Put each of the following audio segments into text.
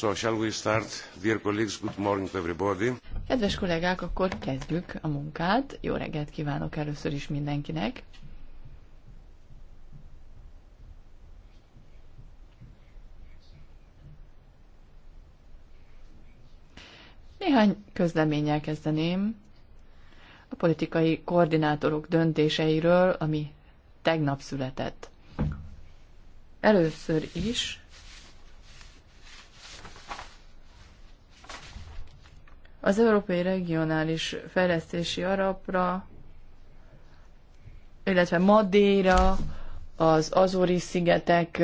So shall we start, dear colleagues, good morning to everybody. Kedves kollégák, akkor kezdjük a munkát. Jó reggelt kívánok először is mindenkinek. Néhány közleménnyel kezdeném a politikai koordinátorok döntéseiről, ami tegnap született. Először is Az Európai Regionális Fejlesztési Arapra, illetve Madéra, az Azori szigetek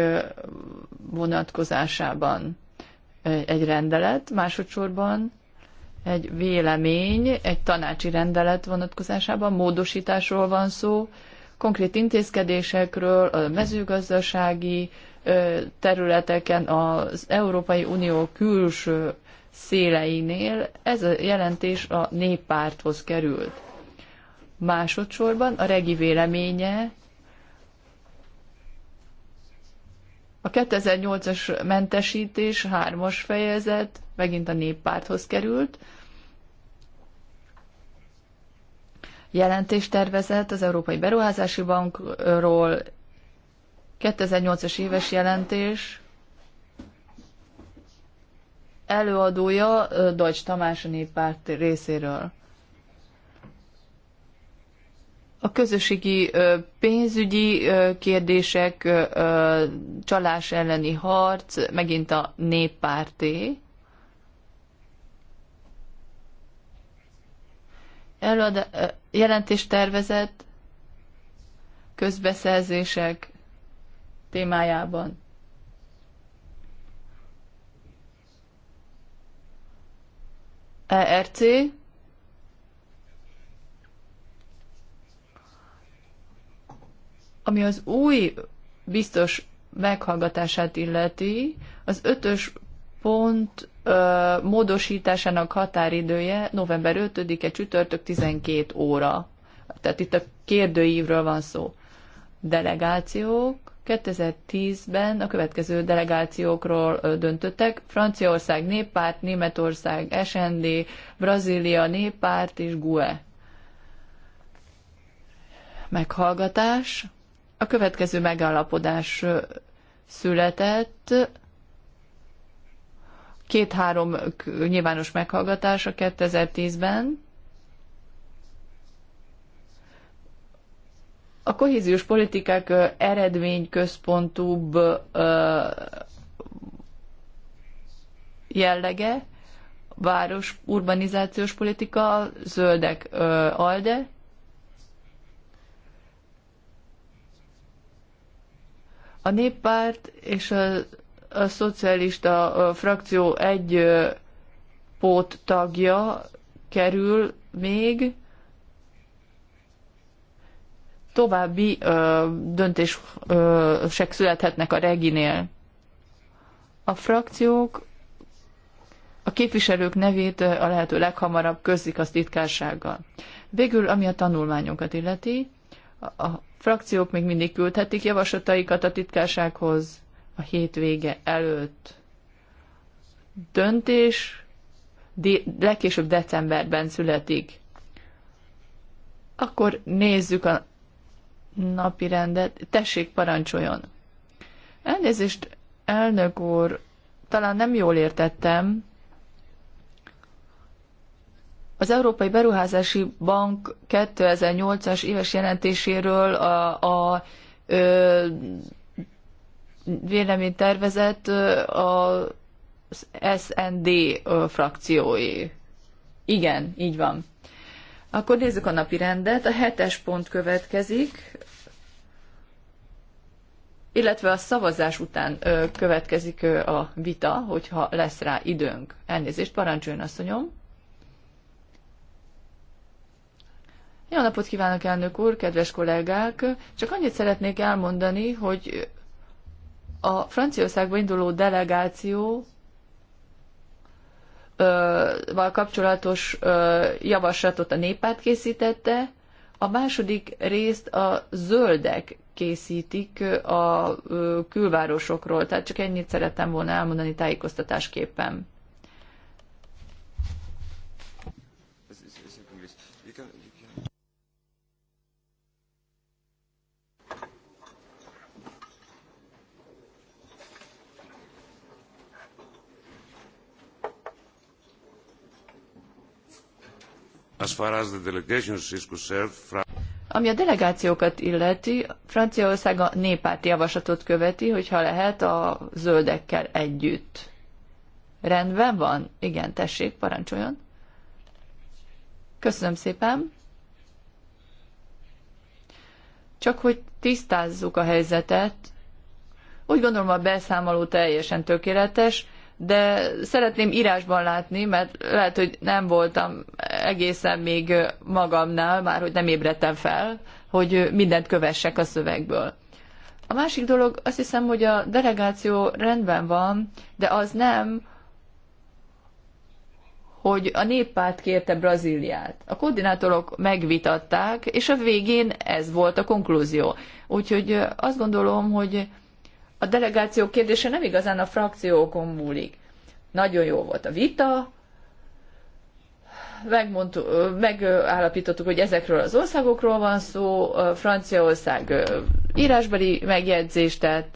vonatkozásában egy rendelet, másodszorban egy vélemény, egy tanácsi rendelet vonatkozásában módosításról van szó, konkrét intézkedésekről, a mezőgazdasági területeken az Európai Unió külső széleinél ez a jelentés a néppárthoz került. Másodszorban a regi véleménye a 2008-as mentesítés hármas fejezet megint a néppárthoz került. tervezett az Európai Beruházási Bankról 2008-as éves jelentés előadója Deutsch Tamás a néppárt részéről. A közösségi pénzügyi kérdések, csalás elleni harc, megint a néppárté. Előad, jelentéstervezet, közbeszerzések témájában. ERC, ami az új biztos meghallgatását illeti, az ötös pont ö, módosításának határidője november 5-e csütörtök 12 óra. Tehát itt a kérdőívről van szó. Delegációk, 2010-ben a következő delegációkról döntöttek. Franciaország néppárt, Németország SND, Brazília néppárt és GUE. Meghallgatás. A következő megállapodás született. Két-három nyilvános meghallgatás a 2010-ben. a kohéziós politikák eredményközpontúbb jellege, város urbanizációs politika, zöldek alde, A néppárt és a, a szocialista a frakció egy pót tagja kerül még, további ö, döntések születhetnek a reginél. A frakciók a képviselők nevét a lehető leghamarabb közlik a titkársággal. Végül, ami a tanulmányokat illeti, a frakciók még mindig küldhetik javaslataikat a titkársághoz a hétvége előtt. Döntés de, legkésőbb decemberben születik. Akkor nézzük a napi rendet. Tessék, parancsoljon! Elnézést, elnök úr, talán nem jól értettem. Az Európai Beruházási Bank 2008-as éves jelentéséről a, a ö, véleménytervezet az SND frakciói. Igen, így van. Akkor nézzük a napi rendet. A hetes pont következik, illetve a szavazás után következik a vita, hogyha lesz rá időnk. Elnézést, parancsoljon, asszonyom. Jó napot kívánok, elnök úr, kedves kollégák! Csak annyit szeretnék elmondani, hogy a Franciaországba induló delegáció val kapcsolatos javaslatot a néppárt készítette, a második részt a zöldek készítik a külvárosokról, tehát csak ennyit szerettem volna elmondani tájékoztatásképpen. Ami a delegációkat illeti, Franciaország a néppárti javaslatot követi, hogyha lehet a zöldekkel együtt. Rendben van? Igen, tessék, parancsoljon. Köszönöm szépen. Csak hogy tisztázzuk a helyzetet, úgy gondolom a beszámoló teljesen tökéletes, de szeretném írásban látni, mert lehet, hogy nem voltam egészen még magamnál, már hogy nem ébredtem fel, hogy mindent kövessek a szövegből. A másik dolog, azt hiszem, hogy a delegáció rendben van, de az nem, hogy a néppárt kérte Brazíliát. A koordinátorok megvitatták, és a végén ez volt a konklúzió. Úgyhogy azt gondolom, hogy a delegáció kérdése nem igazán a frakciókon múlik. Nagyon jó volt a vita, megmondtuk, megállapítottuk, hogy ezekről az országokról van szó, Franciaország írásbeli megjegyzést tett,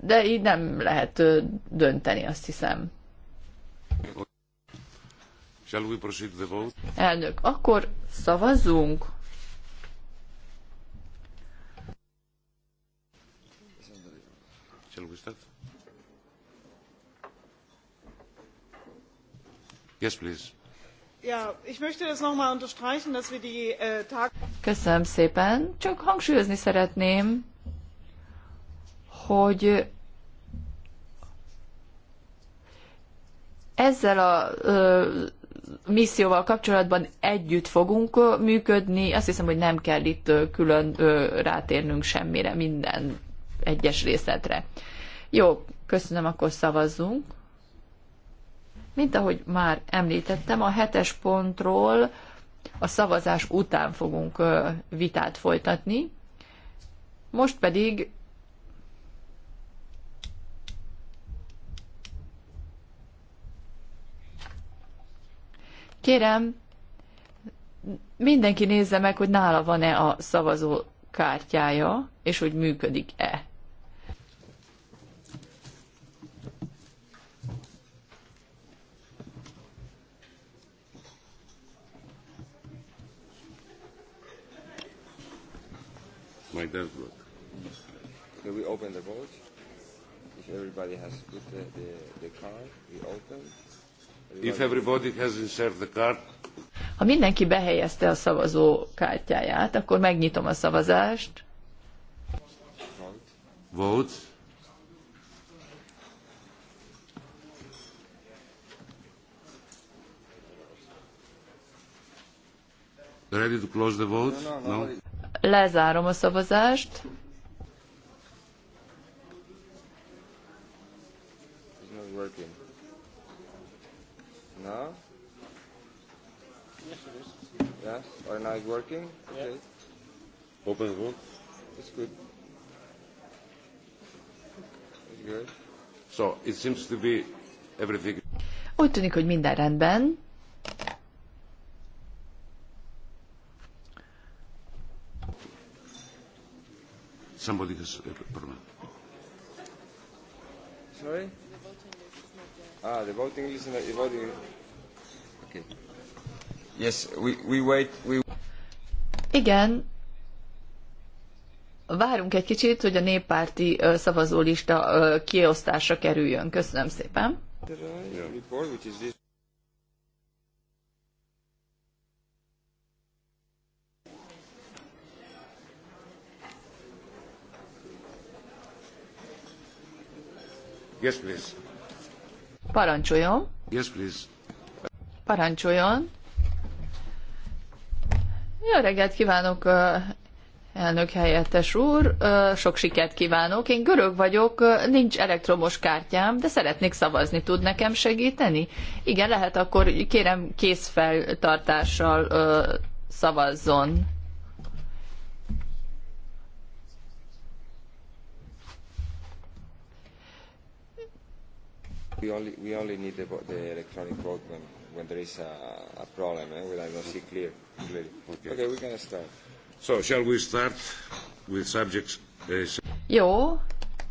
de így nem lehet dönteni, azt hiszem. Elnök, akkor szavazzunk. Shall Yes, please. Äh, Köszönöm szépen. Csak hangsúlyozni szeretném, hogy ezzel a ö, misszióval kapcsolatban együtt fogunk működni. Azt hiszem, hogy nem kell itt külön ö, rátérnünk semmire, minden egyes részletre. Jó, köszönöm, akkor szavazzunk. Mint ahogy már említettem, a hetes pontról a szavazás után fogunk vitát folytatni. Most pedig kérem, mindenki nézze meg, hogy nála van-e a szavazó kártyája, és hogy működik-e. my dashboard. So we open the vote. If everybody has put the, the, the card, we open. Everybody If everybody has inserted the card. Ha mindenki behelyezte a szavazó kártyáját, akkor megnyitom a szavazást. Vote. Vote. Ready to close the vote? No? no, no. no? Lezárom a szavazást. Yes, working? Okay. Open the good. good. So, it seems to be everything. Úgy tűnik, hogy minden rendben. Somebody has a uh, problem. Sorry? Ah, the voting list and the voting... Okay. Yes, we, we wait, we... Igen, várunk egy kicsit, hogy a néppárti szavazólista kiosztásra kerüljön. Köszönöm szépen. Yeah. Yes, please. Parancsoljon. Yes, please. Parancsoljon. Jó reggelt kívánok, elnök helyettes úr. Sok sikert kívánok. Én görög vagyok, nincs elektromos kártyám, de szeretnék szavazni. Tud nekem segíteni? Igen, lehet, akkor kérem készfeltartással szavazzon. We only, we only need the, the electronic vote when, when there is a, a problem, eh, when I don't see clear, clearly. Okay. okay, we can start. So, shall we start with subjects? Uh, Jó,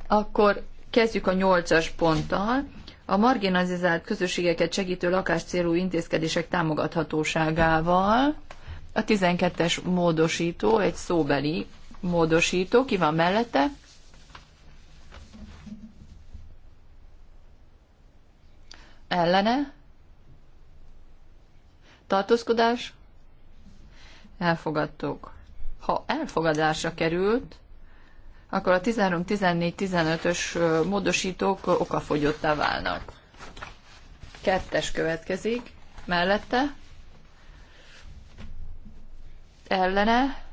akkor kezdjük a nyolcas ponttal. A marginalizált közösségeket segítő lakáscélú intézkedések támogathatóságával a 12-es módosító, egy szóbeli módosító, ki van mellette? ellene, tartózkodás, elfogadtuk. Ha elfogadásra került, akkor a 13, 14, 15-ös módosítók okafogyottá válnak. Kettes következik, mellette, ellene,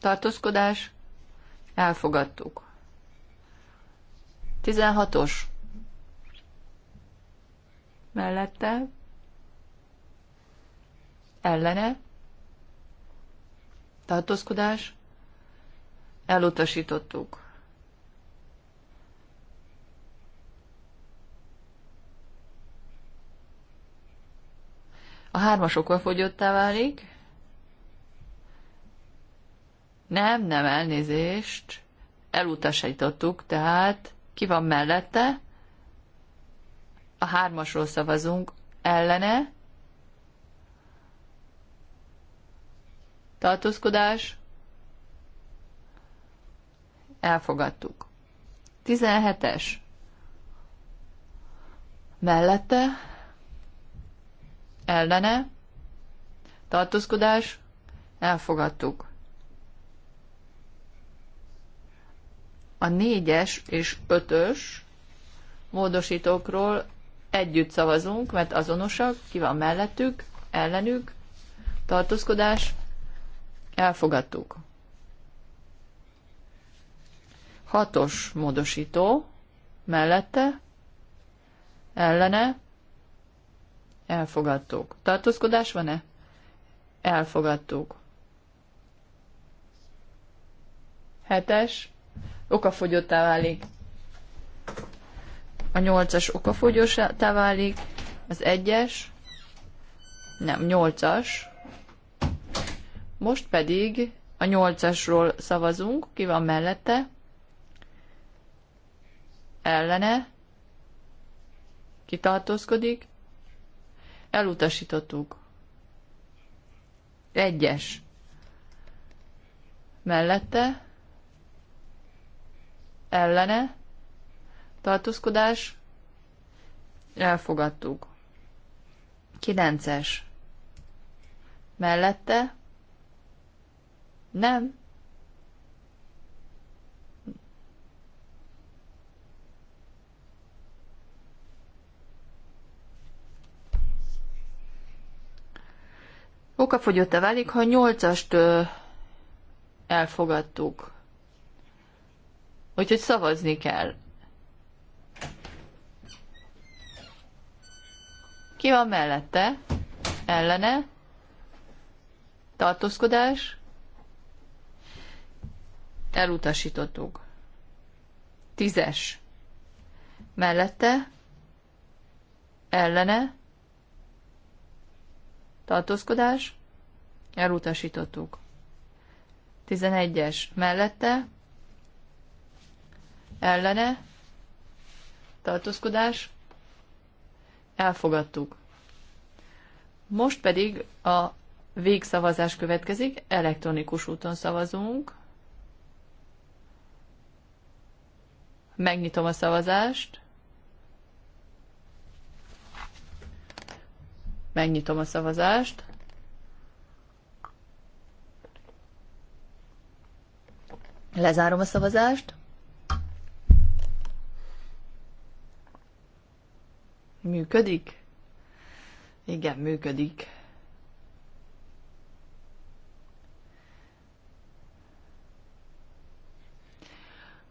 tartózkodás, elfogadtuk. 16-os mellette, ellene, tartózkodás, elutasítottuk. A hármas okafogyottá válik. Nem, nem, elnézést. Elutasítottuk, tehát ki van mellette? a hármasról szavazunk ellene, tartózkodás, elfogadtuk. 17-es mellette, ellene, tartózkodás, elfogadtuk. A négyes és ötös módosítókról Együtt szavazunk, mert azonosak, ki van mellettük, ellenük, tartózkodás, elfogadtuk. Hatos módosító, mellette, ellene, elfogadtuk. Tartózkodás van-e? Elfogadtuk. Hetes, okafogyottá válik a 8-as okafogyósá válik, az 1-es, nem, 8-as. Most pedig a 8-asról szavazunk, ki van mellette, ellene, kitartózkodik, elutasítottuk. Egyes. Mellette, ellene, tartózkodás, elfogadtuk. 9 mellette, nem, okafogyott -e válik, ha nyolcast elfogadtuk. Úgyhogy szavazni kell. Ki van mellette? Ellene? Tartózkodás? Elutasítottuk. Tízes. Mellette? Ellene? Tartózkodás? Elutasítottuk. Tizenegyes. Mellette? Ellene? Tartózkodás? elfogadtuk. Most pedig a végszavazás következik, elektronikus úton szavazunk. Megnyitom a szavazást. Megnyitom a szavazást. Lezárom a szavazást. Működik? Igen, működik.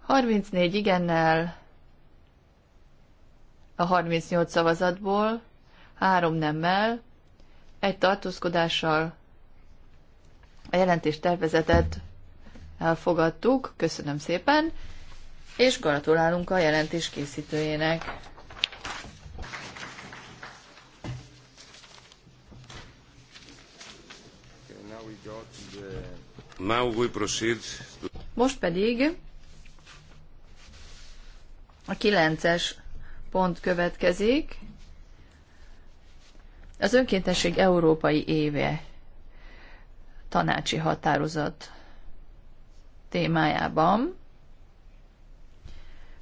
Harmincnégy igennel a 38 szavazatból, három nemmel, egy tartózkodással a jelentés tervezetet elfogadtuk, köszönöm szépen, és gratulálunk a jelentés készítőjének. Most pedig a kilences pont következik. Az önkéntesség európai éve tanácsi határozat témájában.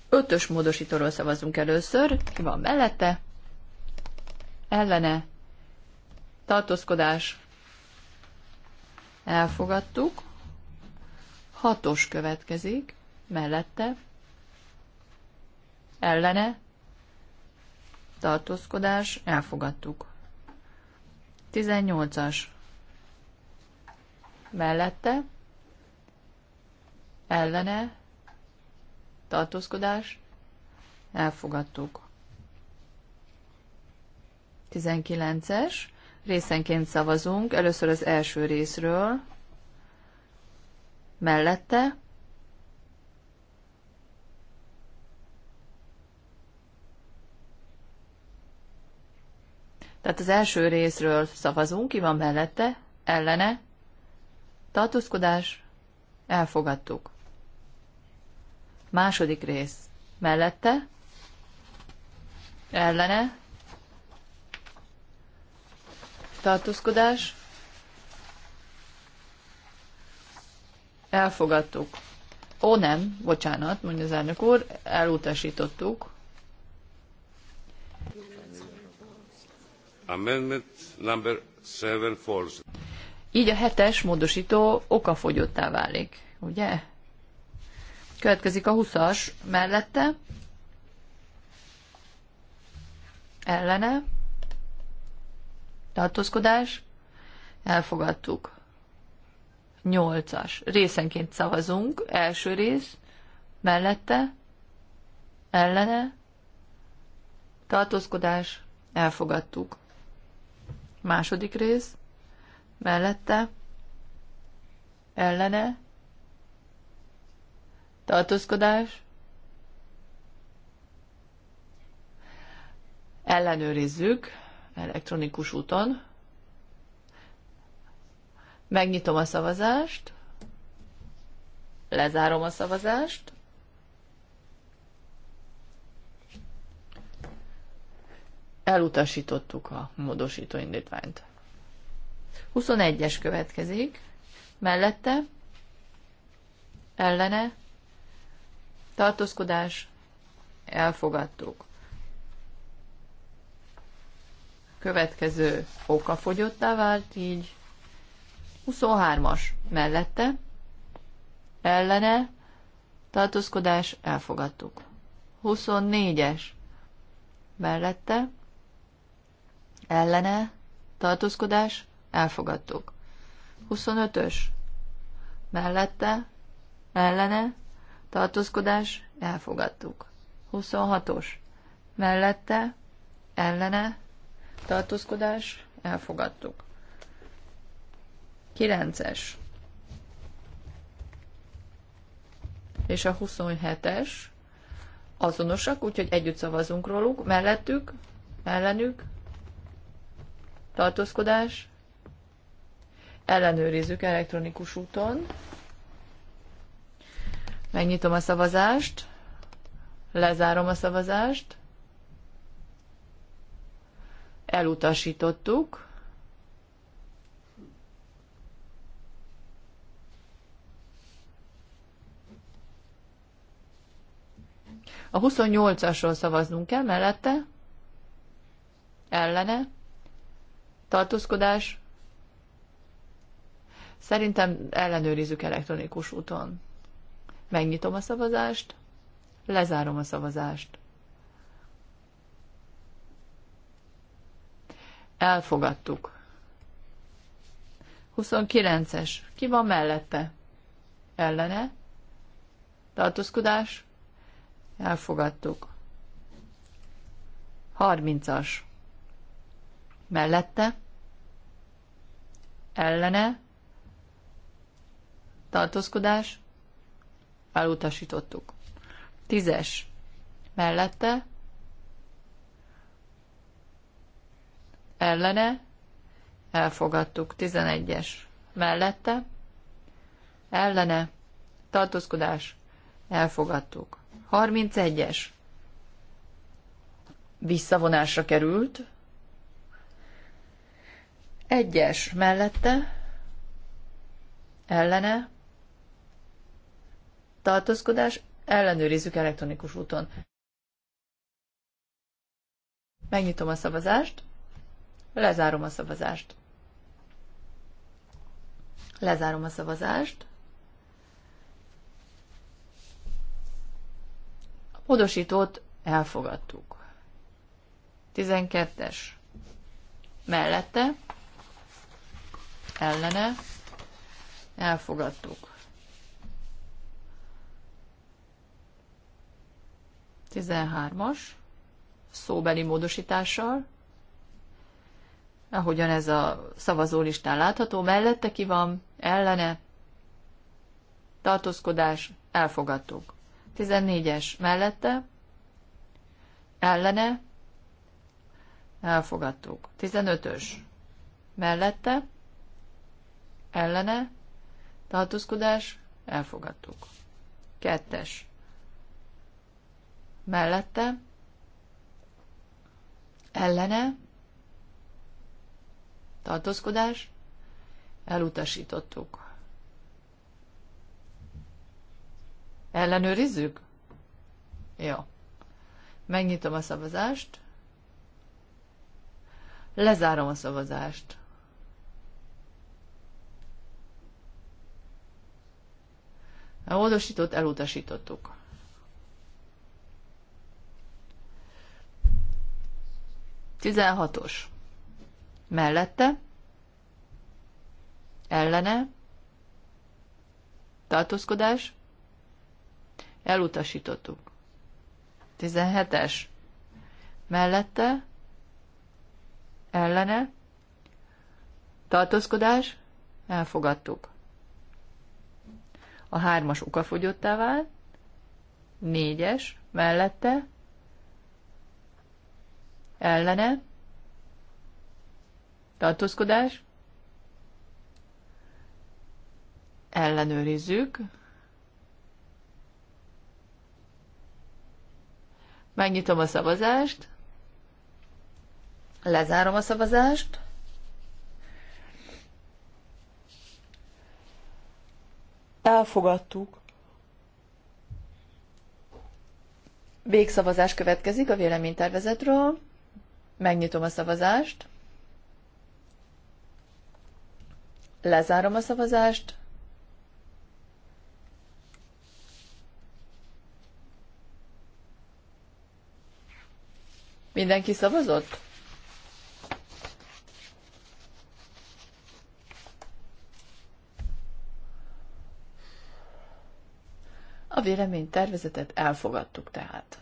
Ötös módosítóról szavazunk először. Ki van mellette? Ellene? Tartózkodás? elfogadtuk. Hatos következik, mellette, ellene, tartózkodás, elfogadtuk. 18-as, mellette, ellene, tartózkodás, elfogadtuk. 19-es, Részenként szavazunk. Először az első részről. Mellette. Tehát az első részről szavazunk, ki van mellette, ellene, tartózkodás, elfogadtuk. Második rész, mellette, ellene, tartózkodás, elfogadtuk. Ó, nem, bocsánat, mondja az elnök úr, elutasítottuk. Amendment number seven falls. Így a hetes módosító okafogyottá válik, ugye? Következik a 20-as mellette, ellene, Tartózkodás. Elfogadtuk. Nyolcas. Részenként szavazunk. Első rész. Mellette. Ellene. Tartózkodás. Elfogadtuk. Második rész. Mellette. Ellene. Tartózkodás. Ellenőrizzük elektronikus úton. Megnyitom a szavazást, lezárom a szavazást, elutasítottuk a módosító indítványt. 21-es következik, mellette, ellene, tartózkodás, elfogadtuk. következő okafogyottá vált, így 23-as mellette, ellene, tartózkodás, elfogadtuk. 24-es mellette, ellene, tartózkodás, elfogadtuk. 25-ös mellette, ellene, tartózkodás, elfogadtuk. 26-os mellette, ellene, tartózkodás, elfogadtuk. 9-es és a 27-es azonosak, úgyhogy együtt szavazunk róluk, mellettük, ellenük, tartózkodás, ellenőrizzük elektronikus úton. Megnyitom a szavazást, lezárom a szavazást, elutasítottuk. A 28-asról szavaznunk kell, mellette, ellene, tartózkodás, Szerintem ellenőrizzük elektronikus úton. Megnyitom a szavazást, lezárom a szavazást. Elfogadtuk. 29-es. Ki van mellette? Ellene? Tartózkodás? Elfogadtuk. 30-as. Mellette? Ellene? Tartózkodás? Elutasítottuk. 10-es. Mellette? ellene, elfogadtuk. 11-es mellette, ellene, tartózkodás, elfogadtuk. 31-es visszavonásra került, egyes mellette, ellene, tartózkodás, ellenőrizzük elektronikus úton. Megnyitom a szavazást. Lezárom a szavazást. Lezárom a szavazást. A módosítót elfogadtuk. 12-es mellette, ellene, elfogadtuk. 13-as szóbeli módosítással, ahogyan ez a szavazólistán látható, mellette ki van, ellene, tartózkodás, elfogadtuk. 14-es mellette, ellene, elfogadtuk. 15-ös mellette, ellene, tartózkodás, elfogadtuk. 2-es mellette, ellene, tartózkodás, elutasítottuk. Ellenőrizzük? Jó. Megnyitom a szavazást. Lezárom a szavazást. A módosítót elutasítottuk. Tizenhatos mellette, ellene, tartózkodás, elutasítottuk. 17-es, mellette, ellene, tartózkodás, elfogadtuk. A hármas okafogyottá vált, négyes, mellette, ellene, Tartózkodás. Ellenőrizzük. Megnyitom a szavazást. Lezárom a szavazást. Elfogadtuk. Végszavazás következik a véleménytervezetről. Megnyitom a szavazást. Lezárom a szavazást. Mindenki szavazott? A vélemény tervezetet elfogadtuk tehát.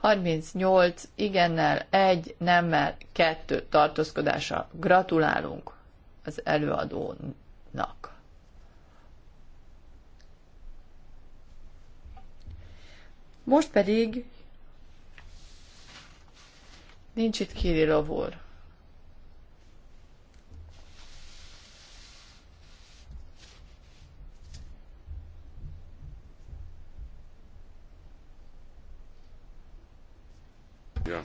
38 igennel, 1 nemmel, 2 tartózkodással. Gratulálunk! az előadónak. Most pedig nincs itt Kirillov úr. Yeah.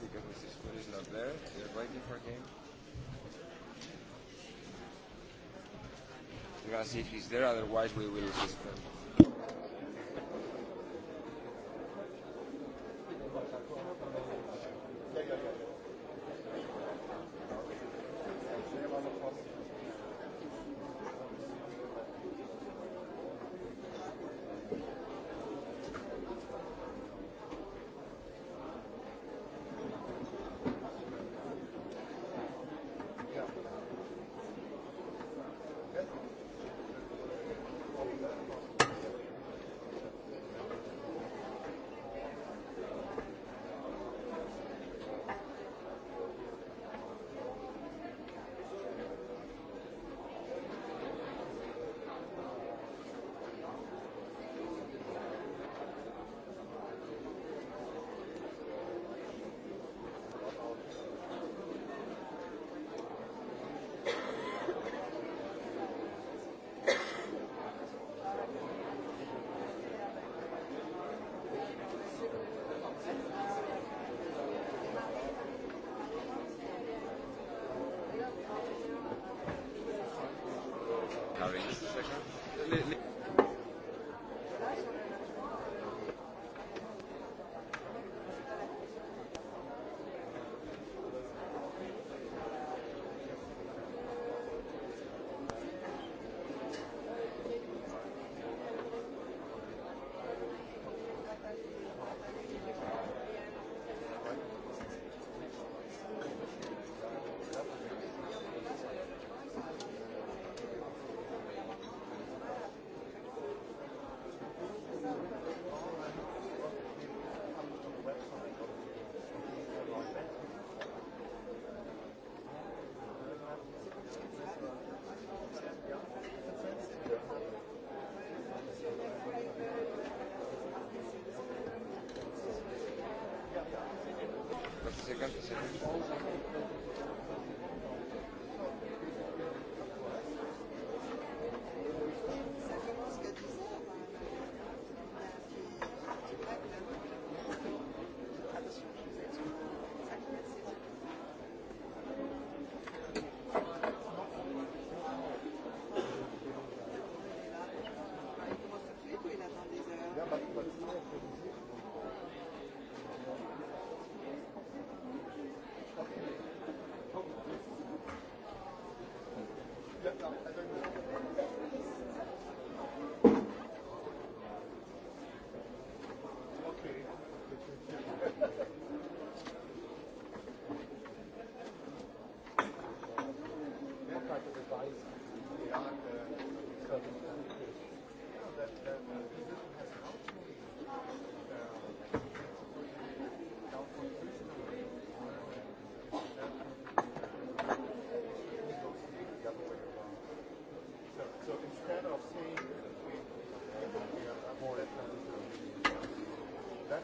come because Mrs. Hood is not there. They're waiting for him. We're going to see if he's there, otherwise we will suspend. quelqu'un qui sait.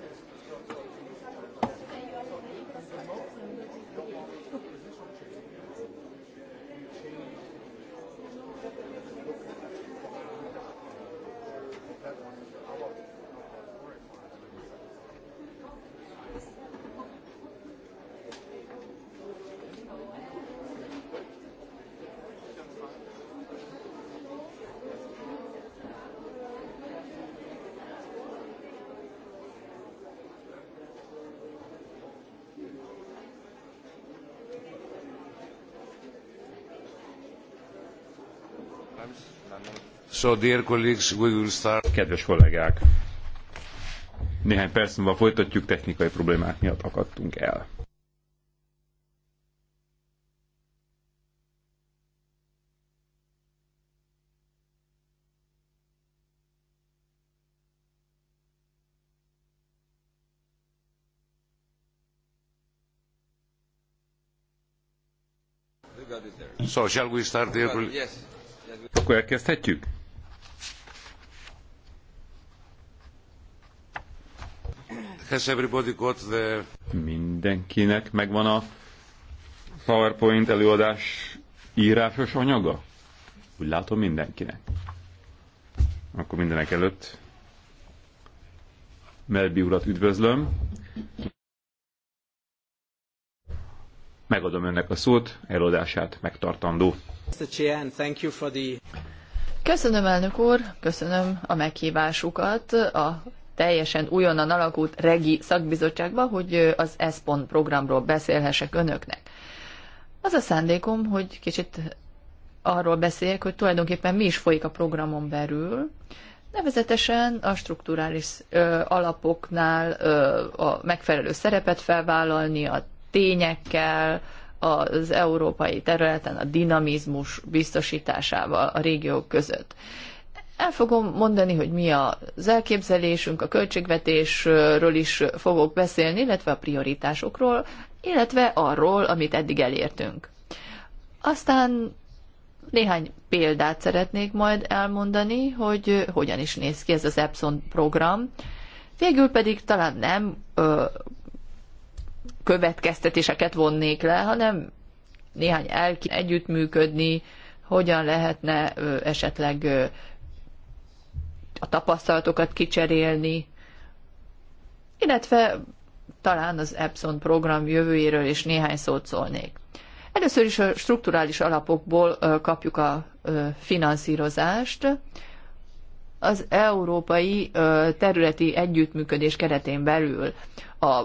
Thank you. So, dear colleagues, we will start. Kedves kollégák, néhány perc múlva folytatjuk, technikai problémák miatt akadtunk el. So shall we start, dear colleagues? Yes akkor elkezdhetjük? Has everybody got the... Mindenkinek megvan a PowerPoint előadás írásos anyaga? Úgy látom mindenkinek. Akkor mindenek előtt Melbi urat üdvözlöm. Megadom önnek a szót, előadását megtartandó. Mr. Chair, and thank you for the Köszönöm, elnök úr, köszönöm a meghívásukat a teljesen újonnan alakult regi szakbizottságba, hogy az ESPON programról beszélhessek önöknek. Az a szándékom, hogy kicsit arról beszéljek, hogy tulajdonképpen mi is folyik a programon belül, nevezetesen a strukturális ö, alapoknál ö, a megfelelő szerepet felvállalni, a tényekkel, az európai területen a dinamizmus biztosításával a régiók között. El fogom mondani, hogy mi az elképzelésünk, a költségvetésről is fogok beszélni, illetve a prioritásokról, illetve arról, amit eddig elértünk. Aztán néhány példát szeretnék majd elmondani, hogy hogyan is néz ki ez az Epson program. Végül pedig talán nem ö, következtetéseket vonnék le, hanem néhány el együttműködni, hogyan lehetne esetleg a tapasztalatokat kicserélni, illetve talán az Epson program jövőjéről is néhány szót szólnék. Először is a strukturális alapokból kapjuk a finanszírozást az európai területi együttműködés keretén belül a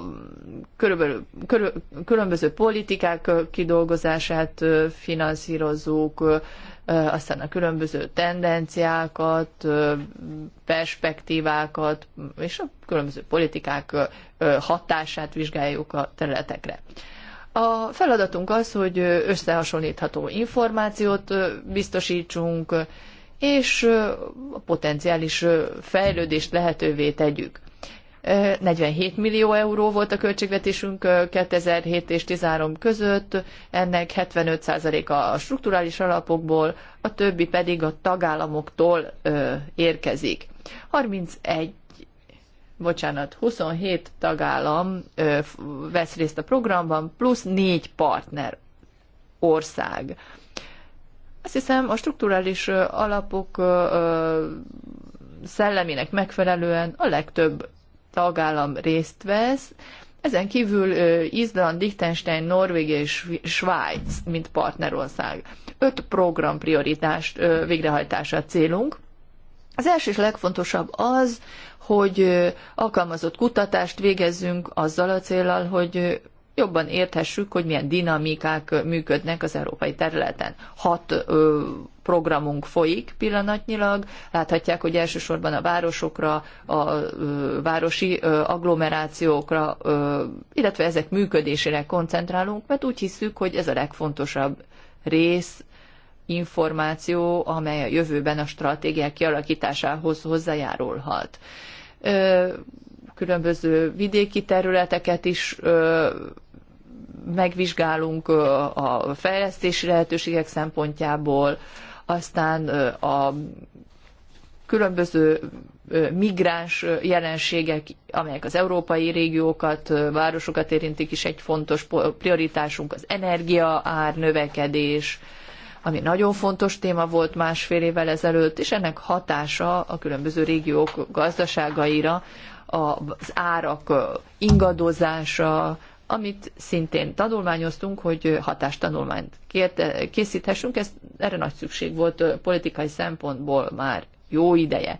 körülbelül, körül, különböző politikák kidolgozását finanszírozók aztán a különböző tendenciákat, perspektívákat, és a különböző politikák hatását vizsgáljuk a területekre. A feladatunk az, hogy összehasonlítható információt biztosítsunk, és a potenciális fejlődést lehetővé tegyük. 47 millió euró volt a költségvetésünk 2007 és 13 között, ennek 75%-a a strukturális alapokból, a többi pedig a tagállamoktól érkezik. 31 bocsánat, 27 tagállam vesz részt a programban, plusz 4 partner ország. Azt hiszem, a strukturális alapok szellemének megfelelően a legtöbb tagállam részt vesz, ezen kívül Izland, Liechtenstein, Norvégia és Svájc, mint partnerország. Öt program prioritást végrehajtása célunk. Az első és legfontosabb az, hogy alkalmazott kutatást végezzünk azzal a célral, hogy jobban érthessük, hogy milyen dinamikák működnek az európai területen. Hat ö, programunk folyik pillanatnyilag, láthatják, hogy elsősorban a városokra, a ö, városi ö, agglomerációkra, ö, illetve ezek működésére koncentrálunk, mert úgy hiszük, hogy ez a legfontosabb rész, információ, amely a jövőben a stratégiák kialakításához hozzájárulhat. Ö, különböző vidéki területeket is ö, megvizsgálunk a fejlesztési lehetőségek szempontjából, aztán a különböző migráns jelenségek, amelyek az európai régiókat, városokat érintik is egy fontos prioritásunk, az energia ár növekedés, ami nagyon fontos téma volt másfél évvel ezelőtt, és ennek hatása a különböző régiók gazdaságaira, az árak ingadozása, amit szintén tanulmányoztunk, hogy hatástanulmányt kérte, készíthessünk, ez, erre nagy szükség volt politikai szempontból már jó ideje.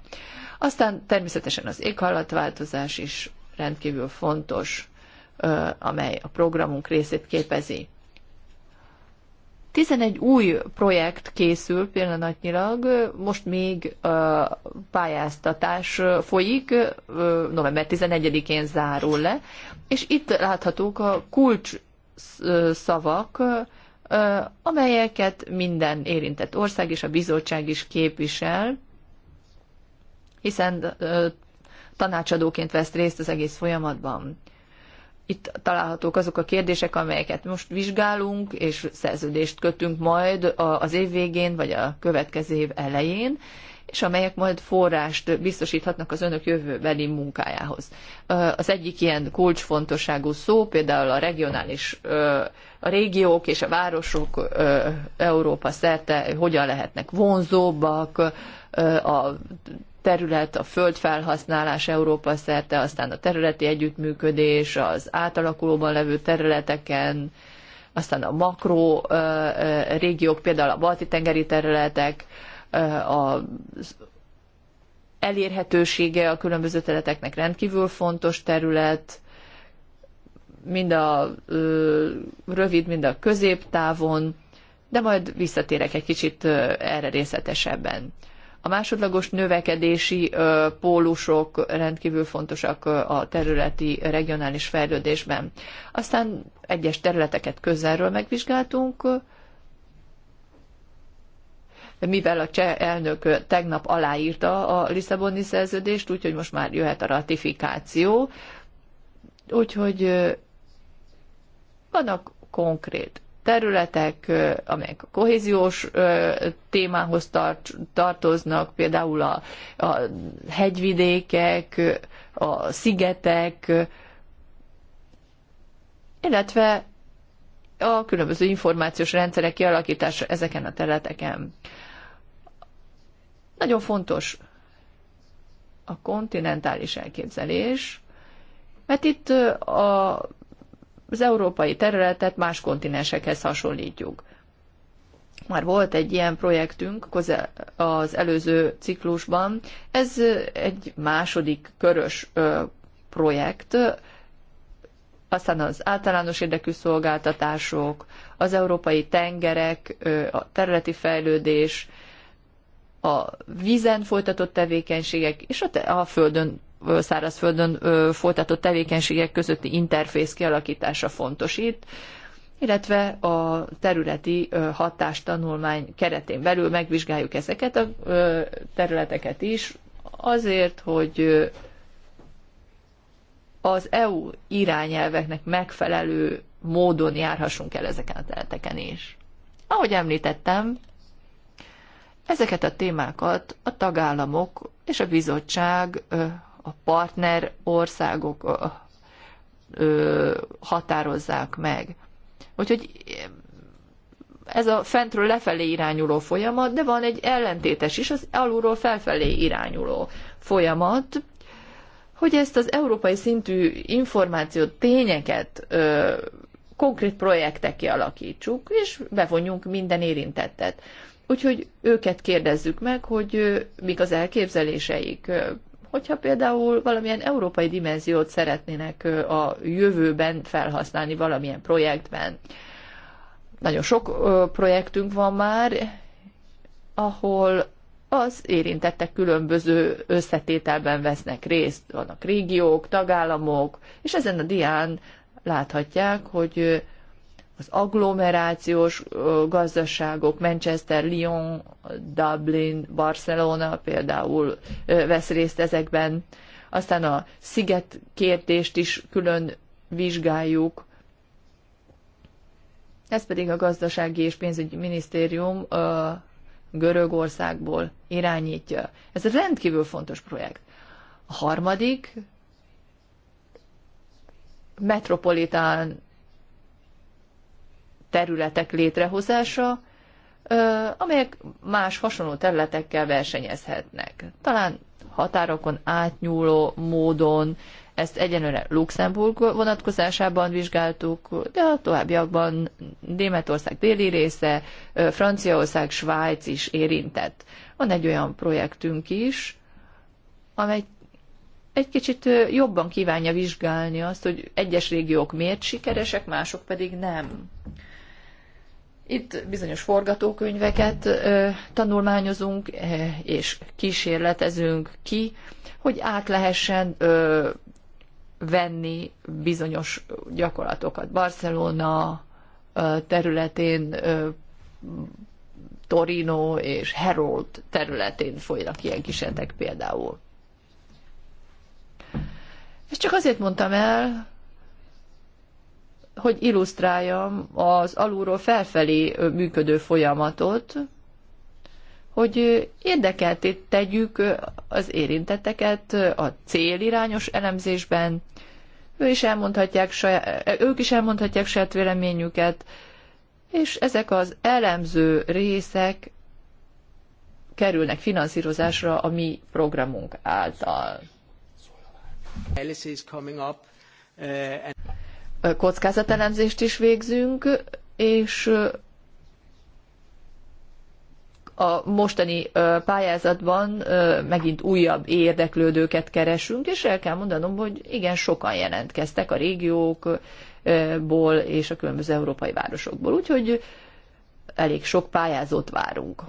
Aztán természetesen az éghajlatváltozás is rendkívül fontos, amely a programunk részét képezi. 11 új projekt készül pillanatnyilag, most még pályáztatás folyik, november 11-én zárul le, és itt láthatók a kulcs szavak, amelyeket minden érintett ország és a bizottság is képvisel, hiszen tanácsadóként vesz részt az egész folyamatban itt találhatók azok a kérdések, amelyeket most vizsgálunk, és szerződést kötünk majd az év végén, vagy a következő év elején, és amelyek majd forrást biztosíthatnak az önök jövőbeli munkájához. Az egyik ilyen kulcsfontosságú szó például a regionális, a régiók és a városok Európa szerte hogyan lehetnek vonzóbbak, a terület, a földfelhasználás Európa szerte, aztán a területi együttműködés, az átalakulóban levő területeken, aztán a makro régiók, például a balti-tengeri területek, az elérhetősége a különböző területeknek rendkívül fontos terület, mind a ö, rövid, mind a középtávon, de majd visszatérek egy kicsit ö, erre részletesebben. A másodlagos növekedési pólusok rendkívül fontosak a területi regionális fejlődésben. Aztán egyes területeket közelről megvizsgáltunk, mivel a cseh elnök tegnap aláírta a Lisszaboni szerződést, úgyhogy most már jöhet a ratifikáció. Úgyhogy vannak konkrét területek, amelyek a kohéziós témához tartoznak, például a, a hegyvidékek, a szigetek, illetve a különböző információs rendszerek kialakítása ezeken a területeken. Nagyon fontos a kontinentális elképzelés, mert itt a az európai területet más kontinensekhez hasonlítjuk. Már volt egy ilyen projektünk az előző ciklusban. Ez egy második körös projekt, aztán az általános érdekű szolgáltatások, az európai tengerek, a területi fejlődés, a vízen folytatott tevékenységek és a, te- a földön szárazföldön folytatott tevékenységek közötti interfész kialakítása fontos itt, illetve a területi hatástanulmány keretén belül megvizsgáljuk ezeket a területeket is, azért, hogy az EU irányelveknek megfelelő módon járhassunk el ezeken a területeken is. Ahogy említettem, ezeket a témákat a tagállamok és a bizottság a partner országok határozzák meg. Úgyhogy ez a fentről lefelé irányuló folyamat, de van egy ellentétes is, az alulról felfelé irányuló folyamat, hogy ezt az európai szintű információt, tényeket, ö, konkrét projektek kialakítsuk, és bevonjunk minden érintettet. Úgyhogy őket kérdezzük meg, hogy ö, mik az elképzeléseik, ö, Hogyha például valamilyen európai dimenziót szeretnének a jövőben felhasználni valamilyen projektben. Nagyon sok projektünk van már, ahol az érintettek különböző összetételben vesznek részt, vannak régiók, tagállamok, és ezen a dián láthatják, hogy az agglomerációs gazdaságok, Manchester, Lyon, Dublin, Barcelona például vesz részt ezekben. Aztán a sziget kérdést is külön vizsgáljuk. Ez pedig a gazdasági és pénzügyi minisztérium Görögországból irányítja. Ez egy rendkívül fontos projekt. A harmadik metropolitán területek létrehozása, amelyek más hasonló területekkel versenyezhetnek. Talán határokon átnyúló módon, ezt egyenlőre Luxemburg vonatkozásában vizsgáltuk, de a továbbiakban Németország déli része, Franciaország, Svájc is érintett. Van egy olyan projektünk is, amely egy kicsit jobban kívánja vizsgálni azt, hogy egyes régiók miért sikeresek, mások pedig nem. Itt bizonyos forgatókönyveket tanulmányozunk és kísérletezünk ki, hogy át lehessen venni bizonyos gyakorlatokat. Barcelona területén, Torino és Herold területén folynak ilyen kísérletek például. Ezt csak azért mondtam el, hogy illusztráljam az alulról felfelé működő folyamatot, hogy érdekelté tegyük az érintetteket a célirányos elemzésben, ő is elmondhatják saját, ők is elmondhatják saját véleményüket, és ezek az elemző részek kerülnek finanszírozásra a mi programunk által kockázatelemzést is végzünk, és a mostani pályázatban megint újabb érdeklődőket keresünk, és el kell mondanom, hogy igen, sokan jelentkeztek a régiókból és a különböző európai városokból, úgyhogy elég sok pályázót várunk.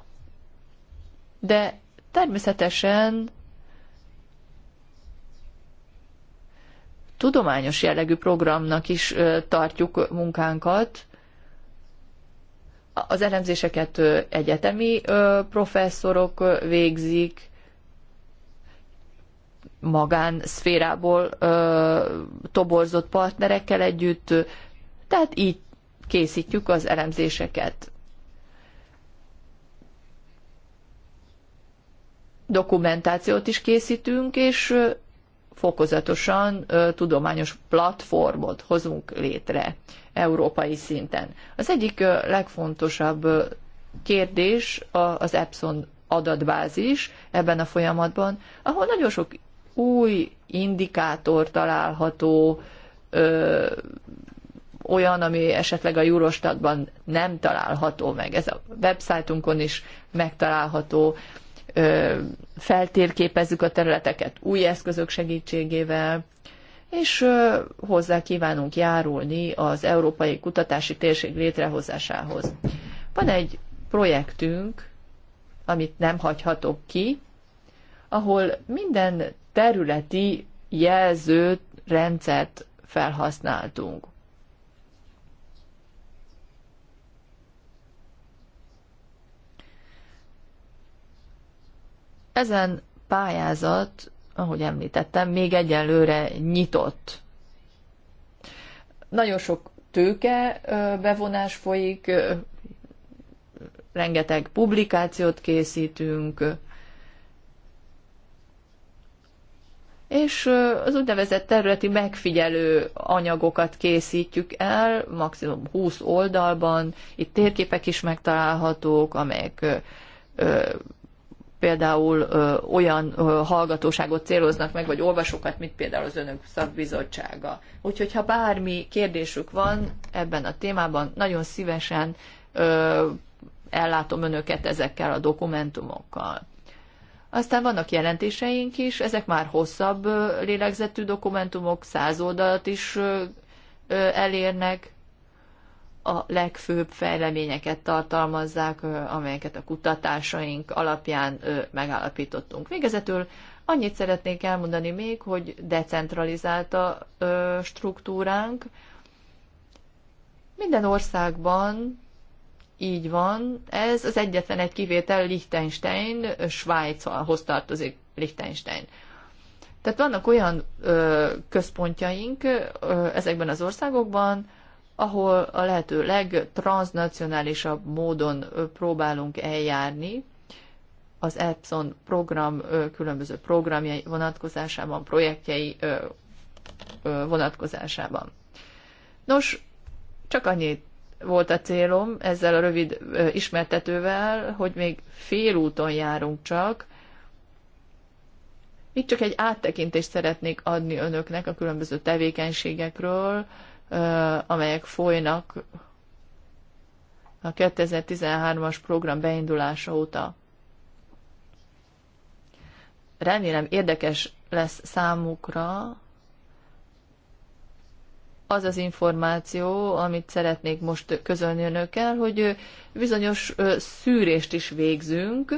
De természetesen tudományos jellegű programnak is tartjuk munkánkat. Az elemzéseket egyetemi professzorok végzik, magánszférából toborzott partnerekkel együtt, tehát így készítjük az elemzéseket. Dokumentációt is készítünk, és fokozatosan tudományos platformot hozunk létre európai szinten. Az egyik legfontosabb kérdés az Epson adatbázis ebben a folyamatban, ahol nagyon sok új indikátor található, ö, olyan, ami esetleg a Eurostatban nem található meg. Ez a websájtunkon is megtalálható feltérképezzük a területeket új eszközök segítségével, és hozzá kívánunk járulni az európai kutatási térség létrehozásához. Van egy projektünk, amit nem hagyhatok ki, ahol minden területi jelzőt rendszert felhasználtunk. Ezen pályázat, ahogy említettem, még egyelőre nyitott. Nagyon sok tőke bevonás folyik, rengeteg publikációt készítünk, és az úgynevezett területi megfigyelő anyagokat készítjük el, maximum 20 oldalban, itt térképek is megtalálhatók, amelyek például ö, olyan ö, hallgatóságot céloznak meg, vagy olvasókat, mint például az önök szakbizottsága. Úgyhogy, ha bármi kérdésük van ebben a témában, nagyon szívesen ö, ellátom önöket ezekkel a dokumentumokkal. Aztán vannak jelentéseink is, ezek már hosszabb lélegzetű dokumentumok, száz oldalat is elérnek, a legfőbb fejleményeket tartalmazzák, amelyeket a kutatásaink alapján megállapítottunk. Végezetül annyit szeretnék elmondani még, hogy decentralizált a struktúránk. Minden országban így van, ez az egyetlen egy kivétel Liechtenstein, Svájchoz tartozik Liechtenstein. Tehát vannak olyan ö, központjaink ö, ezekben az országokban, ahol a lehető legtransnacionálisabb módon próbálunk eljárni, az Epson program különböző programjai vonatkozásában, projektjei vonatkozásában. Nos, csak annyit volt a célom ezzel a rövid ismertetővel, hogy még félúton járunk csak. Itt csak egy áttekintést szeretnék adni önöknek a különböző tevékenységekről, amelyek folynak a 2013-as program beindulása óta. Remélem érdekes lesz számukra az az információ, amit szeretnék most közölni önökkel, hogy bizonyos szűrést is végzünk.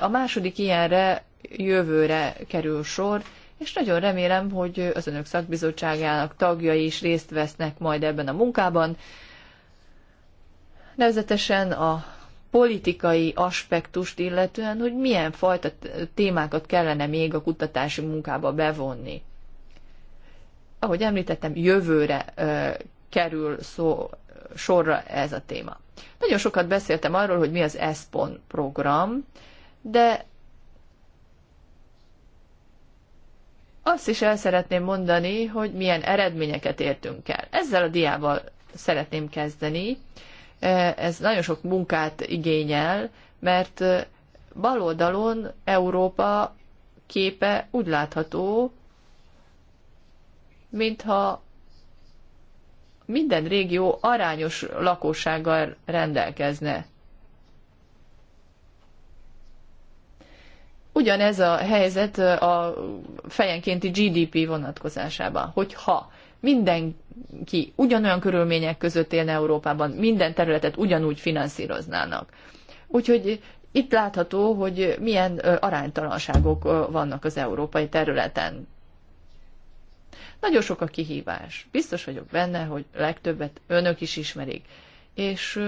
A második ilyenre jövőre kerül sor, és nagyon remélem, hogy az önök szakbizottságának tagjai is részt vesznek majd ebben a munkában. Nevezetesen a politikai aspektust illetően, hogy milyen fajta témákat kellene még a kutatási munkába bevonni. Ahogy említettem, jövőre ö, kerül szó, sorra ez a téma. Nagyon sokat beszéltem arról, hogy mi az ESPON program, de Azt is el szeretném mondani, hogy milyen eredményeket értünk el. Ezzel a diával szeretném kezdeni. E, ez nagyon sok munkát igényel, mert e, bal oldalon Európa képe úgy látható, mintha minden régió arányos lakossággal rendelkezne. Ugyanez a helyzet a fejenkénti GDP vonatkozásában, hogyha mindenki ugyanolyan körülmények között élne Európában, minden területet ugyanúgy finanszíroznának. Úgyhogy itt látható, hogy milyen aránytalanságok vannak az európai területen. Nagyon sok a kihívás. Biztos vagyok benne, hogy legtöbbet önök is ismerik. És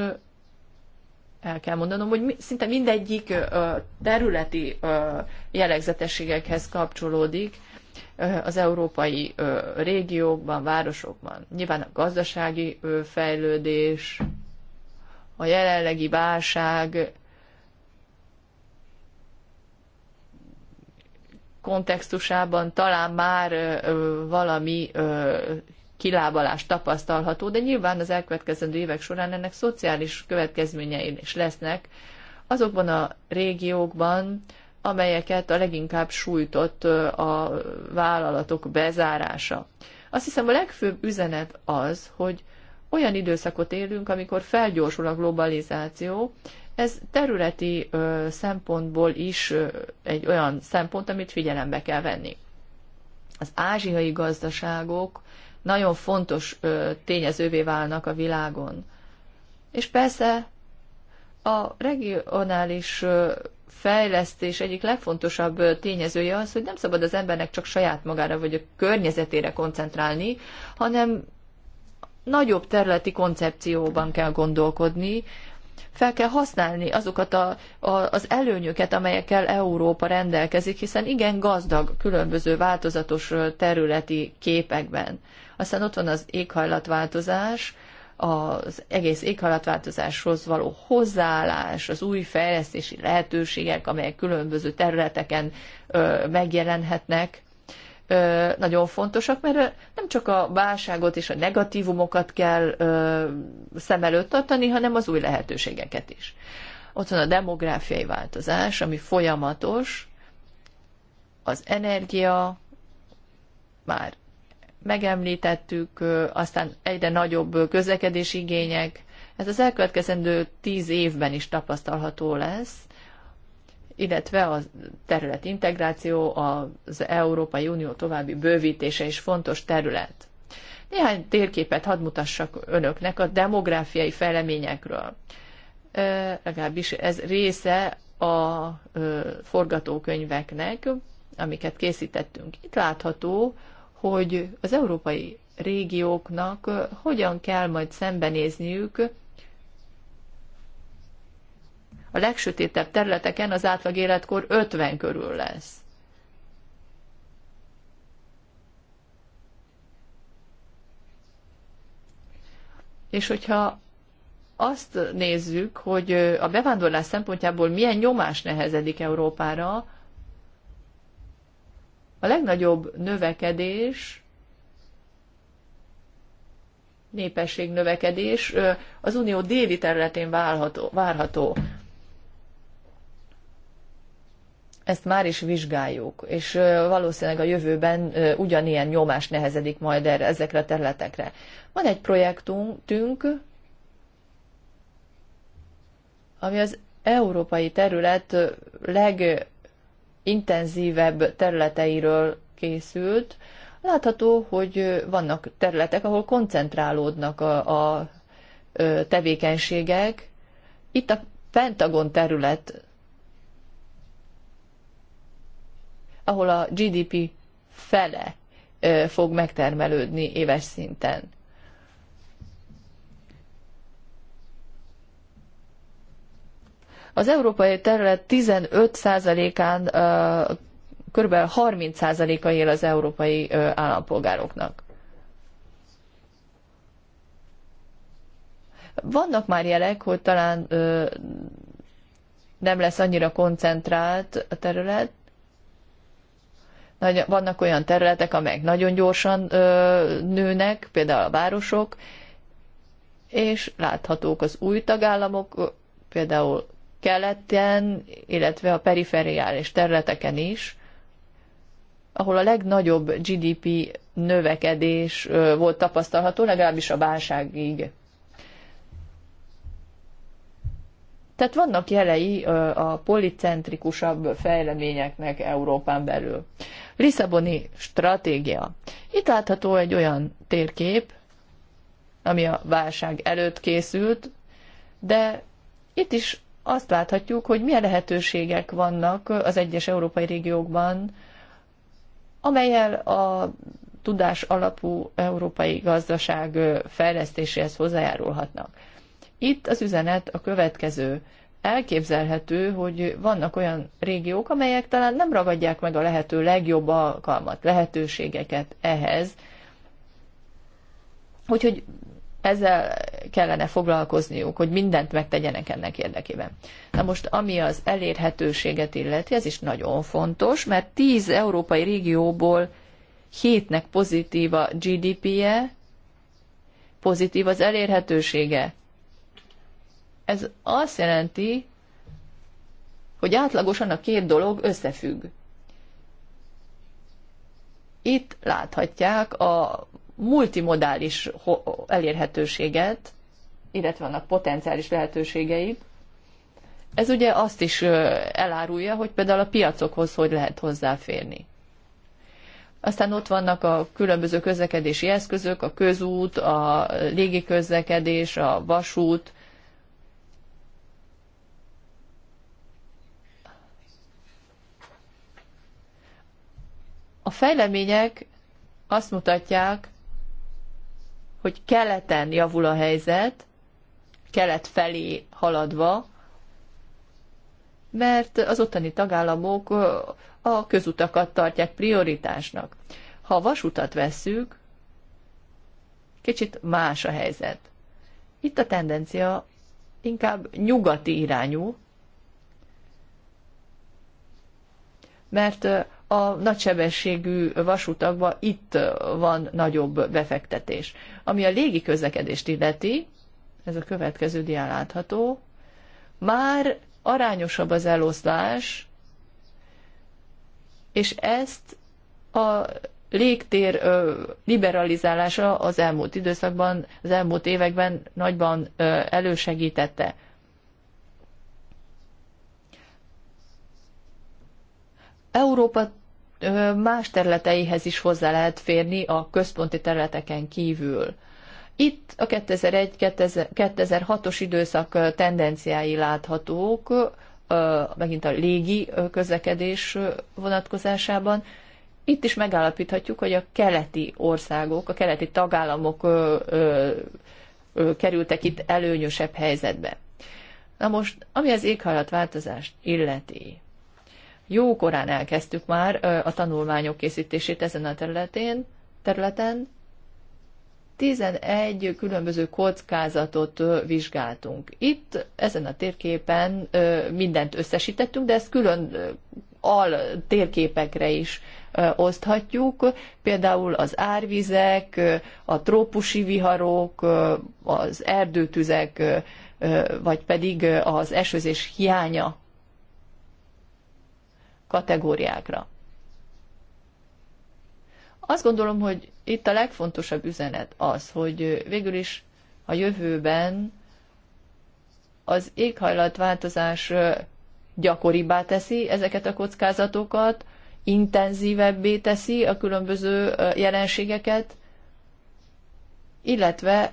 el kell mondanom, hogy szinte mindegyik területi jellegzetességekhez kapcsolódik az európai régiókban, városokban. Nyilván a gazdasági fejlődés, a jelenlegi válság kontextusában talán már valami kilábalás tapasztalható, de nyilván az elkövetkezendő évek során ennek szociális következményei is lesznek azokban a régiókban, amelyeket a leginkább sújtott a vállalatok bezárása. Azt hiszem a legfőbb üzenet az, hogy olyan időszakot élünk, amikor felgyorsul a globalizáció, ez területi ö, szempontból is ö, egy olyan szempont, amit figyelembe kell venni. Az ázsiai gazdaságok nagyon fontos tényezővé válnak a világon. És persze a regionális fejlesztés egyik legfontosabb tényezője az, hogy nem szabad az embernek csak saját magára vagy a környezetére koncentrálni, hanem nagyobb területi koncepcióban kell gondolkodni, fel kell használni azokat a, a, az előnyöket, amelyekkel Európa rendelkezik, hiszen igen gazdag különböző változatos területi képekben. Aztán ott van az éghajlatváltozás, az egész éghajlatváltozáshoz való hozzáállás, az új fejlesztési lehetőségek, amelyek különböző területeken ö, megjelenhetnek, ö, nagyon fontosak, mert nem csak a válságot és a negatívumokat kell ö, szem előtt tartani, hanem az új lehetőségeket is. Ott van a demográfiai változás, ami folyamatos, az energia már megemlítettük, aztán egyre nagyobb közlekedési igények. Ez az elkövetkezendő tíz évben is tapasztalható lesz, illetve a terület integráció, az Európai Unió további bővítése is fontos terület. Néhány térképet hadd mutassak önöknek a demográfiai fejleményekről. Legalábbis ez része a forgatókönyveknek, amiket készítettünk. Itt látható, hogy az európai régióknak hogyan kell majd szembenézniük a legsötétebb területeken az átlag életkor 50 körül lesz. És hogyha azt nézzük, hogy a bevándorlás szempontjából milyen nyomás nehezedik Európára, a legnagyobb növekedés, népesség növekedés az unió déli területén várható. várható. Ezt már is vizsgáljuk, és valószínűleg a jövőben ugyanilyen nyomás nehezedik majd erre, ezekre a területekre. Van egy projektünk, ami az európai terület leg intenzívebb területeiről készült, látható, hogy vannak területek, ahol koncentrálódnak a, a tevékenységek. Itt a Pentagon terület, ahol a GDP fele fog megtermelődni éves szinten. Az európai terület 15%-án kb. 30%-a él az európai állampolgároknak. Vannak már jelek, hogy talán nem lesz annyira koncentrált a terület, nagy, vannak olyan területek, amelyek nagyon gyorsan ö, nőnek, például a városok, és láthatók az új tagállamok, például keleten, illetve a perifériális területeken is, ahol a legnagyobb GDP növekedés volt tapasztalható, legalábbis a válságig. Tehát vannak jelei a policentrikusabb fejleményeknek Európán belül. Lisszaboni stratégia. Itt látható egy olyan térkép, ami a válság előtt készült, de itt is azt láthatjuk, hogy milyen lehetőségek vannak az egyes európai régiókban, amelyel a tudás alapú európai gazdaság fejlesztéséhez hozzájárulhatnak. Itt az üzenet a következő. Elképzelhető, hogy vannak olyan régiók, amelyek talán nem ragadják meg a lehető legjobb alkalmat, lehetőségeket ehhez, úgyhogy ezzel kellene foglalkozniuk, hogy mindent megtegyenek ennek érdekében. Na most, ami az elérhetőséget illeti, ez is nagyon fontos, mert 10 európai régióból 7-nek pozitív a GDP-je, pozitív az elérhetősége. Ez azt jelenti, hogy átlagosan a két dolog összefügg. Itt láthatják a multimodális elérhetőséget, illetve annak potenciális lehetőségeit. Ez ugye azt is elárulja, hogy például a piacokhoz hogy lehet hozzáférni. Aztán ott vannak a különböző közlekedési eszközök, a közút, a légi közlekedés, a vasút. A fejlemények azt mutatják, hogy keleten javul a helyzet, kelet felé haladva, mert az ottani tagállamok a közutakat tartják prioritásnak. Ha a vasutat vesszük, kicsit más a helyzet. Itt a tendencia inkább nyugati irányú, mert a nagysebességű vasutakban itt van nagyobb befektetés. Ami a légi közlekedést illeti, ez a következő dián látható, már arányosabb az eloszlás, és ezt a légtér liberalizálása az elmúlt időszakban, az elmúlt években nagyban elősegítette. Európa más területeihez is hozzá lehet férni a központi területeken kívül. Itt a 2001-2006-os időszak tendenciái láthatók, megint a légi közlekedés vonatkozásában. Itt is megállapíthatjuk, hogy a keleti országok, a keleti tagállamok kerültek itt előnyösebb helyzetbe. Na most, ami az éghajlatváltozást illeti, jókorán elkezdtük már a tanulmányok készítését ezen a területén, területen. 11 különböző kockázatot vizsgáltunk. Itt ezen a térképen mindent összesítettünk, de ezt külön al térképekre is oszthatjuk, például az árvizek, a trópusi viharok, az erdőtüzek, vagy pedig az esőzés hiánya kategóriákra. Azt gondolom, hogy itt a legfontosabb üzenet az, hogy végül is a jövőben az éghajlatváltozás gyakoribbá teszi ezeket a kockázatokat, intenzívebbé teszi a különböző jelenségeket, illetve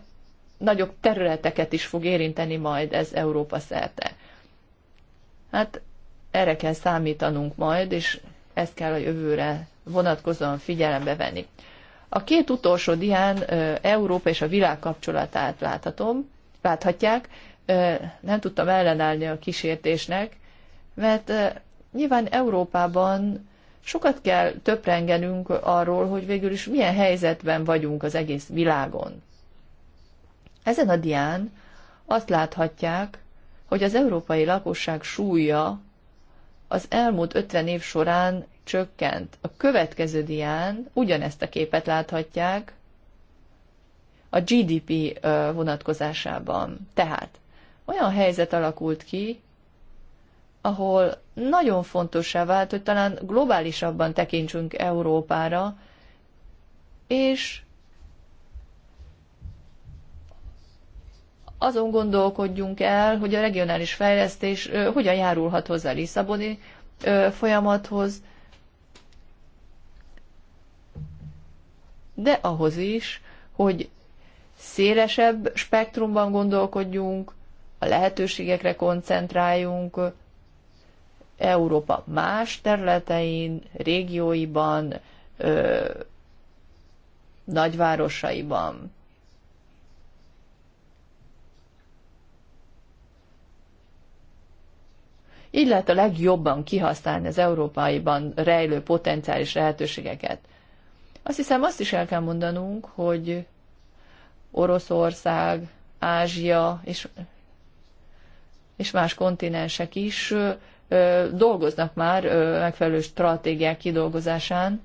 nagyobb területeket is fog érinteni majd ez Európa szerte. Hát erre kell számítanunk majd, és ezt kell a jövőre vonatkozóan figyelembe venni. A két utolsó dián Európa és a világ kapcsolatát láthatom, láthatják. Nem tudtam ellenállni a kísértésnek, mert nyilván Európában sokat kell töprengenünk arról, hogy végül is milyen helyzetben vagyunk az egész világon. Ezen a dián azt láthatják, hogy az európai lakosság súlya az elmúlt 50 év során csökkent. A következő dián ugyanezt a képet láthatják a GDP vonatkozásában. Tehát olyan helyzet alakult ki, ahol nagyon fontossá vált, hogy talán globálisabban tekintsünk Európára, és azon gondolkodjunk el, hogy a regionális fejlesztés hogyan járulhat hozzá a Lisszaboni folyamathoz, de ahhoz is, hogy szélesebb spektrumban gondolkodjunk, a lehetőségekre koncentráljunk, Európa más területein, régióiban, ö, nagyvárosaiban. Így lehet a legjobban kihasználni az európaiban rejlő potenciális lehetőségeket. Azt hiszem azt is el kell mondanunk, hogy Oroszország, Ázsia és, és más kontinensek is ö, dolgoznak már ö, megfelelő stratégiák kidolgozásán.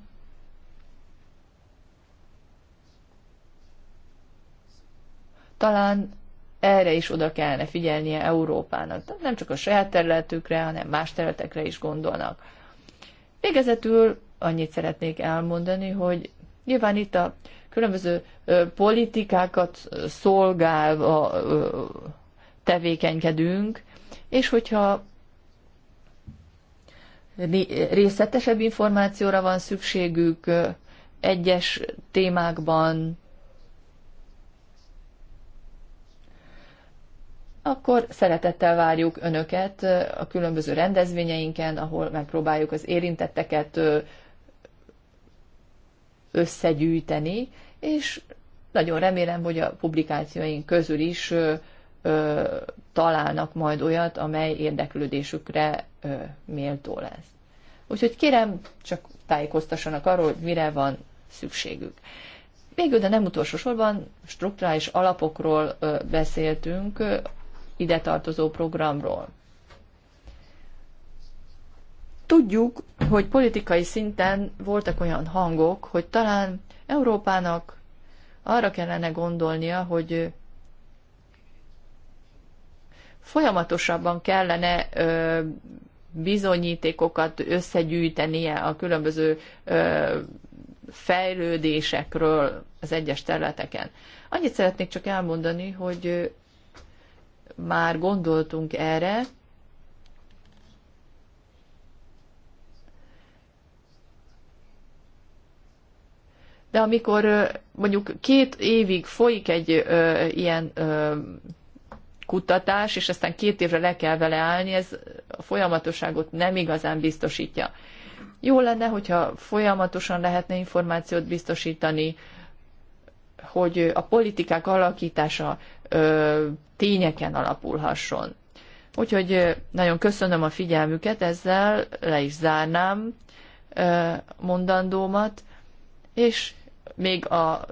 Talán erre is oda kellene figyelnie Európának. Tehát nem csak a saját területükre, hanem más területekre is gondolnak. Végezetül annyit szeretnék elmondani, hogy nyilván itt a különböző politikákat szolgálva tevékenykedünk, és hogyha részletesebb információra van szükségük egyes témákban, akkor szeretettel várjuk Önöket a különböző rendezvényeinken, ahol megpróbáljuk az érintetteket összegyűjteni, és nagyon remélem, hogy a publikációink közül is találnak majd olyat, amely érdeklődésükre méltó lesz. Úgyhogy kérem, csak tájékoztassanak arról, hogy mire van szükségük. Végül, de nem utolsó sorban, strukturális alapokról beszéltünk, ide tartozó programról. Tudjuk, hogy politikai szinten voltak olyan hangok, hogy talán Európának arra kellene gondolnia, hogy folyamatosabban kellene ö, bizonyítékokat összegyűjtenie a különböző ö, fejlődésekről az egyes területeken. Annyit szeretnék csak elmondani, hogy már gondoltunk erre, de amikor mondjuk két évig folyik egy ö, ilyen ö, kutatás, és aztán két évre le kell vele állni, ez a folyamatosságot nem igazán biztosítja. Jó lenne, hogyha folyamatosan lehetne információt biztosítani, hogy a politikák alakítása tényeken alapulhasson. Úgyhogy nagyon köszönöm a figyelmüket, ezzel le is zárnám mondandómat, és még a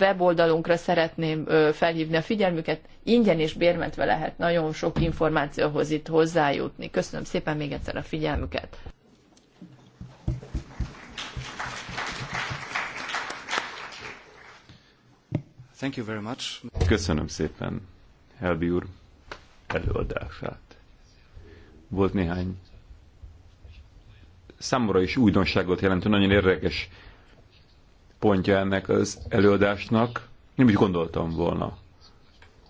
weboldalunkra szeretném felhívni a figyelmüket, ingyen és bérmentve lehet nagyon sok információhoz itt hozzájutni. Köszönöm szépen még egyszer a figyelmüket. Thank you very much. Köszönöm szépen Helbi úr előadását. Volt néhány számomra is újdonságot jelentő, nagyon érdekes pontja ennek az előadásnak. Nem is gondoltam volna,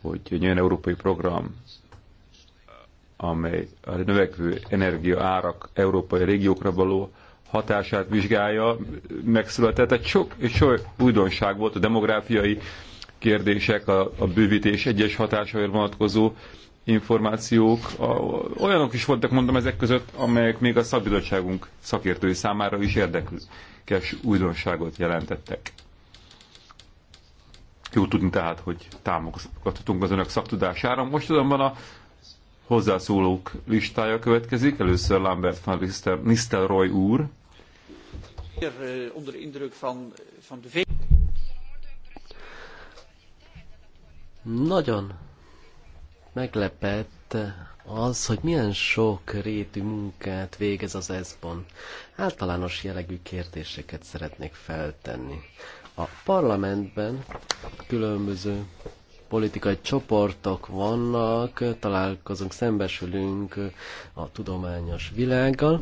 hogy egy olyan európai program, amely a növekvő energiaárak európai régiókra való hatását vizsgálja, megszületett. Tehát sok, sok újdonság volt a demográfiai kérdések, a, a bővítés egyes hatásaira vonatkozó információk. A, olyanok is voltak, mondom, ezek között, amelyek még a szabadságunk szakértői számára is érdekes újdonságot jelentettek. Jó tudni tehát, hogy támogatottunk az önök szaktudására. Most azonban a hozzászólók listája következik. Először Lambert van Nistelrooy úr. Nagyon meglepett az, hogy milyen sok rétű munkát végez az ESZ-ban. Általános jellegű kérdéseket szeretnék feltenni. A parlamentben különböző politikai csoportok vannak, találkozunk, szembesülünk a tudományos világgal.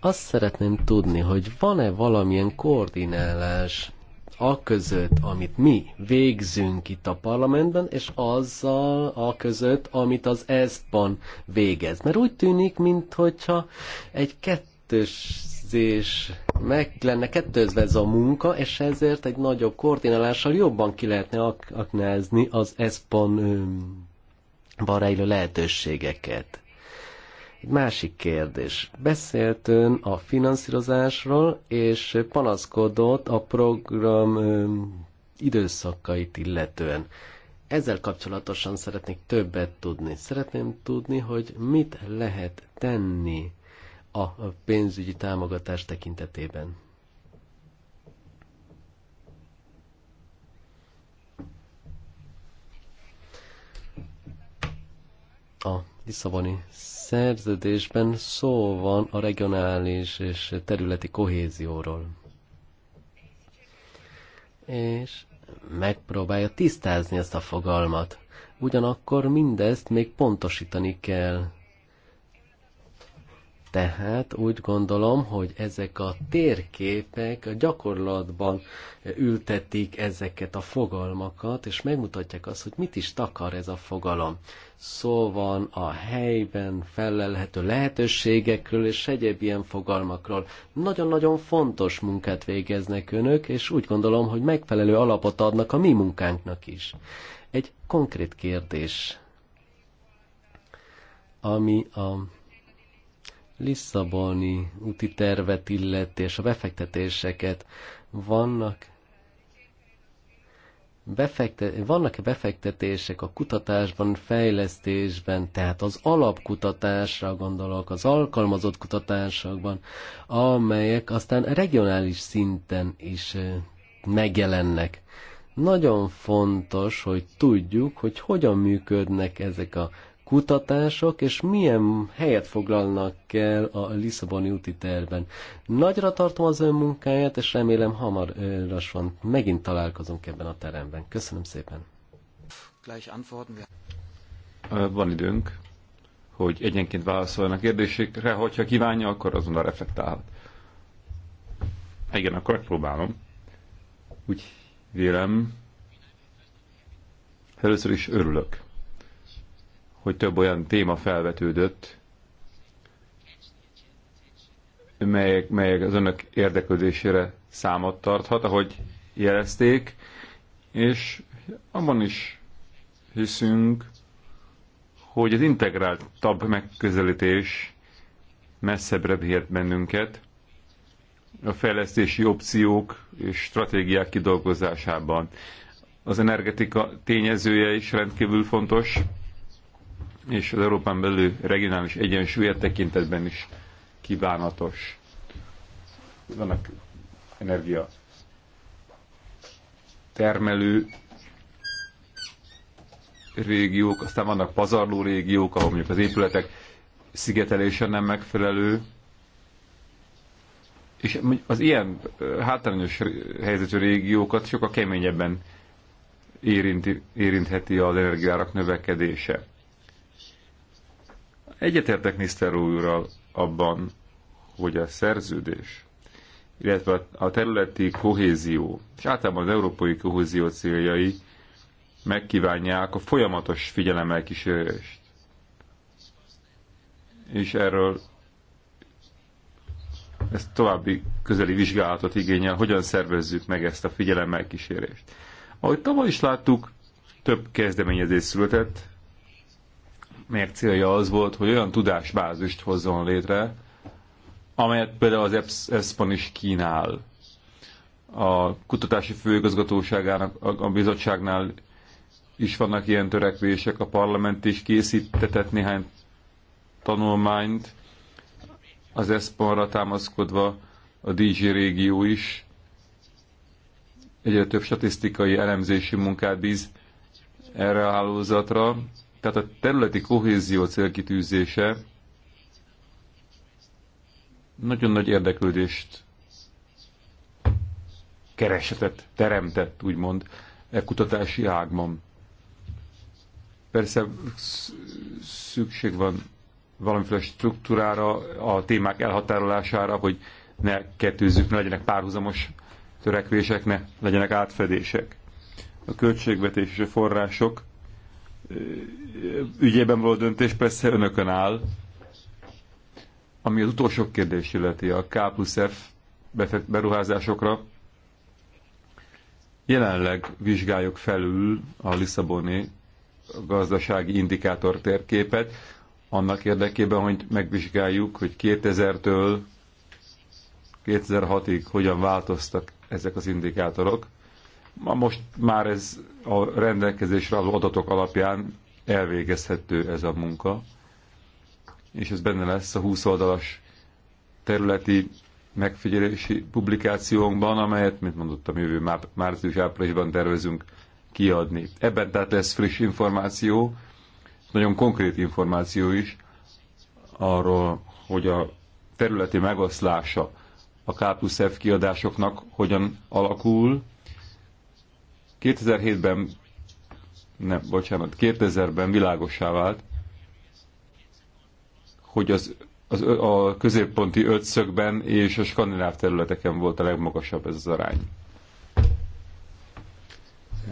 Azt szeretném tudni, hogy van-e valamilyen koordinálás a között, amit mi végzünk itt a parlamentben, és azzal a között, amit az ESZ-ban végez. Mert úgy tűnik, mintha egy kettős meg lenne kettőzve ez a munka, és ezért egy nagyobb koordinálással jobban ki lehetne ak- aknázni az ESPON barejlő lehetőségeket. Egy másik kérdés. Beszélt ön a finanszírozásról, és panaszkodott a program időszakait illetően. Ezzel kapcsolatosan szeretnék többet tudni. Szeretném tudni, hogy mit lehet tenni a pénzügyi támogatás tekintetében. A Lisszaboni szerződésben szó van a regionális és területi kohézióról. És megpróbálja tisztázni ezt a fogalmat. Ugyanakkor mindezt még pontosítani kell tehát úgy gondolom, hogy ezek a térképek a gyakorlatban ültetik ezeket a fogalmakat, és megmutatják azt, hogy mit is takar ez a fogalom. Szó van a helyben felelhető lehetőségekről és egyéb ilyen fogalmakról. Nagyon-nagyon fontos munkát végeznek önök, és úgy gondolom, hogy megfelelő alapot adnak a mi munkánknak is. Egy konkrét kérdés, ami a Lisszaboni úti tervet illeti és a befektetéseket. Vannak befekte, vannak-e befektetések a kutatásban, fejlesztésben, tehát az alapkutatásra gondolok, az alkalmazott kutatásokban, amelyek aztán regionális szinten is megjelennek. Nagyon fontos, hogy tudjuk, hogy hogyan működnek ezek a kutatások, és milyen helyet foglalnak el a Lisszaboni úti terben. Nagyra tartom az ön munkáját, és remélem hamar van. megint találkozunk ebben a teremben. Köszönöm szépen. Van időnk, hogy egyenként a kérdésekre, hogyha kívánja, akkor azonnal reflektálhat. Igen, akkor próbálom. Úgy vélem, először is örülök hogy több olyan téma felvetődött, melyek, melyek az önök érdeklődésére számot tarthat, ahogy jelezték, és abban is hiszünk, hogy az integráltabb megközelítés messzebbre vihet bennünket a fejlesztési opciók és stratégiák kidolgozásában. Az energetika tényezője is rendkívül fontos, és az Európán belül regionális egyensúly e tekintetben is kívánatos. Vannak energia termelő régiók, aztán vannak pazarló régiók, ahol mondjuk az épületek szigetelése nem megfelelő, és az ilyen hátrányos helyzetű régiókat sokkal keményebben érinti, érintheti az energiárak növekedése. Egyetértek Mr. úrral abban, hogy a szerződés, illetve a területi kohézió, és általában az európai kohézió céljai megkívánják a folyamatos figyelemmel kísérést. És erről ez további közeli vizsgálatot igényel, hogyan szervezzük meg ezt a figyelemmel kísérést. Ahogy tavaly is láttuk, több kezdeményezés született, melyek célja az volt, hogy olyan tudásbázist hozzon létre, amelyet például az ESPON is kínál. A kutatási főigazgatóságának, a bizottságnál is vannak ilyen törekvések, a parlament is készítetett néhány tanulmányt, az ESPON-ra támaszkodva a DG régió is egyre több statisztikai elemzési munkát bíz erre a hálózatra, tehát a területi kohézió célkitűzése nagyon nagy érdeklődést keresetet teremtett, úgymond, e kutatási ágban. Persze szükség van valamiféle struktúrára, a témák elhatárolására, hogy ne kettőzzük, ne legyenek párhuzamos törekvések, ne legyenek átfedések. A költségvetés és a források ügyében való döntés persze önökön áll. Ami az utolsó kérdés illeti a K plusz F beruházásokra, jelenleg vizsgáljuk felül a Lisszaboni gazdasági indikátor térképet, annak érdekében, hogy megvizsgáljuk, hogy 2000-től 2006-ig hogyan változtak ezek az indikátorok. Most már ez a rendelkezésre álló adatok alapján elvégezhető ez a munka, és ez benne lesz a 20 oldalas területi megfigyelési publikációnkban, amelyet, mint mondottam, jövő március-áprilisban tervezünk kiadni. Ebben tehát lesz friss információ, nagyon konkrét információ is arról, hogy a területi megoszlása a K plusz F kiadásoknak hogyan alakul, 2007-ben, nem, bocsánat, 2000-ben világossá vált, hogy az, az, a középponti ötszögben és a skandináv területeken volt a legmagasabb ez az arány.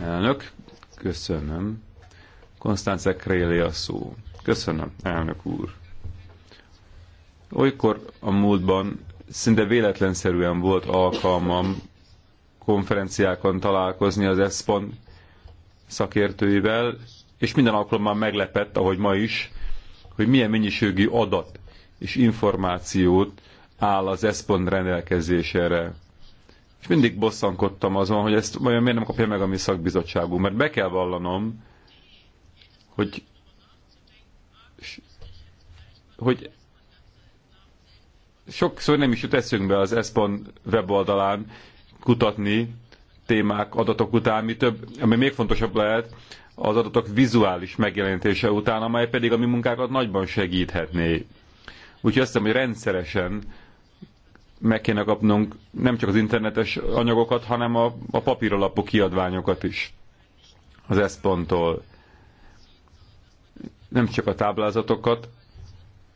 Elnök, köszönöm. Konstance Kréli a szó. Köszönöm, elnök úr. Olykor a múltban szinte véletlenszerűen volt alkalmam konferenciákon találkozni az ESPON szakértőivel, és minden alkalommal meglepett, ahogy ma is, hogy milyen mennyiségű adat és információt áll az ESPON rendelkezésére. És mindig bosszankodtam azon, hogy ezt vajon miért nem kapja meg a mi szakbizottságunk, mert be kell vallanom, hogy, hogy sokszor nem is jut eszünkbe az ESPON weboldalán kutatni témák, adatok után, mi több, ami még fontosabb lehet, az adatok vizuális megjelenítése után, amely pedig a mi munkákat nagyban segíthetné. Úgyhogy azt hiszem, hogy rendszeresen meg kéne kapnunk nem csak az internetes anyagokat, hanem a, a papíralapú kiadványokat is az eszponttól. Nem csak a táblázatokat,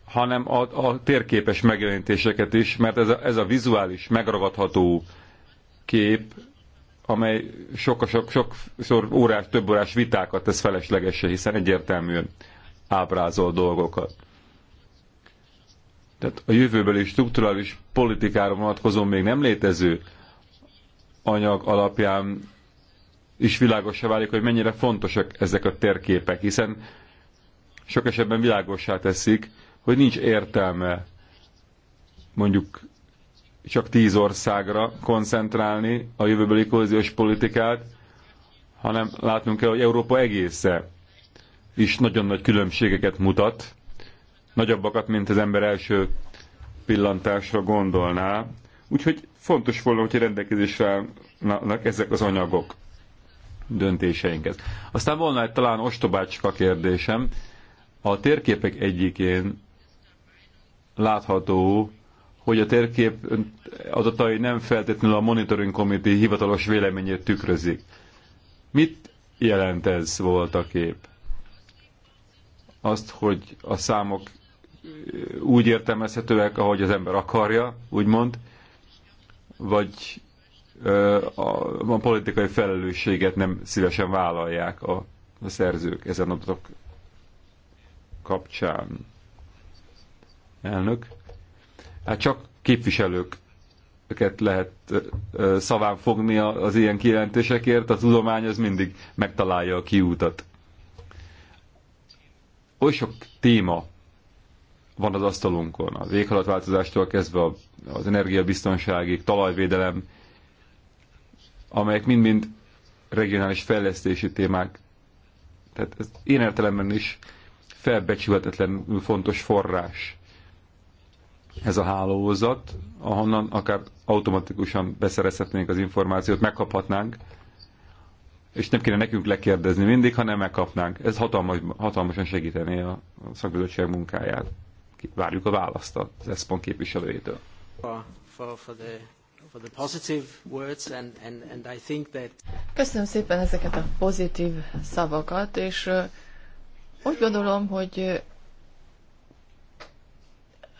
hanem a, a térképes megjelenítéseket is, mert ez a, ez a vizuális, megragadható kép, amely sok-sok sokszor órás, több órás vitákat tesz feleslegesre, hiszen egyértelműen ábrázol dolgokat. Tehát a jövőbeli strukturális politikára vonatkozó még nem létező anyag alapján is világosá válik, hogy mennyire fontosak ezek a térképek, hiszen sok esetben világosá teszik, hogy nincs értelme mondjuk csak tíz országra koncentrálni a jövőbeli kohéziós politikát, hanem látnunk kell, hogy Európa egésze is nagyon nagy különbségeket mutat, nagyobbakat, mint az ember első pillantásra gondolná. Úgyhogy fontos volna, hogy rendelkezésre állnak ezek az anyagok döntéseinkhez. Aztán volna egy talán ostobácska kérdésem. A térképek egyikén látható, hogy a térkép adatai nem feltétlenül a Monitoring Committee hivatalos véleményét tükrözik. Mit jelent ez volt a kép? Azt, hogy a számok úgy értelmezhetőek, ahogy az ember akarja, úgymond, vagy a, politikai felelősséget nem szívesen vállalják a szerzők ezen adatok kapcsán. Elnök hát csak képviselőket lehet szaván fogni az ilyen kijelentésekért, a tudomány az mindig megtalálja a kiútat. Oly sok téma van az asztalunkon, az éghajlatváltozástól kezdve az energiabiztonságig, talajvédelem, amelyek mind-mind regionális fejlesztési témák. Tehát ez én értelemben is felbecsülhetetlenül fontos forrás ez a hálózat, ahonnan akár automatikusan beszerezhetnénk az információt, megkaphatnánk, és nem kéne nekünk lekérdezni mindig, hanem megkapnánk. Ez hatalmas, hatalmasan segítené a szakbizottság munkáját. Várjuk a választ az ESZPON képviselőjétől. Köszönöm szépen ezeket a pozitív szavakat, és úgy gondolom, hogy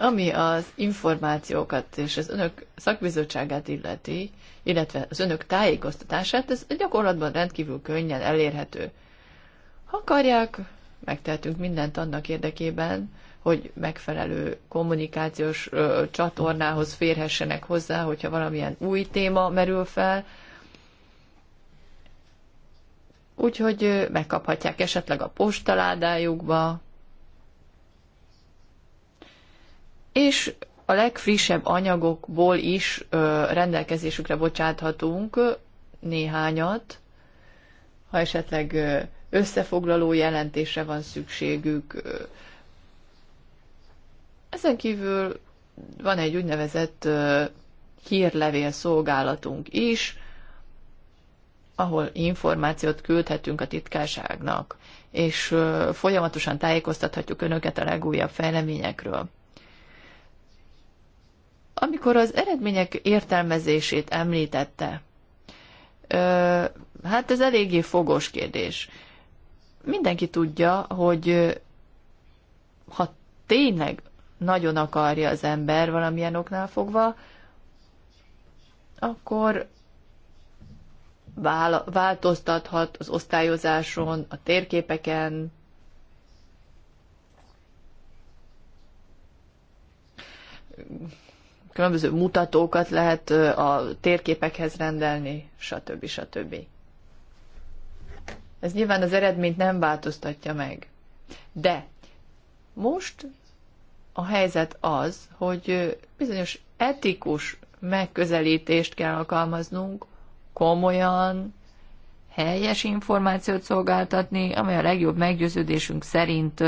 ami az információkat és az önök szakbizottságát illeti, illetve az önök tájékoztatását, ez gyakorlatban rendkívül könnyen elérhető. Ha akarják, megtehetünk mindent annak érdekében, hogy megfelelő kommunikációs ö, csatornához férhessenek hozzá, hogyha valamilyen új téma merül fel. Úgyhogy ö, megkaphatják esetleg a postaládájukba, és a legfrissebb anyagokból is rendelkezésükre bocsáthatunk néhányat, ha esetleg összefoglaló jelentésre van szükségük. Ezen kívül van egy úgynevezett hírlevél szolgálatunk is, ahol információt küldhetünk a titkárságnak, és folyamatosan tájékoztathatjuk önöket a legújabb fejleményekről. Amikor az eredmények értelmezését említette, hát ez eléggé fogos kérdés. Mindenki tudja, hogy ha tényleg nagyon akarja az ember valamilyen oknál fogva, akkor változtathat az osztályozáson, a térképeken különböző mutatókat lehet a térképekhez rendelni, stb. stb. Ez nyilván az eredményt nem változtatja meg. De most a helyzet az, hogy bizonyos etikus megközelítést kell alkalmaznunk, komolyan, helyes információt szolgáltatni, amely a legjobb meggyőződésünk szerint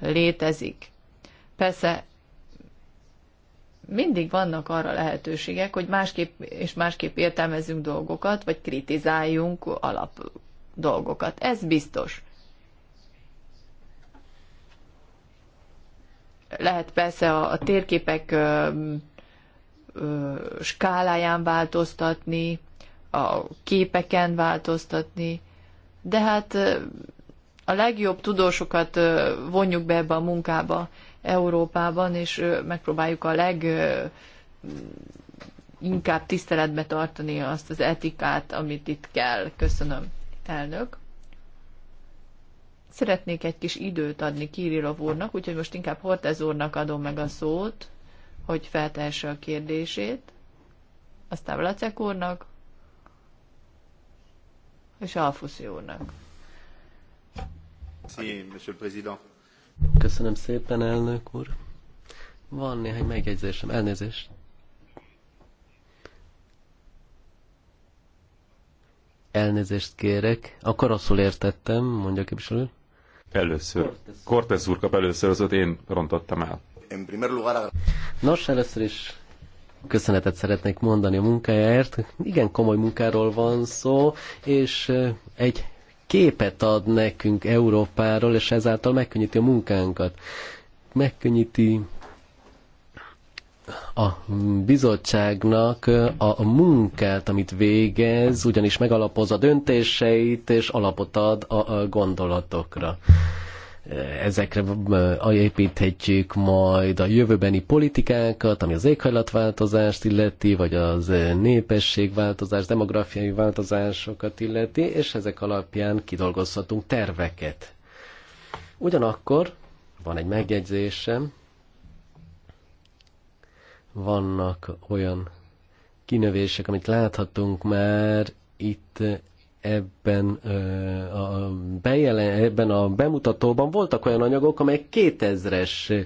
létezik. Persze mindig vannak arra lehetőségek, hogy másképp és másképp értelmezünk dolgokat, vagy kritizáljunk alap dolgokat. Ez biztos. Lehet persze a, a térképek ö, ö, skáláján változtatni, a képeken változtatni, de hát a legjobb tudósokat vonjuk be ebbe a munkába, Európában, és megpróbáljuk a leg inkább tiszteletbe tartani azt az etikát, amit itt kell. Köszönöm, elnök. Szeretnék egy kis időt adni Kirilov úrnak, úgyhogy most inkább Hortez úrnak adom meg a szót, hogy feltehesse a kérdését. Aztán Lacek úrnak, és Alfuszi úrnak. Sí, monsieur le président. Köszönöm szépen, elnök úr. Van néhány megjegyzésem, elnézést. Elnézést kérek. Akkor rosszul értettem, mondja a képviselő. Először. Cortez úr kap először, azot én rontottam el. Nos, először is köszönetet szeretnék mondani a munkájáért. Igen komoly munkáról van szó, és eh, egy képet ad nekünk Európáról, és ezáltal megkönnyíti a munkánkat. Megkönnyíti a bizottságnak a munkát, amit végez, ugyanis megalapoz a döntéseit, és alapot ad a gondolatokra ezekre eh, építhetjük majd a jövőbeni politikánkat, ami az éghajlatváltozást illeti, vagy az eh, népességváltozás, demográfiai változásokat illeti, és ezek alapján kidolgozhatunk terveket. Ugyanakkor van egy megjegyzésem, vannak olyan kinövések, amit láthatunk már itt ebben a, bejelen, ebben a bemutatóban voltak olyan anyagok, amelyek 2000-es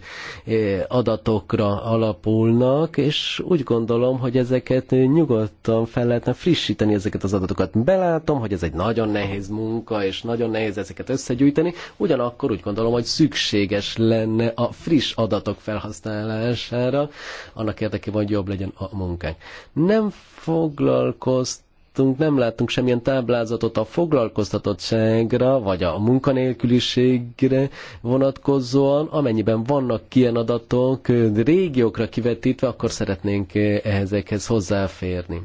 adatokra alapulnak, és úgy gondolom, hogy ezeket nyugodtan fel lehetne frissíteni ezeket az adatokat. Belátom, hogy ez egy nagyon nehéz munka, és nagyon nehéz ezeket összegyűjteni, ugyanakkor úgy gondolom, hogy szükséges lenne a friss adatok felhasználására, annak érdekében, hogy jobb legyen a munkánk. Nem foglalkoztam láttunk, nem láttunk semmilyen táblázatot a foglalkoztatottságra, vagy a munkanélküliségre vonatkozóan. Amennyiben vannak ilyen adatok régiókra kivetítve, akkor szeretnénk ezekhez hozzáférni.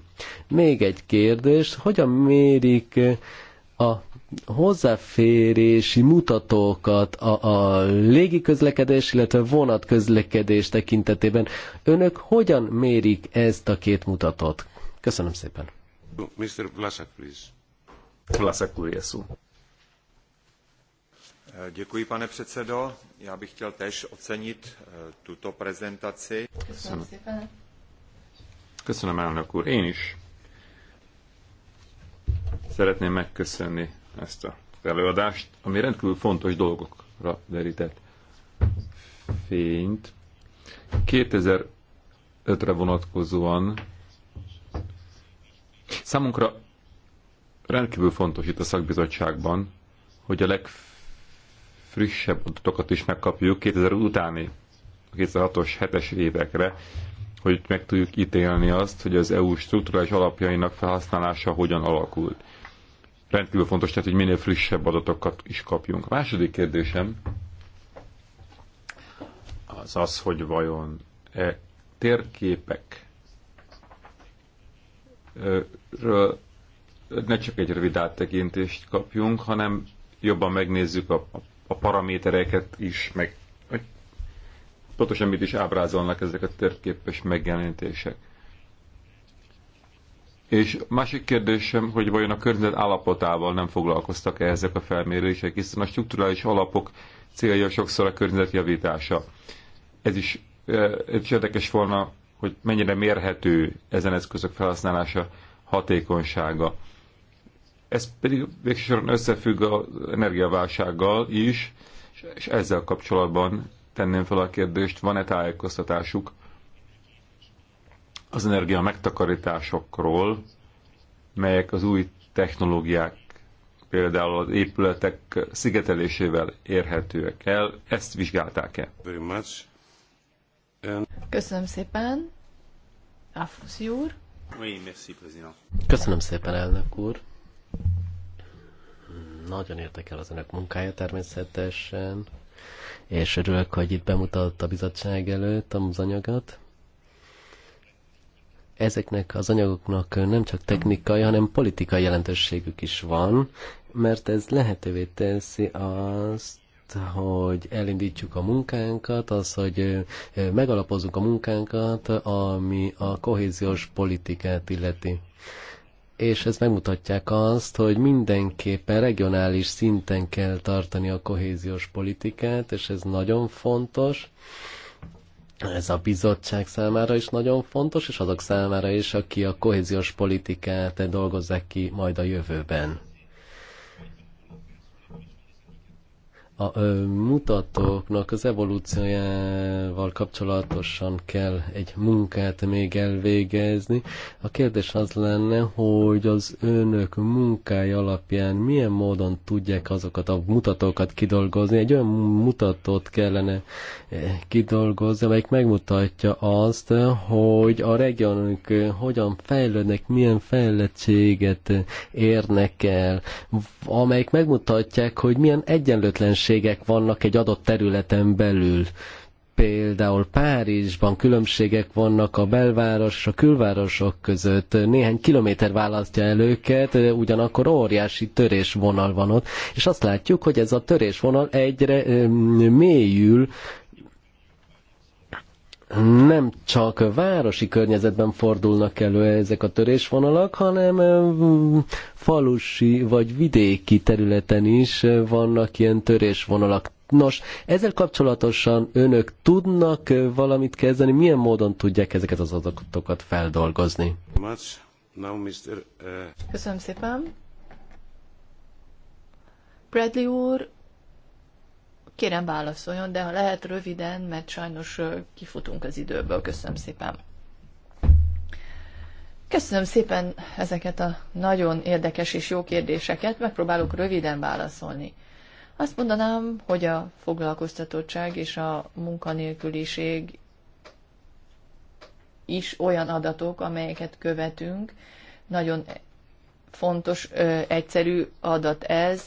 Még egy kérdés, hogyan mérik a hozzáférési mutatókat a, a légiközlekedés, illetve vonatközlekedés tekintetében. Önök hogyan mérik ezt a két mutatót? Köszönöm szépen. Mr. Vlasak, please. Vlasak, Kuljesu. Eh, děkuji, pane předsedo. Já bych chtěl též ocenit eh, tuto prezentaci. Köszönöm. Köszönöm, elnök úr. Én is szeretném megköszönni ezt a előadást, ami rendkívül fontos dolgokra derített fényt. 2005-re vonatkozóan Számunkra rendkívül fontos itt a szakbizottságban, hogy a legfrissebb adatokat is megkapjuk 2000 utáni, 2006-os, 7-es évekre, hogy meg tudjuk ítélni azt, hogy az EU struktúrális alapjainak felhasználása hogyan alakult. Rendkívül fontos, tehát, hogy minél frissebb adatokat is kapjunk. A második kérdésem az az, hogy vajon e térképek ről ne csak egy rövid áttekintést kapjunk, hanem jobban megnézzük a, a paramétereket is, meg hogy pontosan mit is ábrázolnak ezek a térképes megjelenítések. És másik kérdésem, hogy vajon a környezet állapotával nem foglalkoztak-e ezek a felmérések, hiszen a strukturális alapok célja sokszor a környezet javítása. Ez is, ez is érdekes volna hogy mennyire mérhető ezen eszközök felhasználása hatékonysága. Ez pedig végsősorban összefügg az energiaválsággal is, és ezzel kapcsolatban tenném fel a kérdést, van-e tájékoztatásuk az energia megtakarításokról, melyek az új technológiák, például az épületek szigetelésével érhetőek el, ezt vizsgálták-e? Very much. Ön... Köszönöm szépen. Afuszi úr. Oui, merci, Köszönöm szépen, elnök úr. Nagyon érdekel az önök munkája természetesen, és örülök, hogy itt bemutatta a bizottság előtt az anyagot ezeknek az anyagoknak nem csak technikai, hanem politikai jelentőségük is van, mert ez lehetővé teszi azt, hogy elindítsuk a munkánkat, az, hogy megalapozzuk a munkánkat, ami a kohéziós politikát illeti. És ez megmutatják azt, hogy mindenképpen regionális szinten kell tartani a kohéziós politikát, és ez nagyon fontos ez a bizottság számára is nagyon fontos, és azok számára is, aki a kohéziós politikát dolgozzák ki majd a jövőben. a mutatóknak az evolúciójával kapcsolatosan kell egy munkát még elvégezni. A kérdés az lenne, hogy az önök munkája alapján milyen módon tudják azokat a mutatókat kidolgozni. Egy olyan mutatót kellene eh, kidolgozni, amelyik megmutatja azt, hogy a regionok eh, hogyan fejlődnek, milyen fejlettséget eh, érnek el, amelyik megmutatják, hogy milyen egyenlőtlenség különbségek vannak egy adott területen belül. Például Párizsban különbségek vannak a belváros és a külvárosok között. Néhány kilométer választja el őket, ugyanakkor óriási törésvonal van ott. És azt látjuk, hogy ez a törésvonal egyre mélyül, nem csak városi környezetben fordulnak elő ezek a törésvonalak, hanem falusi vagy vidéki területen is vannak ilyen törésvonalak. Nos, ezzel kapcsolatosan önök tudnak valamit kezdeni? Milyen módon tudják ezeket az adatokat feldolgozni? Köszönöm szépen. Bradley úr, Kérem válaszoljon, de ha lehet röviden, mert sajnos kifutunk az időből. Köszönöm szépen. Köszönöm szépen ezeket a nagyon érdekes és jó kérdéseket. Megpróbálok röviden válaszolni. Azt mondanám, hogy a foglalkoztatottság és a munkanélküliség is olyan adatok, amelyeket követünk. Nagyon fontos, egyszerű adat ez,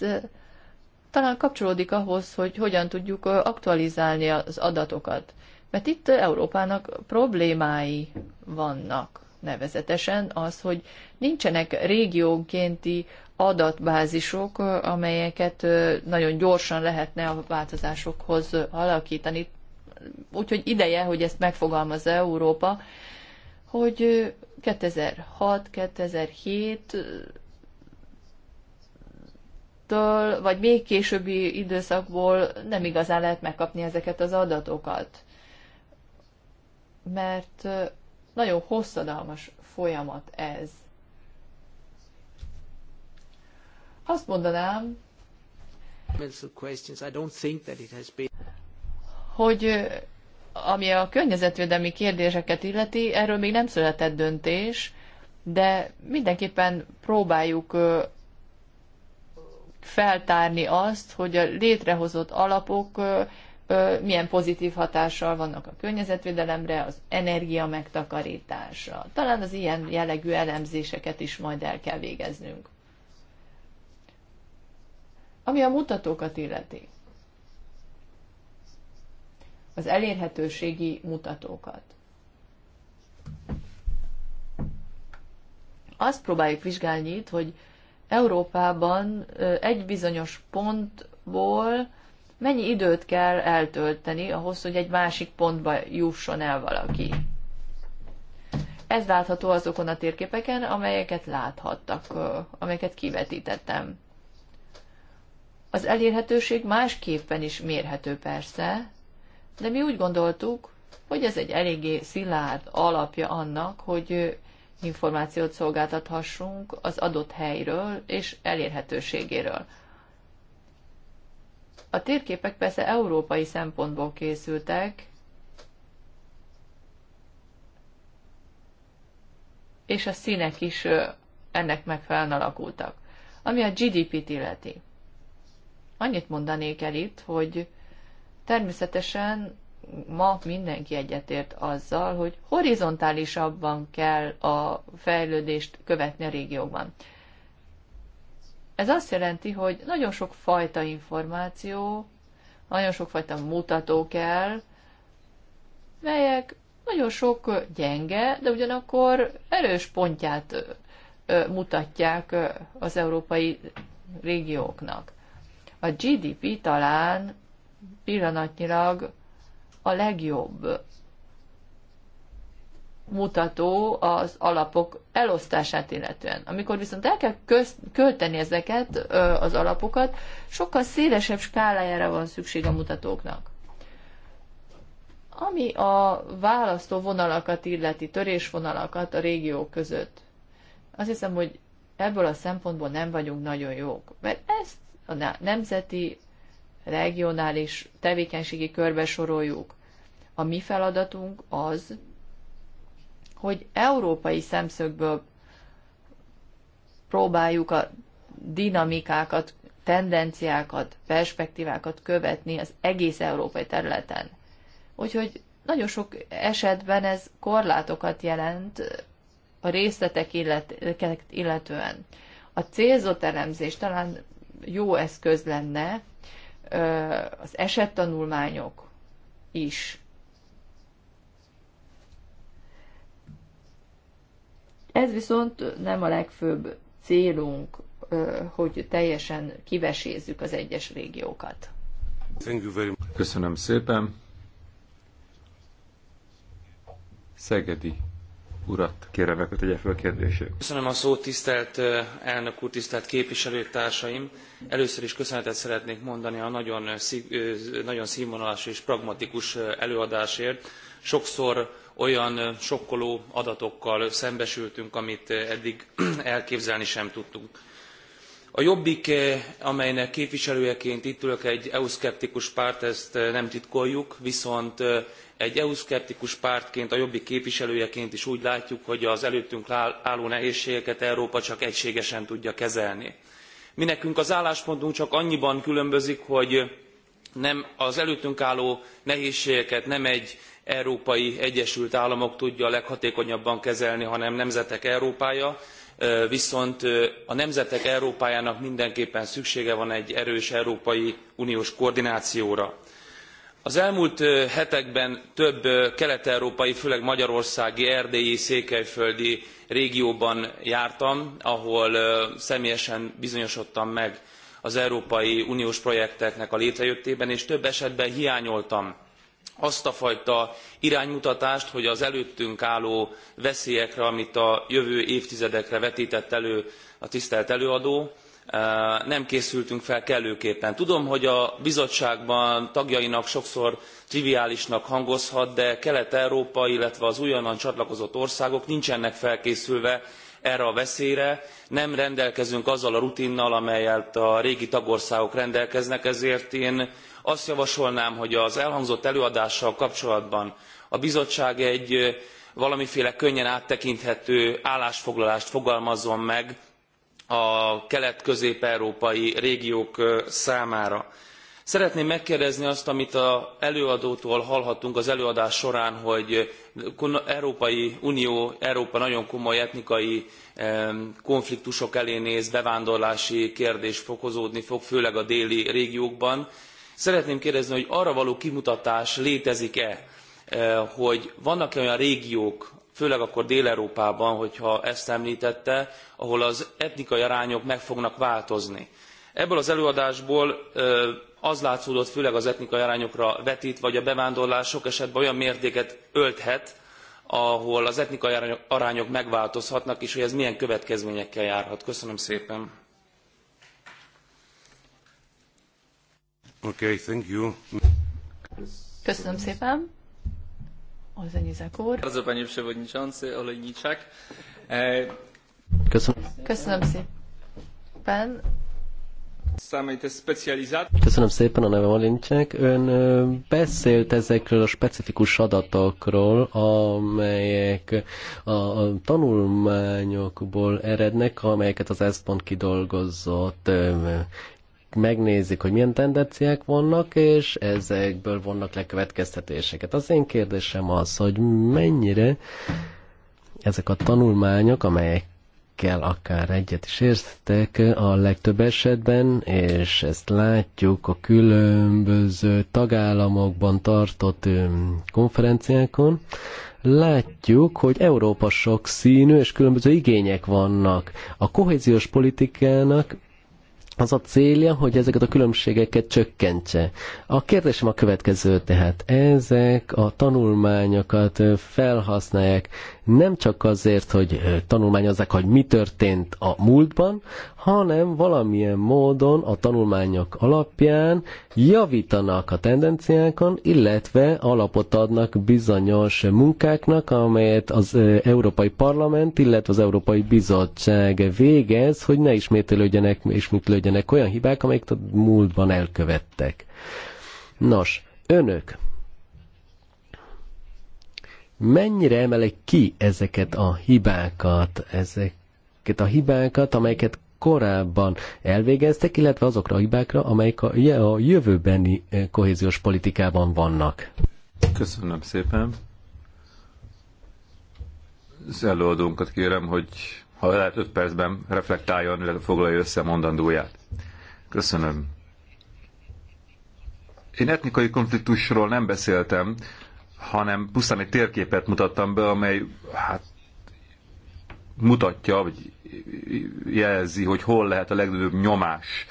talán kapcsolódik ahhoz, hogy hogyan tudjuk aktualizálni az adatokat. Mert itt Európának problémái vannak, nevezetesen az, hogy nincsenek régiónkénti adatbázisok, amelyeket nagyon gyorsan lehetne a változásokhoz alakítani. Úgyhogy ideje, hogy ezt megfogalmazza Európa, hogy 2006-2007 től vagy még későbbi időszakból nem igazán lehet megkapni ezeket az adatokat. Mert nagyon hosszadalmas folyamat ez. Azt mondanám, hogy ami a környezetvédelmi kérdéseket illeti, erről még nem született döntés, de mindenképpen próbáljuk feltárni azt, hogy a létrehozott alapok milyen pozitív hatással vannak a környezetvédelemre, az energia megtakarításra. Talán az ilyen jellegű elemzéseket is majd el kell végeznünk. Ami a mutatókat illeti, az elérhetőségi mutatókat. Azt próbáljuk vizsgálni itt, hogy Európában egy bizonyos pontból mennyi időt kell eltölteni ahhoz, hogy egy másik pontba jusson el valaki. Ez látható azokon a térképeken, amelyeket láthattak, amelyeket kivetítettem. Az elérhetőség másképpen is mérhető persze, de mi úgy gondoltuk, hogy ez egy eléggé szilárd alapja annak, hogy információt szolgáltathassunk az adott helyről és elérhetőségéről. A térképek persze európai szempontból készültek, és a színek is ennek megfelelően alakultak. Ami a GDP-t illeti. Annyit mondanék el itt, hogy természetesen ma mindenki egyetért azzal, hogy horizontálisabban kell a fejlődést követni a régióban. Ez azt jelenti, hogy nagyon sok fajta információ, nagyon sok fajta mutató kell, melyek nagyon sok gyenge, de ugyanakkor erős pontját mutatják az európai régióknak. A GDP talán pillanatnyilag a legjobb mutató az alapok elosztását illetően. Amikor viszont el kell köz, költeni ezeket, az alapokat, sokkal szélesebb skálájára van szükség a mutatóknak. Ami a választó vonalakat illeti, törésvonalakat a régiók között, azt hiszem, hogy ebből a szempontból nem vagyunk nagyon jók, mert ezt a nemzeti, regionális tevékenységi körbe soroljuk a mi feladatunk az, hogy európai szemszögből próbáljuk a dinamikákat, tendenciákat, perspektívákat követni az egész európai területen. Úgyhogy nagyon sok esetben ez korlátokat jelent a részletek illet, illetően. A célzott elemzés talán jó eszköz lenne, az esettanulmányok is Ez viszont nem a legfőbb célunk, hogy teljesen kivesézzük az egyes régiókat. Köszönöm szépen. Szegedi urat kérem hogy tegye fel a kérdését. Köszönöm a szót, tisztelt elnök úr, tisztelt képviselőtársaim. Először is köszönetet szeretnék mondani a nagyon, nagyon színvonalas és pragmatikus előadásért. Sokszor olyan sokkoló adatokkal szembesültünk, amit eddig elképzelni sem tudtunk. A Jobbik, amelynek képviselőjeként itt ülök, egy EU-szkeptikus párt, ezt nem titkoljuk, viszont egy EU-szkeptikus pártként, a Jobbik képviselőjeként is úgy látjuk, hogy az előttünk álló nehézségeket Európa csak egységesen tudja kezelni. Mi nekünk az álláspontunk csak annyiban különbözik, hogy nem az előttünk álló nehézségeket nem egy európai egyesült államok tudja a leghatékonyabban kezelni hanem nemzetek európája viszont a nemzetek európájának mindenképpen szüksége van egy erős európai uniós koordinációra. az elmúlt hetekben több kelet európai főleg magyarországi erdélyi székelyföldi régióban jártam ahol személyesen bizonyosodtam meg az európai uniós projekteknek a létrejöttében és több esetben hiányoltam azt a fajta iránymutatást hogy az előttünk álló veszélyekre amit a jövő évtizedekre vettett elő a tisztelt előadó eh, nem készültünk fel kellőképpen. tudom hogy a bizottságban tagjainak sokszor triviálisnak hangozhat de kelet európa illetve az újonnan csatlakozott országok nincsenek felkészülve erre a veszélyre nem rendelkezünk azzal a rutinnal amellyel a régi tagországok rendelkeznek ezért én azt javasolnám hogy az elhangzott előadással kapcsolatban a bizottság egy valamiféle könnyen áttekinthető állásfoglalást fogalmazzon meg a kelet közép európai régiók számára szeretném megkérdezni azt amit az előadótól hallhattunk az előadás során hogy európai unió európa nagyon komoly etnikai konfliktusok elé néz bevándorlási kérdés fokozódni fog főleg a déli régiókban. szeretném kérdezni hogy arra való kimutatás létezik e eh, hogy vannak e olyan régiók főleg akkor dél európában hogyha ezt emltette ahol az etnikai arányok meg fognak változni. ebből az előadásból eh, az látszódott főleg az etnikai arányokra vetít, vagy a bevándorlás sok esetben olyan mértéket ölthet, ahol az etnikai arányok megváltozhatnak, és hogy ez milyen következményekkel járhat. Köszönöm szépen. Okay, thank you. Köszönöm szépen. Olzenizek úr. Bardzo panie przewodniczący, Olejniczak. Köszönöm. E, Köszönöm szépen. Köszönöm szépen, a nevem Alincsek. Ön beszélt ezekről a specifikus adatokról, amelyek a, tanulmányokból erednek, amelyeket az ESZPONT kidolgozott megnézik, hogy milyen tendenciák vannak, és ezekből vannak lekövetkeztetéseket. Az én kérdésem az, hogy mennyire ezek a tanulmányok, amelyek akikkel akár egyet is értek a legtöbb esetben, és ezt látjuk a különböző tagállamokban tartott konferenciákon, látjuk, hogy Európa sok színű és különböző igények vannak. A kohéziós politikának az a célja, hogy ezeket a különbségeket csökkentse. A kérdésem a következő tehát. Ezek a tanulmányokat felhasználják nem csak azért, hogy tanulmányozzák, hogy mi történt a múltban, hanem valamilyen módon a tanulmányok alapján javítanak a tendenciákon, illetve alapot adnak bizonyos munkáknak, amelyet az Európai Parlament, illetve az Európai Bizottság végez, hogy ne ismétlődjenek, ismétlődjenek legyenek olyan hibák, amelyek a múltban elkövettek. Nos, önök mennyire emelik ki ezeket a hibákat, ezeket a hibákat, amelyeket korábban elvégeztek, illetve azokra a hibákra, amelyek a jövőbeni eh, kohéziós politikában vannak. Köszönöm szépen. Az előadónkat kérem, hogy ha lehet öt percben reflektáljon, illetve foglalja össze mondandóját. Köszönöm. Én etnikai konfliktusról nem beszéltem, hanem pusztán egy térképet mutattam be, amely hát mutatja, vagy jelzi, hogy hol lehet a legnagyobb nyomás,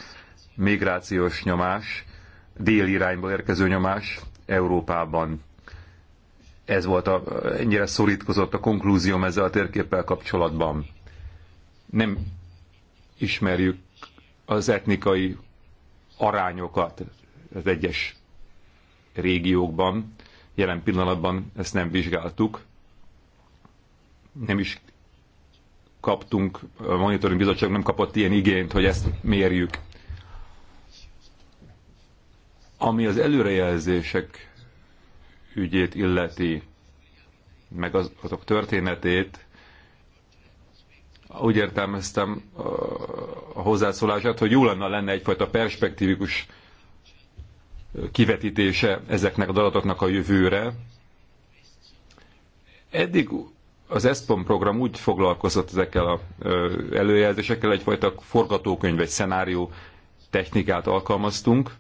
migrációs nyomás, déli irányból érkező nyomás Európában. Ez volt a, ennyire szorítkozott a konklúzióm ezzel a térképpel kapcsolatban. Nem ismerjük az etnikai arányokat az egyes régiókban. Jelen pillanatban ezt nem vizsgáltuk. Nem is kaptunk, a monitoring bizottság nem kapott ilyen igényt, hogy ezt mérjük. Ami az előrejelzések ügyét illeti, meg az, azok történetét, úgy értelmeztem a hozzászólását, hogy jó lenne lenne egyfajta perspektívikus kivetítése ezeknek a adatoknak a jövőre. Eddig az ESPON program úgy foglalkozott ezekkel a előjelzésekkel, egyfajta forgatókönyv, egy szenárió technikát alkalmaztunk.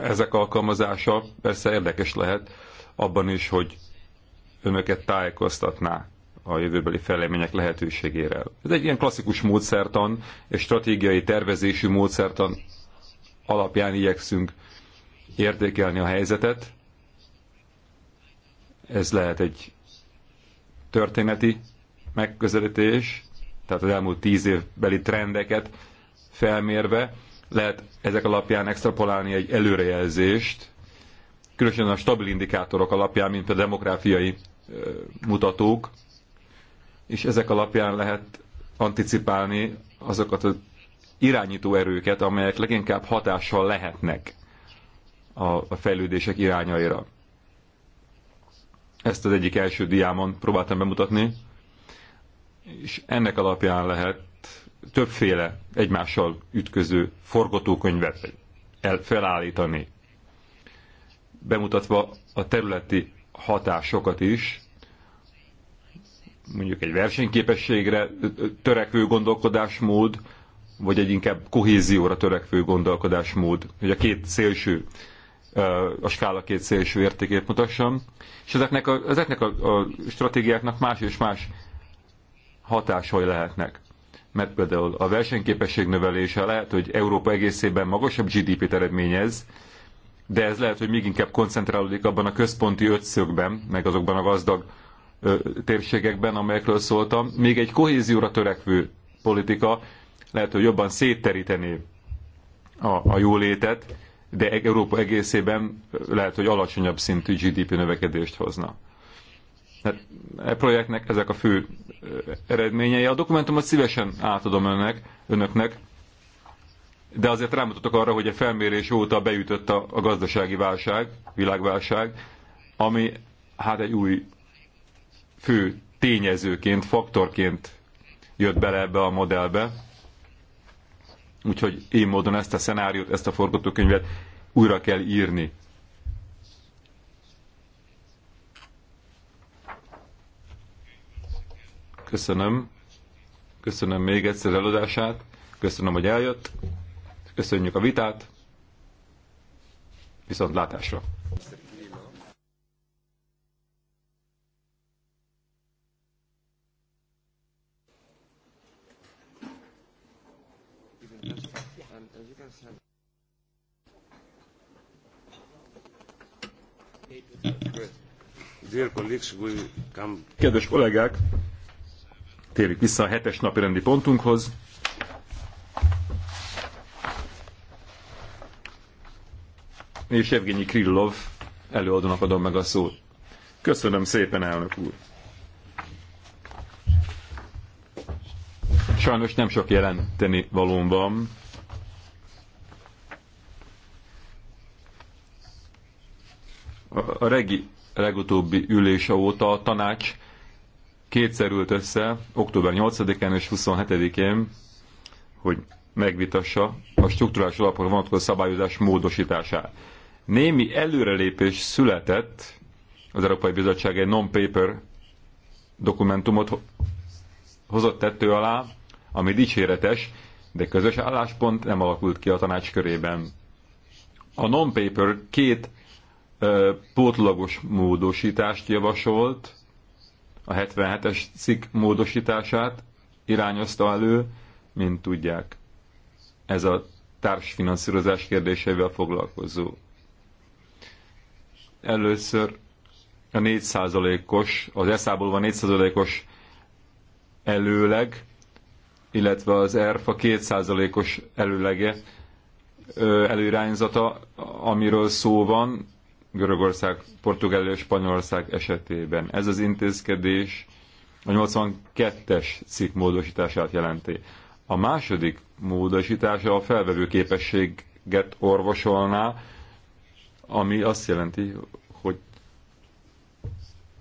Ezek alkalmazása persze érdekes lehet abban is, hogy önöket tájékoztatná a jövőbeli fejlemények lehetőségére. Ez egy ilyen klasszikus módszertan és stratégiai tervezésű módszertan alapján igyekszünk értékelni a helyzetet. Ez lehet egy történeti megközelítés, tehát az elmúlt tíz évbeli trendeket felmérve, lehet ezek alapján extrapolálni egy előrejelzést, különösen a stabil indikátorok alapján, mint a demográfiai mutatók, és ezek alapján lehet anticipálni azokat az irányító erőket, amelyek leginkább hatással lehetnek a fejlődések irányaira. Ezt az egyik első diámon próbáltam bemutatni, és ennek alapján lehet többféle egymással ütköző forgatókönyvet felállítani, bemutatva a területi hatásokat is, mondjuk egy versenyképességre törekvő gondolkodásmód, vagy egy inkább kohézióra törekvő gondolkodásmód, hogy a két szélső, a skála két szélső értékét mutassam, és ezeknek a, ezeknek a, a stratégiáknak más és más hatásai lehetnek. Mert például a versenyképesség növelése lehet, hogy Európa egészében magasabb GDP-t eredményez, de ez lehet, hogy még inkább koncentrálódik abban a központi ötszögben, meg azokban a gazdag térségekben, amelyekről szóltam, még egy kohézióra törekvő politika lehet, hogy jobban széteríteni a, a jólétet, de e-, Európa egészében lehet, hogy alacsonyabb szintű GDP növekedést hozna. Tehát e projektnek ezek a fő eredményei. A dokumentumot szívesen átadom önnek, önöknek, de azért rámutatok arra, hogy a felmérés óta beütött a, a gazdasági válság, világválság, ami hát egy új fő tényezőként, faktorként jött bele ebbe a modellbe. Úgyhogy én módon ezt a szenáriót, ezt a forgatókönyvet újra kell írni. Köszönöm. Köszönöm még egyszer előadását. Köszönöm, hogy eljött. Köszönjük a vitát. Viszont látásra. Kedves kollégák, térjük vissza a hetes napi rendi pontunkhoz. És Evgenyi Krillov előadónak adom meg a szót. Köszönöm szépen, elnök úr! Sajnos nem sok jelenteni valóm van, a regi legutóbbi ülése óta a tanács kétszer ült össze, október 8-án és 27-én, hogy megvitassa a strukturális alapokra vonatkozó szabályozás módosítását. Némi előrelépés született, az Európai Bizottság egy non-paper dokumentumot hozott tettő alá, ami dicséretes, de közös álláspont nem alakult ki a tanács körében. A non-paper két pótlagos módosítást javasolt, a 77-es cikk módosítását irányozta elő, mint tudják. Ez a társfinanszírozás kérdéseivel foglalkozó. Először a 4%-os, az eszából van 4%-os előleg, illetve az ERFA 2%-os előlege előirányzata, amiről szó van, Görögország, Portugália és Spanyolország esetében. Ez az intézkedés a 82-es cikk módosítását jelenti. A második módosítása a felvevő képességet orvosolná, ami azt jelenti, hogy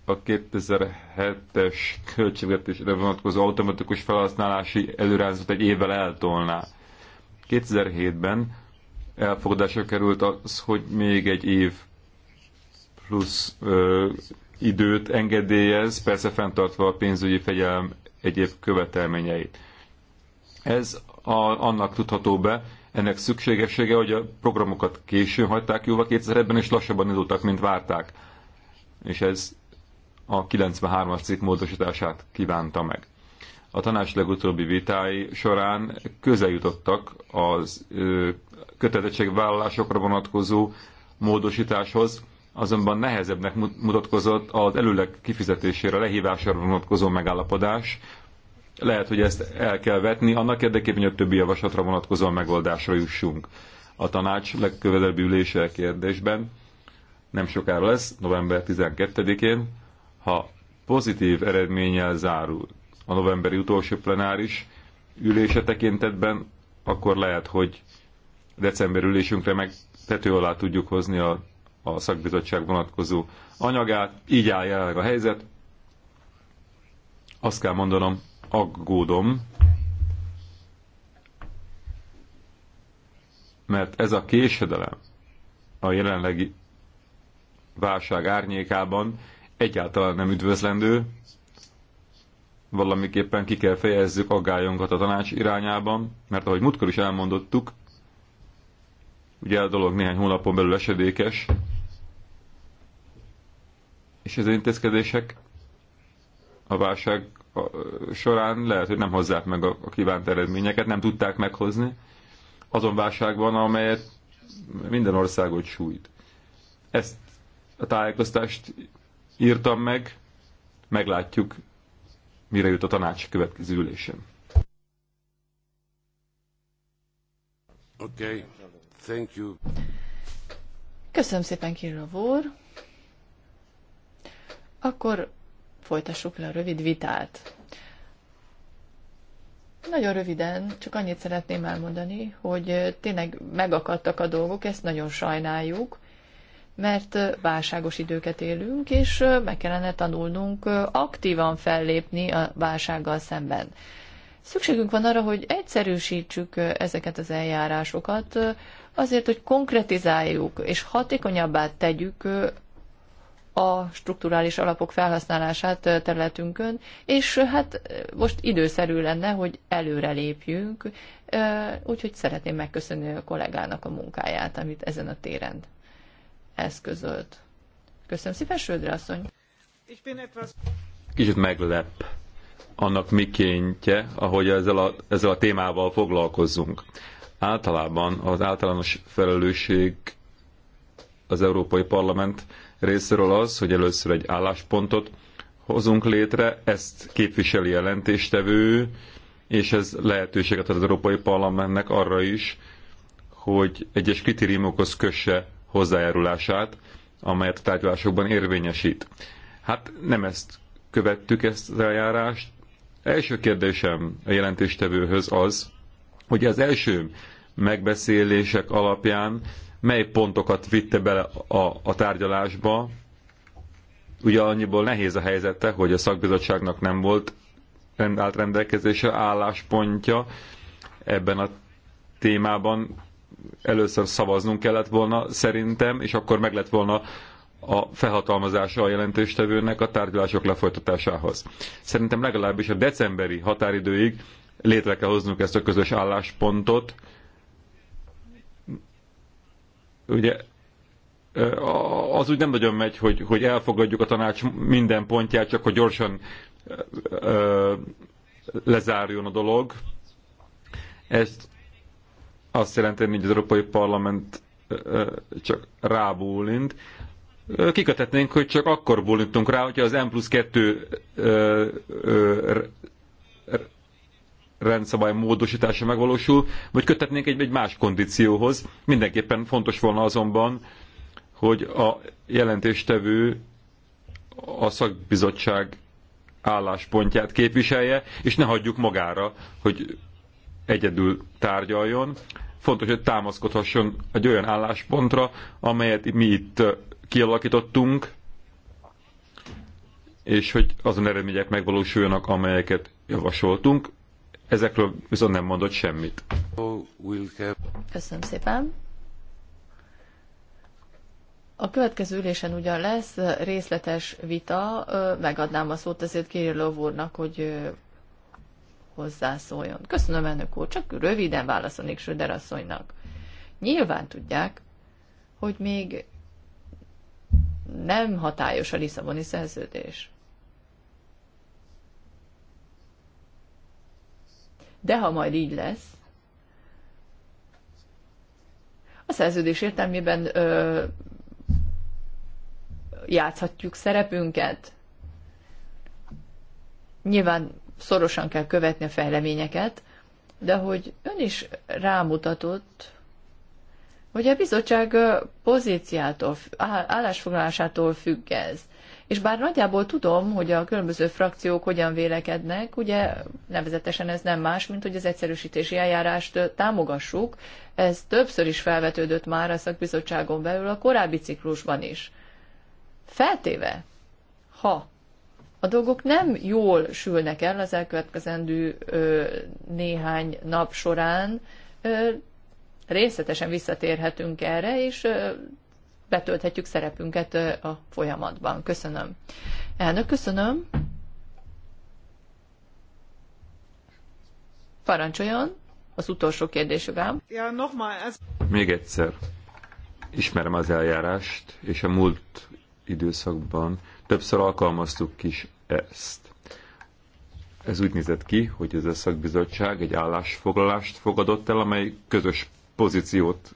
a 2007-es költségvetésre vonatkozó automatikus felhasználási előrázat egy évvel eltolná. 2007-ben elfogadásra került az, hogy még egy év plusz ö, időt engedélyez, persze fenntartva a pénzügyi fegyelem egyéb követelményeit. Ez a, annak tudható be, ennek szükségessége, hogy a programokat későn hagyták jóval 2007-ben, és lassabban indultak, mint várták. És ez a 93-as cikk módosítását kívánta meg. A tanács legutóbbi vitái során jutottak az kötelezettségvállalásokra vonatkozó módosításhoz, azonban nehezebbnek mutatkozott az előleg kifizetésére, lehívására vonatkozó megállapodás. Lehet, hogy ezt el kell vetni, annak érdekében, hogy a többi javaslatra vonatkozó megoldásra jussunk. A tanács legközelebbi ülése kérdésben nem sokára lesz, november 12-én, ha pozitív eredménnyel zárul a novemberi utolsó plenáris ülése tekintetben, akkor lehet, hogy december ülésünkre meg tető alá tudjuk hozni a a szakbizottság vonatkozó anyagát, így áll jelenleg a helyzet. Azt kell mondanom, aggódom, mert ez a késedelem a jelenlegi válság árnyékában egyáltalán nem üdvözlendő, valamiképpen ki kell fejezzük aggályunkat a tanács irányában, mert ahogy múltkor is elmondottuk, ugye a dolog néhány hónapon belül esedékes, és az intézkedések a válság során lehet, hogy nem hozzák meg a, kívánt eredményeket, nem tudták meghozni azon válságban, amelyet minden országot sújt. Ezt a tájékoztást írtam meg, meglátjuk, mire jut a tanács következő ülésen. Okay. Thank you. Köszönöm szépen, Kirov úr. Akkor folytassuk le a rövid vitát. Nagyon röviden, csak annyit szeretném elmondani, hogy tényleg megakadtak a dolgok, ezt nagyon sajnáljuk, mert válságos időket élünk, és meg kellene tanulnunk aktívan fellépni a válsággal szemben. Szükségünk van arra, hogy egyszerűsítsük ezeket az eljárásokat, azért, hogy konkretizáljuk és hatékonyabbá tegyük a strukturális alapok felhasználását területünkön, és hát most időszerű lenne, hogy előre lépjünk, úgyhogy szeretném megköszönni a kollégának a munkáját, amit ezen a téren eszközölt. Köszönöm szépen, Sődre asszony! Kicsit meglep annak mikéntje, ahogy ezzel a, ezzel a témával foglalkozzunk. Általában az általános felelősség az Európai Parlament részéről az, hogy először egy álláspontot hozunk létre, ezt képviseli jelentéstevő, és ez lehetőséget ad az Európai Parlamentnek arra is, hogy egyes kritériumokhoz kösse hozzájárulását, amelyet a tárgyalásokban érvényesít. Hát nem ezt követtük, ezt az eljárást. Első kérdésem a jelentéstevőhöz az, hogy az első megbeszélések alapján mely pontokat vitte bele a, a tárgyalásba. Ugye annyiból nehéz a helyzete, hogy a szakbizottságnak nem volt állt rendelkezése álláspontja ebben a témában. Először szavaznunk kellett volna szerintem, és akkor meg lett volna a felhatalmazása a jelentéstevőnek a tárgyalások lefolytatásához. Szerintem legalábbis a decemberi határidőig létre kell hoznunk ezt a közös álláspontot, ugye az úgy nem nagyon megy, hogy, hogy elfogadjuk a tanács minden pontját, csak hogy gyorsan lezárjon a dolog. Ezt azt jelenti, hogy az Európai Parlament csak rábúlint. Kikötetnénk, hogy csak akkor bólintunk rá, hogyha az M plusz 2 rendszabály módosítása megvalósul, vagy kötetnénk egy, egy más kondícióhoz. Mindenképpen fontos volna azonban, hogy a jelentéstevő a szakbizottság álláspontját képviselje, és ne hagyjuk magára, hogy egyedül tárgyaljon. Fontos, hogy támaszkodhasson egy olyan álláspontra, amelyet mi itt kialakítottunk, és hogy azon eredmények megvalósuljanak, amelyeket javasoltunk. Ezekről viszont nem mondott semmit. Köszönöm szépen. A következő ülésen ugyan lesz részletes vita, megadnám a szót azért Kirillov úrnak, hogy hozzászóljon. Köszönöm, elnök úr, csak röviden válaszolnék Söder asszonynak. Nyilván tudják, hogy még nem hatályos a Lisszaboni szerződés. de ha majd így lesz, a szerződés értelmében ö, játszhatjuk szerepünket. Nyilván szorosan kell követni a fejleményeket, de hogy ön is rámutatott, hogy a bizottság pozíciától, állásfoglalásától függ ez és bár nagyjából tudom, hogy a különböző frakciók hogyan vélekednek, ugye nevezetesen ez nem más, mint hogy az egyszerűsítési eljárást támogassuk, ez többször is felvetődött már a szakbizottságon belül a korábbi ciklusban is. Feltéve, ha a dolgok nem jól sülnek el az elkövetkezendő ö, néhány nap során, ö, részletesen visszatérhetünk erre, és betölthetjük szerepünket a folyamatban. Köszönöm. Elnök, köszönöm. Parancsoljon az utolsó kérdés Még egyszer. Ismerem az eljárást, és a múlt időszakban többször alkalmaztuk is ezt. Ez úgy nézett ki, hogy ez a szakbizottság egy állásfoglalást fogadott el, amely közös pozíciót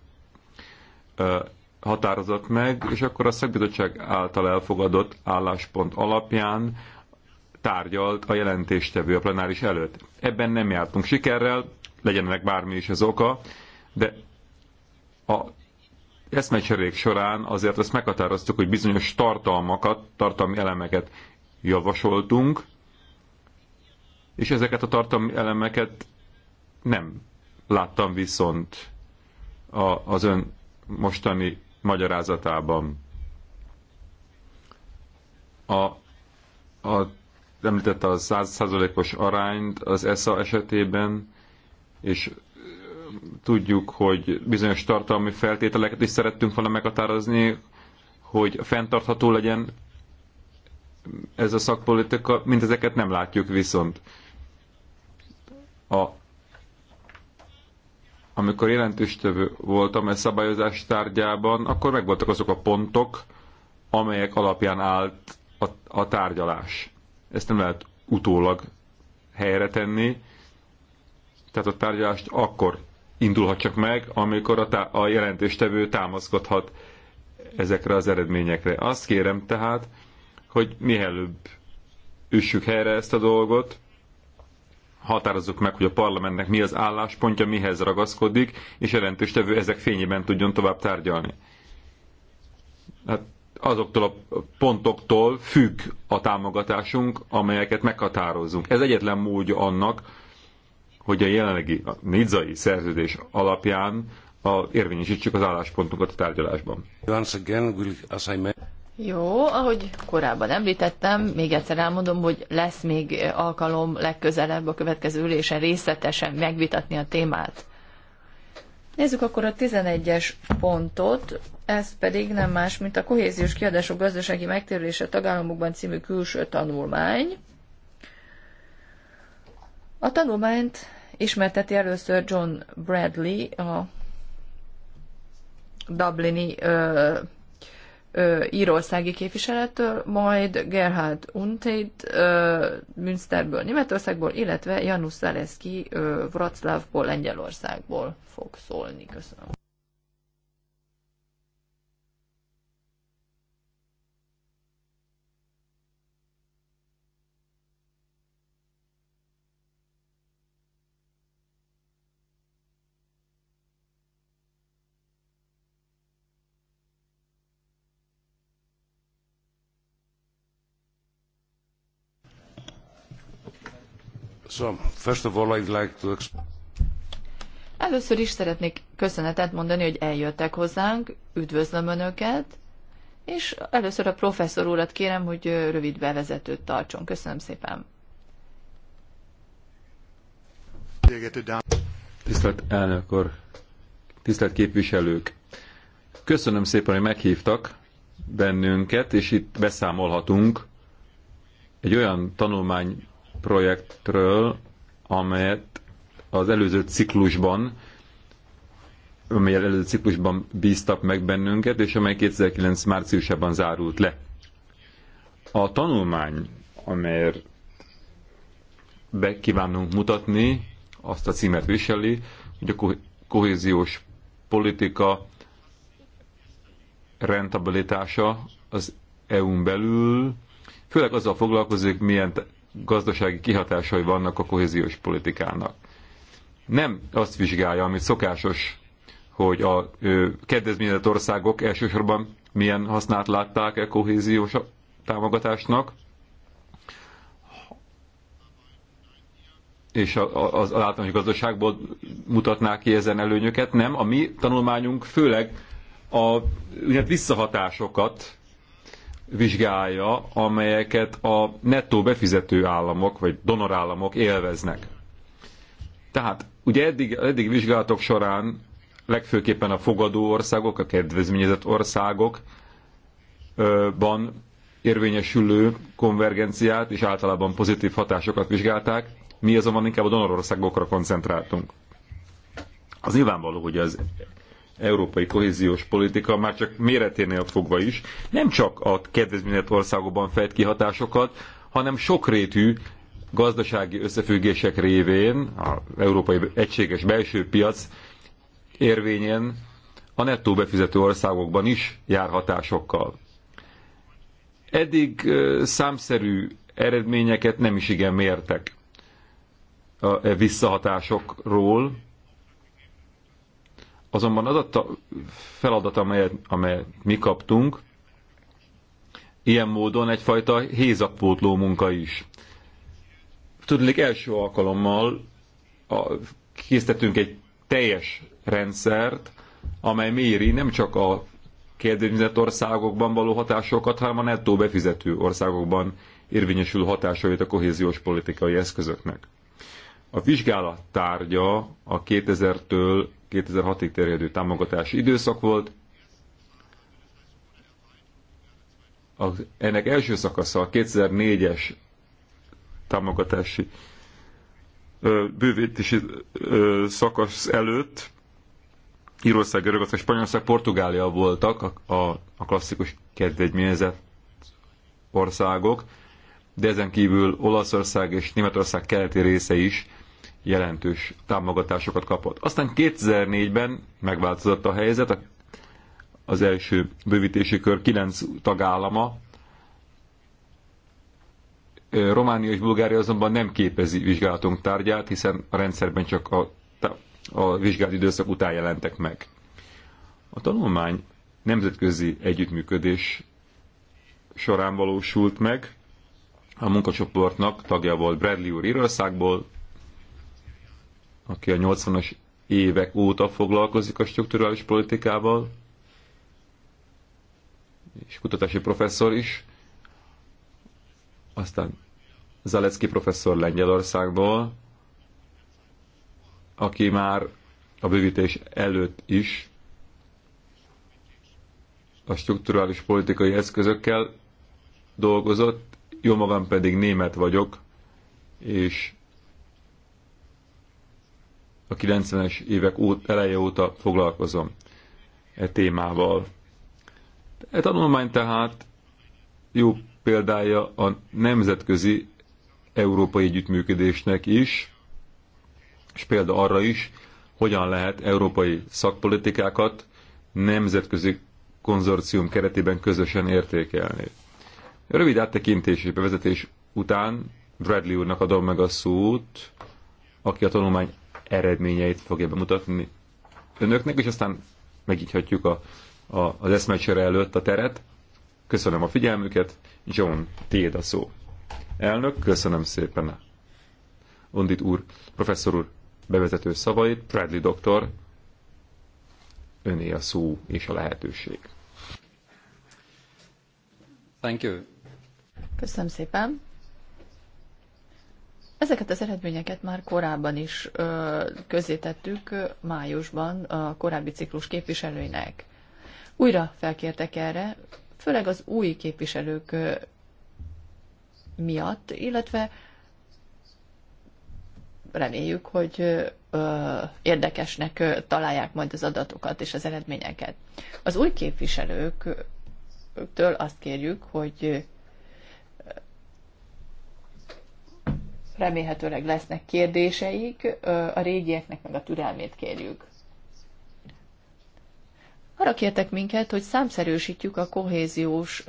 határozott meg, és akkor a szakbizottság által elfogadott álláspont alapján tárgyalt a jelentéstevő a plenáris előtt. Ebben nem jártunk sikerrel, legyenek bármi is az oka, de a eszmecserék során azért ezt meghatároztuk, hogy bizonyos tartalmakat, tartalmi elemeket javasoltunk, és ezeket a tartalmi elemeket nem láttam viszont a, az ön mostani magyarázatában. A, a említette a százszázalékos os arányt az ESA esetében, és tudjuk, hogy bizonyos tartalmi feltételeket is szerettünk volna meghatározni, hogy fenntartható legyen ez a szakpolitika, mint ezeket nem látjuk viszont. A amikor jelentéstövő voltam a e szabályozás tárgyában, akkor megvoltak azok a pontok, amelyek alapján állt a, a tárgyalás. Ezt nem lehet utólag helyre tenni, tehát a tárgyalást akkor indulhat csak meg, amikor a, tá- a jelentéstevő támaszkodhat ezekre az eredményekre. Azt kérem tehát, hogy mielőbb üssük helyre ezt a dolgot, határozzuk meg, hogy a parlamentnek mi az álláspontja, mihez ragaszkodik, és tevő ezek fényében tudjon tovább tárgyalni. Hát azoktól a pontoktól függ a támogatásunk, amelyeket meghatározunk. Ez egyetlen módja annak, hogy a jelenlegi a nidzai szerződés alapján a, érvényesítsük az álláspontunkat a tárgyalásban. Jó, ahogy korábban említettem, még egyszer elmondom, hogy lesz még alkalom legközelebb a következő ülésen részletesen megvitatni a témát. Nézzük akkor a 11-es pontot, ez pedig nem más, mint a kohéziós kiadások gazdasági megtérülése tagállamokban című külső tanulmány. A tanulmányt ismerteti először John Bradley, a Dublini ö, írországi képviselettől, majd Gerhard Untét Münsterből, Németországból, illetve Janusz Zaleski Wroclawból, Lengyelországból fog szólni. Köszönöm. So, first of all, I'd like to... Először is szeretnék köszönetet mondani, hogy eljöttek hozzánk, üdvözlöm Önöket, és először a professzor úrat kérem, hogy rövid bevezetőt tartson. Köszönöm szépen. Tisztelt elnök úr, tisztelt képviselők! Köszönöm szépen, hogy meghívtak bennünket, és itt beszámolhatunk egy olyan tanulmány projektről, amelyet az előző ciklusban amelyel előző ciklusban bíztak meg bennünket, és amely 2009 márciusában zárult le. A tanulmány, amelyet be kívánunk mutatni, azt a címet viseli, hogy a kohéziós politika rentabilitása az EU-n belül, főleg azzal foglalkozik, milyen gazdasági kihatásai vannak a kohéziós politikának. Nem azt vizsgálja, amit szokásos, hogy a kedvezményezett országok elsősorban milyen hasznát látták e kohéziós támogatásnak, és az általános gazdaságból mutatná ki ezen előnyöket. Nem, a mi tanulmányunk főleg a hát visszahatásokat vizsgálja, amelyeket a nettó befizető államok vagy donorállamok élveznek. Tehát ugye eddig, eddig vizsgálatok során legfőképpen a fogadó országok, a kedvezményezett országokban érvényesülő konvergenciát és általában pozitív hatásokat vizsgálták, mi azonban inkább a donorországokra koncentráltunk. Az nyilvánvaló, hogy az európai kohéziós politika már csak méreténél fogva is nem csak a kedvezményet országokban fejt ki hatásokat, hanem sokrétű gazdasági összefüggések révén, az európai egységes belső piac érvényen a nettó befizető országokban is jár hatásokkal. Eddig számszerű eredményeket nem is igen mértek a e, visszahatásokról, Azonban az a feladat, amelyet, amelyet mi kaptunk, ilyen módon egyfajta hézapótló munka is. Tudnék, első alkalommal a, készítettünk egy teljes rendszert, amely méri nem csak a kérdőnyezett országokban való hatásokat, hanem a nettó befizető országokban érvényesül hatásait a kohéziós politikai eszközöknek. A vizsgálat tárgya a 2000-től 2006-ig terjedő támogatási időszak volt. A, ennek első szakasza a 2004-es támogatási ö, bővítési ö, szakasz előtt Írország, Görögország, Spanyolország, Portugália voltak a, a, a klasszikus kedvegyményezett országok, de ezen kívül Olaszország és Németország keleti része is jelentős támogatásokat kapott. Aztán 2004-ben megváltozott a helyzet, az első bővítési kör 9 tagállama, Románia és Bulgária azonban nem képezi vizsgálatunk tárgyát, hiszen a rendszerben csak a, a vizsgált időszak után jelentek meg. A tanulmány nemzetközi együttműködés során valósult meg. A munkacsoportnak tagja volt Bradley úr Írországból, aki a 80-as évek óta foglalkozik a strukturális politikával, és kutatási professzor is, aztán Zalecki professzor Lengyelországból, aki már a bővítés előtt is a strukturális politikai eszközökkel dolgozott, jó magam pedig német vagyok, és a 90-es évek eleje óta foglalkozom e témával. E tanulmány tehát jó példája a nemzetközi európai együttműködésnek is, és példa arra is, hogyan lehet európai szakpolitikákat nemzetközi konzorcium keretében közösen értékelni. Rövid áttekintési bevezetés után Bradley úrnak adom meg a szót, aki a tanulmány eredményeit fogja bemutatni önöknek, és aztán megígyhatjuk a, a, az eszmecsere előtt a teret. Köszönöm a figyelmüket, John, tiéd a szó. Elnök, köszönöm szépen. Undit úr, professzor úr, bevezető szavait, Bradley doktor, öné a szó és a lehetőség. Thank you. Köszönöm szépen. Ezeket az eredményeket már korábban is közzétettük májusban a korábbi ciklus képviselőinek. Újra felkértek erre, főleg az új képviselők miatt, illetve reméljük, hogy érdekesnek találják majd az adatokat és az eredményeket. Az új képviselőktől azt kérjük, hogy remélhetőleg lesznek kérdéseik, a régieknek meg a türelmét kérjük. Arra kértek minket, hogy számszerűsítjük a kohéziós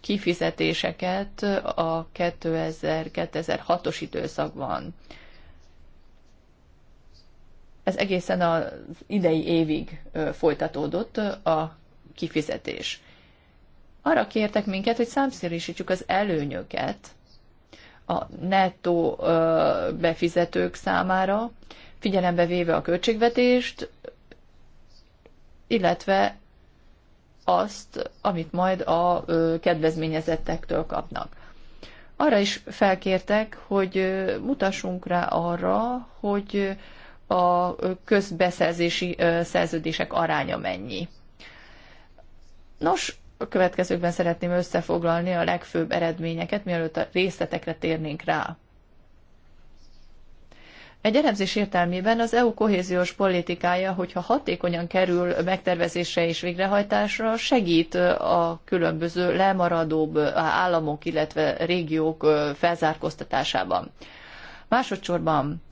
kifizetéseket a 2006 os időszakban. Ez egészen az idei évig folytatódott a kifizetés. Arra kértek minket, hogy számszerűsítsük az előnyöket, a nettó befizetők számára, figyelembe véve a költségvetést, illetve azt, amit majd a kedvezményezettektől kapnak. Arra is felkértek, hogy mutassunk rá arra, hogy a közbeszerzési szerződések aránya mennyi. Nos, a következőkben szeretném összefoglalni a legfőbb eredményeket, mielőtt a részletekre térnénk rá. Egy elemzés értelmében az EU kohéziós politikája, hogyha hatékonyan kerül megtervezésre és végrehajtásra, segít a különböző lemaradóbb államok, illetve régiók felzárkóztatásában. Másodszorban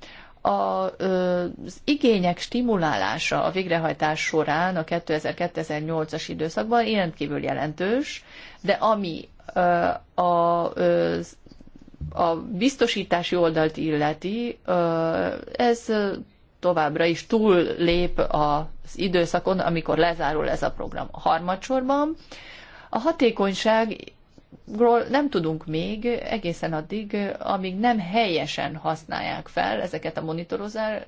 az igények stimulálása a végrehajtás során a 2002-2008-as időszakban kívül jelentős, de ami a, a biztosítási oldalt illeti, ez továbbra is túl lép az időszakon, amikor lezárul ez a program. Harmadsorban a hatékonyság ról nem tudunk még egészen addig, amíg nem helyesen használják fel ezeket a monitorozás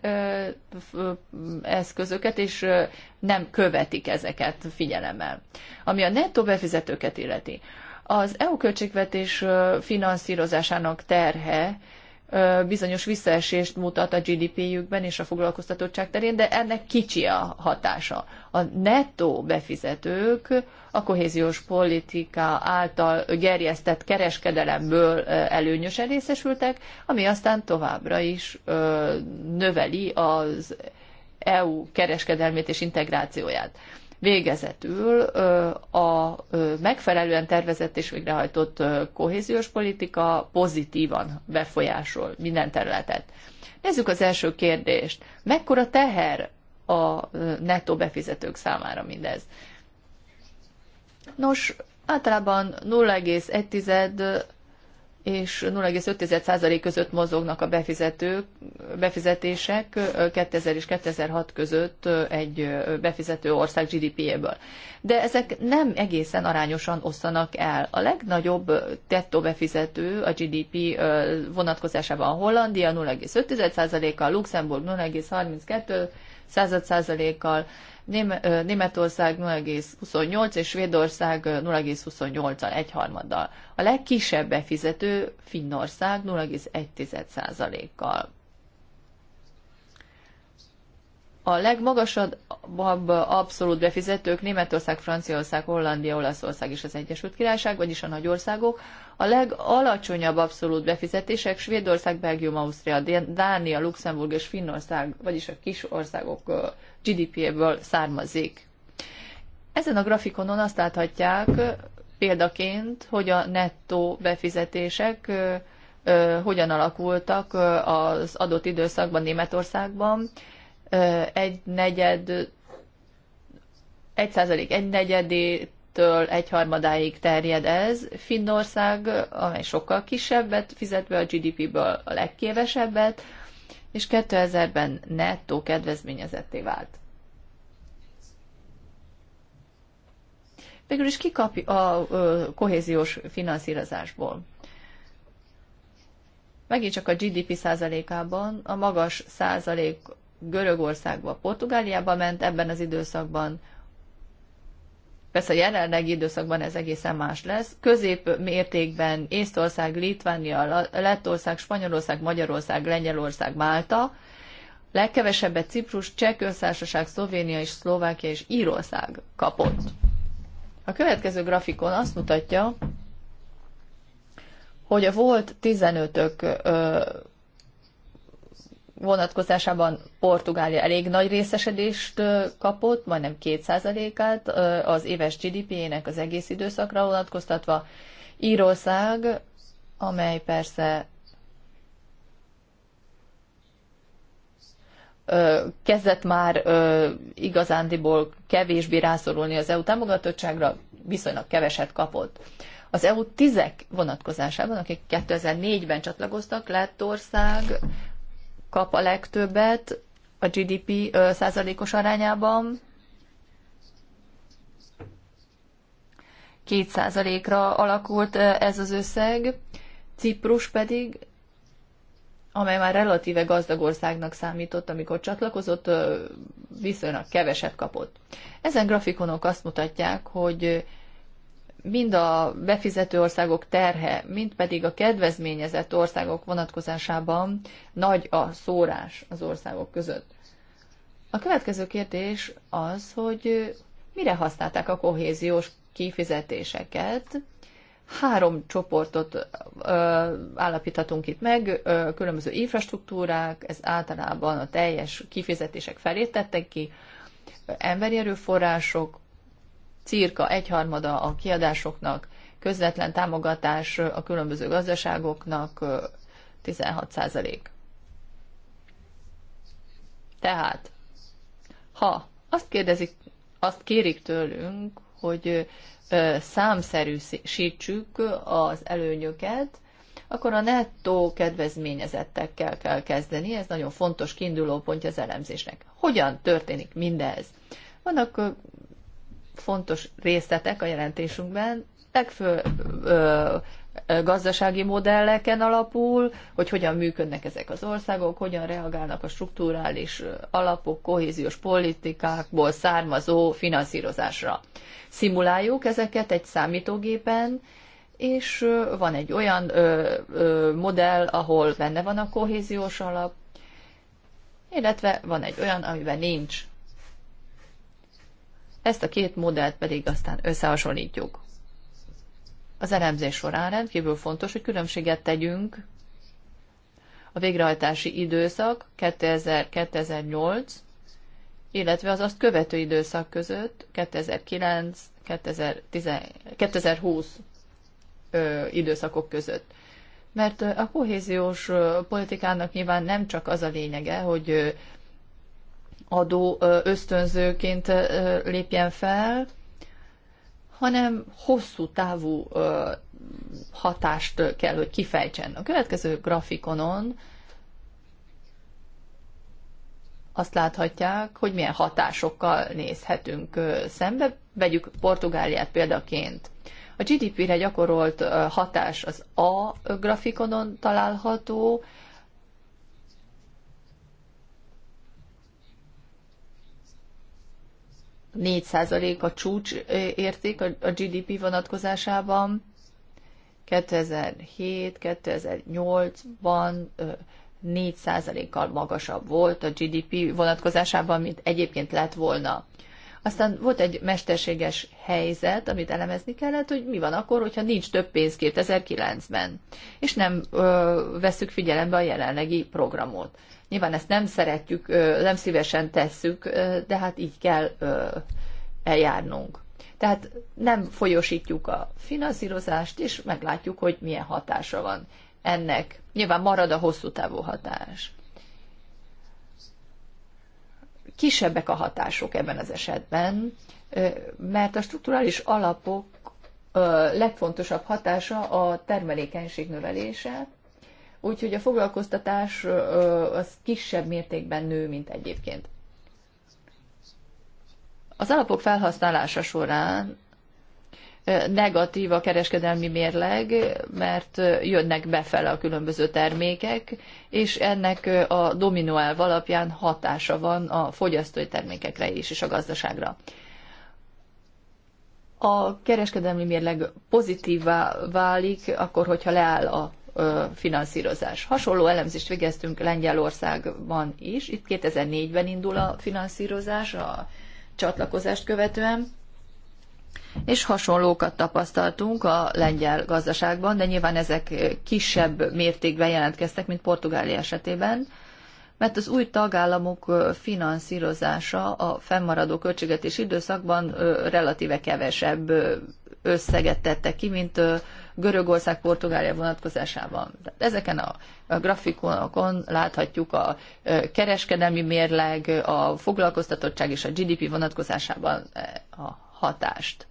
eszközöket, és nem követik ezeket figyelemmel. Ami a nettó befizetőket illeti. Az EU költségvetés finanszírozásának terhe bizonyos visszaesést mutat a GDP-jükben és a foglalkoztatottság terén, de ennek kicsi a hatása. A nettó befizetők a kohéziós politika által gerjesztett kereskedelemből előnyösen részesültek, ami aztán továbbra is növeli az EU kereskedelmét és integrációját. Végezetül a megfelelően tervezett és végrehajtott kohéziós politika pozitívan befolyásol minden területet. Nézzük az első kérdést. Mekkora teher a nettó befizetők számára mindez? Nos, általában és 0,5% között mozognak a befizetők, befizetések 2000 és 2006 között egy befizető ország GDP-jéből. De ezek nem egészen arányosan osztanak el. A legnagyobb tettó befizető a GDP vonatkozásában a Hollandia 0,5%-kal, Luxemburg 0,32%-kal, Németország 0,28 és Svédország 0,28-al, egyharmaddal. A legkisebb befizető Finnország 0,1%-kal. A legmagasabb abszolút befizetők Németország, Franciaország, Hollandia, Olaszország és az Egyesült Királyság, vagyis a nagyországok. A legalacsonyabb abszolút befizetések Svédország, Belgium, Ausztria, Dánia, Luxemburg és Finnország, vagyis a kis országok GDP-ből származik. Ezen a grafikonon azt láthatják példaként, hogy a nettó befizetések hogyan alakultak az adott időszakban Németországban. Egy negyed, egy százalék egy negyedétől harmadáig terjed ez. Finnország, amely sokkal kisebbet fizet be a GDP-ből a legkévesebbet, és 2000-ben nettó kedvezményezetté vált. Végül is kikap a kohéziós finanszírozásból. Megint csak a GDP százalékában a magas százalék Görögországba, Portugáliába ment ebben az időszakban, persze a jelenlegi időszakban ez egészen más lesz, közép mértékben Észtország, Litvánia, Lettország, Spanyolország, Magyarország, Lengyelország, Málta, legkevesebbet Ciprus, Cseh Köztársaság, Szlovénia és Szlovákia és Írország kapott. A következő grafikon azt mutatja, hogy a volt 15-ök vonatkozásában Portugália elég nagy részesedést kapott, majdnem 2%-át az éves GDP-ének az egész időszakra vonatkoztatva. Írország, amely persze kezdett már igazándiból kevésbé rászorulni az EU támogatottságra, viszonylag keveset kapott. Az EU tízek vonatkozásában, akik 2004-ben csatlakoztak, Lettország kap a legtöbbet a GDP százalékos arányában. 2 százalékra alakult ez az összeg, Ciprus pedig, amely már relatíve gazdag országnak számított, amikor csatlakozott, viszonylag keveset kapott. Ezen grafikonok azt mutatják, hogy mind a befizető országok terhe, mind pedig a kedvezményezett országok vonatkozásában nagy a szórás az országok között. A következő kérdés az, hogy mire használták a kohéziós kifizetéseket. Három csoportot ö, állapíthatunk itt meg, ö, különböző infrastruktúrák, ez általában a teljes kifizetések felé tettek ki, emberi erőforrások, cirka egyharmada a kiadásoknak, közvetlen támogatás a különböző gazdaságoknak 16 százalék. Tehát, ha azt kérdezik, azt kérik tőlünk, hogy számszerűsítsük az előnyöket, akkor a nettó kedvezményezettekkel kell kezdeni, ez nagyon fontos kiinduló pontja az elemzésnek. Hogyan történik mindez? Vannak fontos részletek a jelentésünkben, legfő gazdasági modelleken alapul, hogy hogyan működnek ezek az országok, hogyan reagálnak a strukturális alapok, kohéziós politikákból származó finanszírozásra. Szimuláljuk ezeket egy számítógépen, és van egy olyan ö, ö, modell, ahol benne van a kohéziós alap, illetve van egy olyan, amiben nincs ezt a két modellt pedig aztán összehasonlítjuk. Az elemzés során rendkívül fontos, hogy különbséget tegyünk a végrehajtási időszak 2000-2008, illetve az azt követő időszak között 2009-2020 időszakok között. Mert a kohéziós politikának nyilván nem csak az a lényege, hogy adó ösztönzőként lépjen fel, hanem hosszú távú hatást kell, hogy kifejtsen. A következő grafikonon azt láthatják, hogy milyen hatásokkal nézhetünk szembe. Vegyük Portugáliát példaként. A GDP-re gyakorolt hatás az A grafikonon található, 4% a csúcs érték a GDP vonatkozásában. 2007-2008-ban 4%-kal magasabb volt a GDP vonatkozásában, mint egyébként lett volna. Aztán volt egy mesterséges helyzet, amit elemezni kellett, hogy mi van akkor, hogyha nincs több pénz 2009-ben, és nem veszük figyelembe a jelenlegi programot. Nyilván ezt nem szeretjük, nem szívesen tesszük, de hát így kell eljárnunk. Tehát nem folyosítjuk a finanszírozást, és meglátjuk, hogy milyen hatása van ennek. Nyilván marad a hosszú távú hatás. Kisebbek a hatások ebben az esetben, mert a strukturális alapok legfontosabb hatása a termelékenység növelése, úgyhogy a foglalkoztatás az kisebb mértékben nő, mint egyébként. Az alapok felhasználása során negatív a kereskedelmi mérleg, mert jönnek befele a különböző termékek, és ennek a dominóelv alapján hatása van a fogyasztói termékekre is, és a gazdaságra. A kereskedelmi mérleg pozitívvá válik, akkor, hogyha leáll a finanszírozás. Hasonló elemzést végeztünk Lengyelországban is. Itt 2004-ben indul a finanszírozás a csatlakozást követően, és hasonlókat tapasztaltunk a lengyel gazdaságban, de nyilván ezek kisebb mértékben jelentkeztek, mint Portugália esetében, mert az új tagállamok finanszírozása a fennmaradó költségvetés időszakban relatíve kevesebb összeget tette ki, mint Görögország, Portugália vonatkozásában. Tehát ezeken a, a grafikonokon láthatjuk a kereskedelmi mérleg, a foglalkoztatottság és a GDP vonatkozásában a hatást.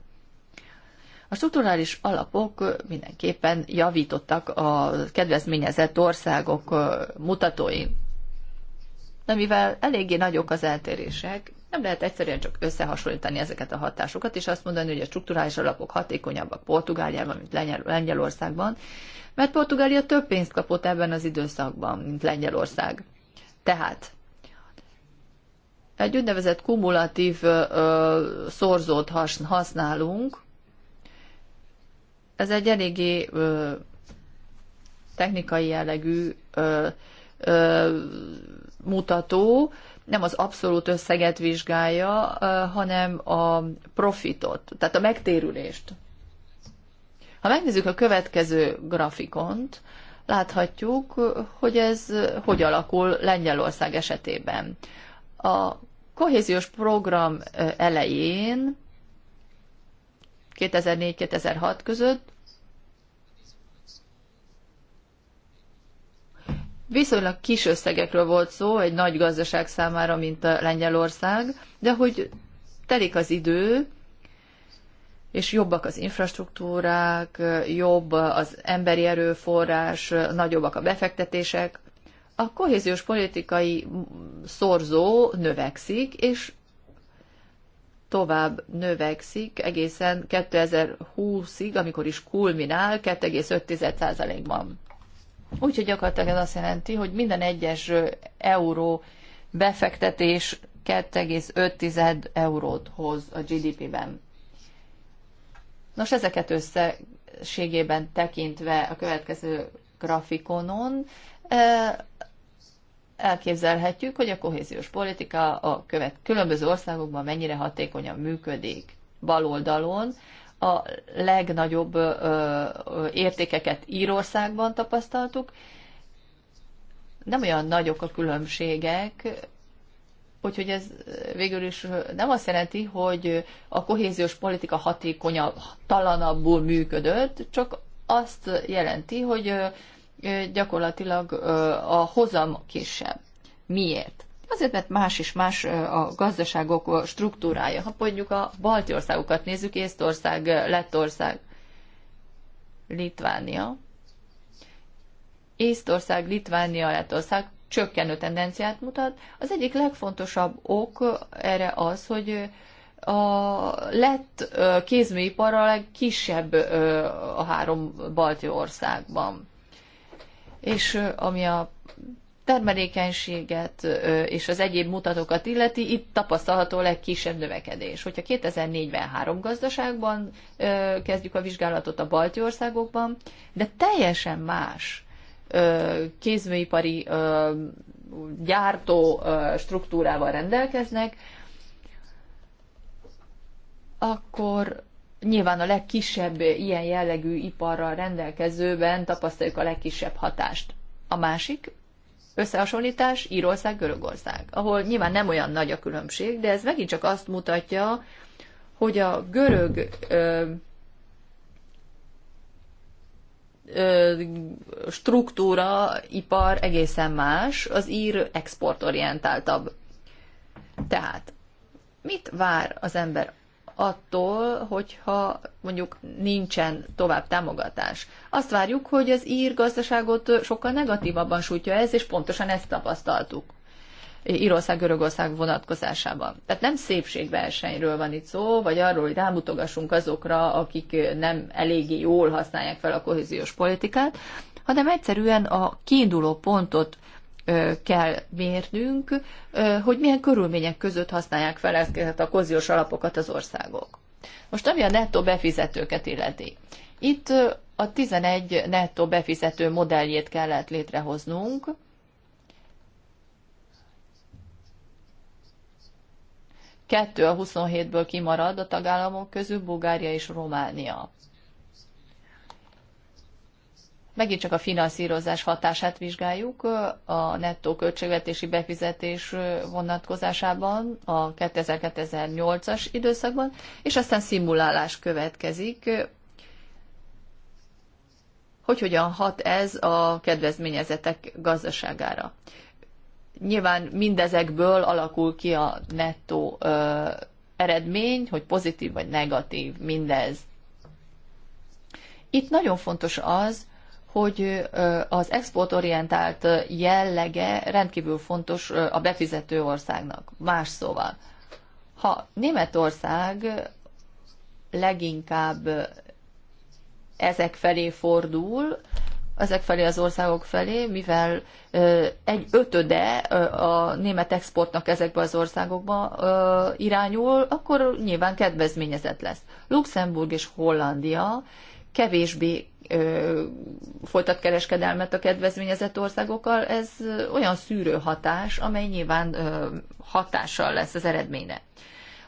A strukturális alapok mindenképpen javítottak a kedvezményezett országok mutatóin. De mivel eléggé nagyok az eltérések, nem lehet egyszerűen csak összehasonlítani ezeket a hatásokat, és azt mondani, hogy a strukturális alapok hatékonyabbak Portugáliában, mint Lengyelországban, mert Portugália több pénzt kapott ebben az időszakban, mint Lengyelország. Tehát egy úgynevezett kumulatív ö, ö, szorzót has, használunk. Ez egy eléggé ö, technikai jellegű ö, ö, mutató, nem az abszolút összeget vizsgálja, hanem a profitot, tehát a megtérülést. Ha megnézzük a következő grafikont, láthatjuk, hogy ez hogy alakul Lengyelország esetében. A kohéziós program elején 2004-2006 között viszonylag kis összegekről volt szó egy nagy gazdaság számára, mint a Lengyelország, de hogy telik az idő, és jobbak az infrastruktúrák, jobb az emberi erőforrás, nagyobbak a befektetések, a kohéziós politikai szorzó növekszik, és tovább növekszik egészen 2020-ig, amikor is kulminál 2,5%-ban. Úgyhogy gyakorlatilag ez azt jelenti, hogy minden egyes euró befektetés 2,5 eurót hoz a GDP-ben. Nos, ezeket összességében tekintve a következő grafikonon elképzelhetjük, hogy a kohéziós politika a követ, különböző országokban mennyire hatékonyan működik. Bal oldalon a legnagyobb értékeket Írországban tapasztaltuk. Nem olyan nagyok a különbségek, úgyhogy ez végül is nem azt jelenti, hogy a kohéziós politika hatékonyabb, talanabbul működött, csak azt jelenti, hogy gyakorlatilag a hozam kisebb. Miért? Azért, mert más is más a gazdaságok struktúrája. Ha mondjuk a balti országokat nézzük, Észtország, Lettország, Litvánia. Észtország, Litvánia, Lettország csökkenő tendenciát mutat. Az egyik legfontosabb ok erre az, hogy a lett kézműipar a legkisebb a három balti országban. És ami a termelékenységet és az egyéb mutatókat illeti, itt tapasztalható a legkisebb növekedés. Hogyha 2004-ben három gazdaságban kezdjük a vizsgálatot a balti országokban, de teljesen más kézműipari gyártó struktúrával rendelkeznek, akkor nyilván a legkisebb ilyen jellegű iparral rendelkezőben tapasztaljuk a legkisebb hatást. A másik Összehasonlítás Írország-Görögország, ahol nyilván nem olyan nagy a különbség, de ez megint csak azt mutatja, hogy a görög ö, ö, struktúra, ipar egészen más, az ír exportorientáltabb. Tehát mit vár az ember attól, hogyha mondjuk nincsen tovább támogatás. Azt várjuk, hogy az ír gazdaságot sokkal negatívabban sújtja ez, és pontosan ezt tapasztaltuk. Írország-Görögország vonatkozásában. Tehát nem szépségversenyről van itt szó, vagy arról, hogy rámutogassunk azokra, akik nem eléggé jól használják fel a kohéziós politikát, hanem egyszerűen a kiinduló pontot kell mérnünk, hogy milyen körülmények között használják fel ezeket a koziós alapokat az országok. Most ami a nettó befizetőket illeti. Itt a 11 nettó befizető modelljét kellett létrehoznunk, Kettő a 27-ből kimarad a tagállamok közül, Bulgária és Románia megint csak a finanszírozás hatását vizsgáljuk a nettó költségvetési befizetés vonatkozásában a 2008 as időszakban, és aztán szimulálás következik, hogy hogyan hat ez a kedvezményezetek gazdaságára. Nyilván mindezekből alakul ki a nettó ö, eredmény, hogy pozitív vagy negatív mindez. Itt nagyon fontos az, hogy az exportorientált jellege rendkívül fontos a befizető országnak. Más szóval, ha Németország leginkább ezek felé fordul, ezek felé az országok felé, mivel egy ötöde a német exportnak ezekbe az országokba irányul, akkor nyilván kedvezményezett lesz. Luxemburg és Hollandia kevésbé folytat kereskedelmet a kedvezményezett országokkal, ez olyan szűrő hatás, amely nyilván hatással lesz az eredményre.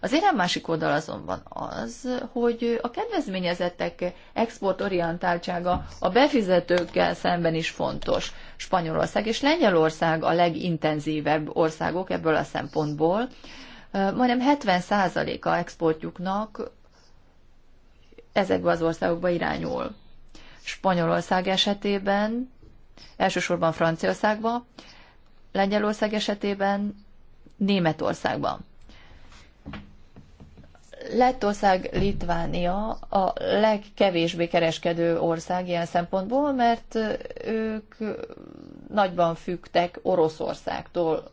Az érem másik oldal azonban az, hogy a kedvezményezettek exportorientáltsága a befizetőkkel szemben is fontos. Spanyolország és Lengyelország a legintenzívebb országok ebből a szempontból. Majdnem 70%-a exportjuknak ezekbe az országokba irányul. Spanyolország esetében, elsősorban Franciaországban, Lengyelország esetében, Németországban. Lettország, Litvánia a legkevésbé kereskedő ország ilyen szempontból, mert ők nagyban fügtek Oroszországtól,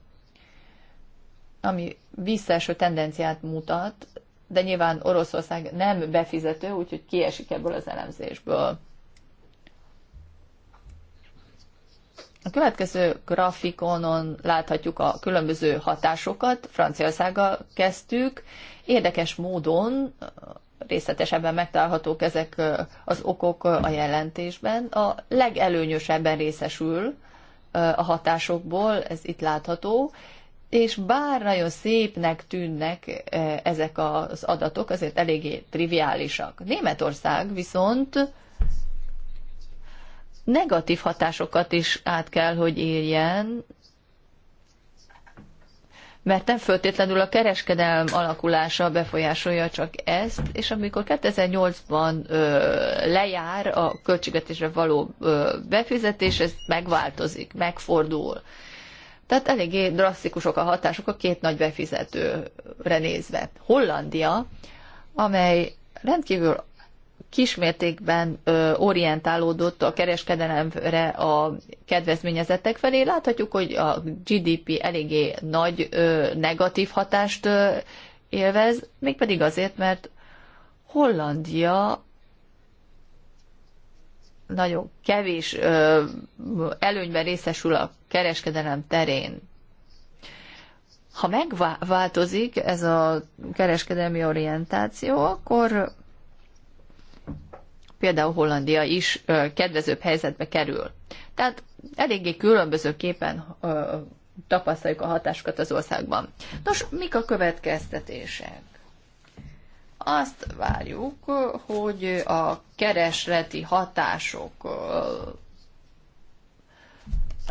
ami visszaeső tendenciát mutat, de nyilván Oroszország nem befizető, úgyhogy kiesik ebből az elemzésből. A következő grafikonon láthatjuk a különböző hatásokat. Franciaországgal kezdtük. Érdekes módon részletesebben megtalálhatók ezek az okok a jelentésben. A legelőnyösebben részesül a hatásokból, ez itt látható, és bár nagyon szépnek tűnnek ezek az adatok, azért eléggé triviálisak. Németország viszont negatív hatásokat is át kell, hogy érjen, mert nem föltétlenül a kereskedelm alakulása befolyásolja csak ezt, és amikor 2008-ban lejár a költségvetésre való ö, befizetés, ez megváltozik, megfordul. Tehát eléggé drasztikusok a hatások a két nagy befizetőre nézve. Hollandia, amely rendkívül kismértékben orientálódott a kereskedelemre a kedvezményezettek felé. Láthatjuk, hogy a GDP eléggé nagy negatív hatást élvez, mégpedig azért, mert Hollandia nagyon kevés előnyben részesül a kereskedelem terén. Ha megváltozik ez a kereskedelmi orientáció, akkor például Hollandia is kedvezőbb helyzetbe kerül. Tehát eléggé különbözőképpen tapasztaljuk a hatásokat az országban. Nos, mik a következtetések? Azt várjuk, hogy a keresleti hatások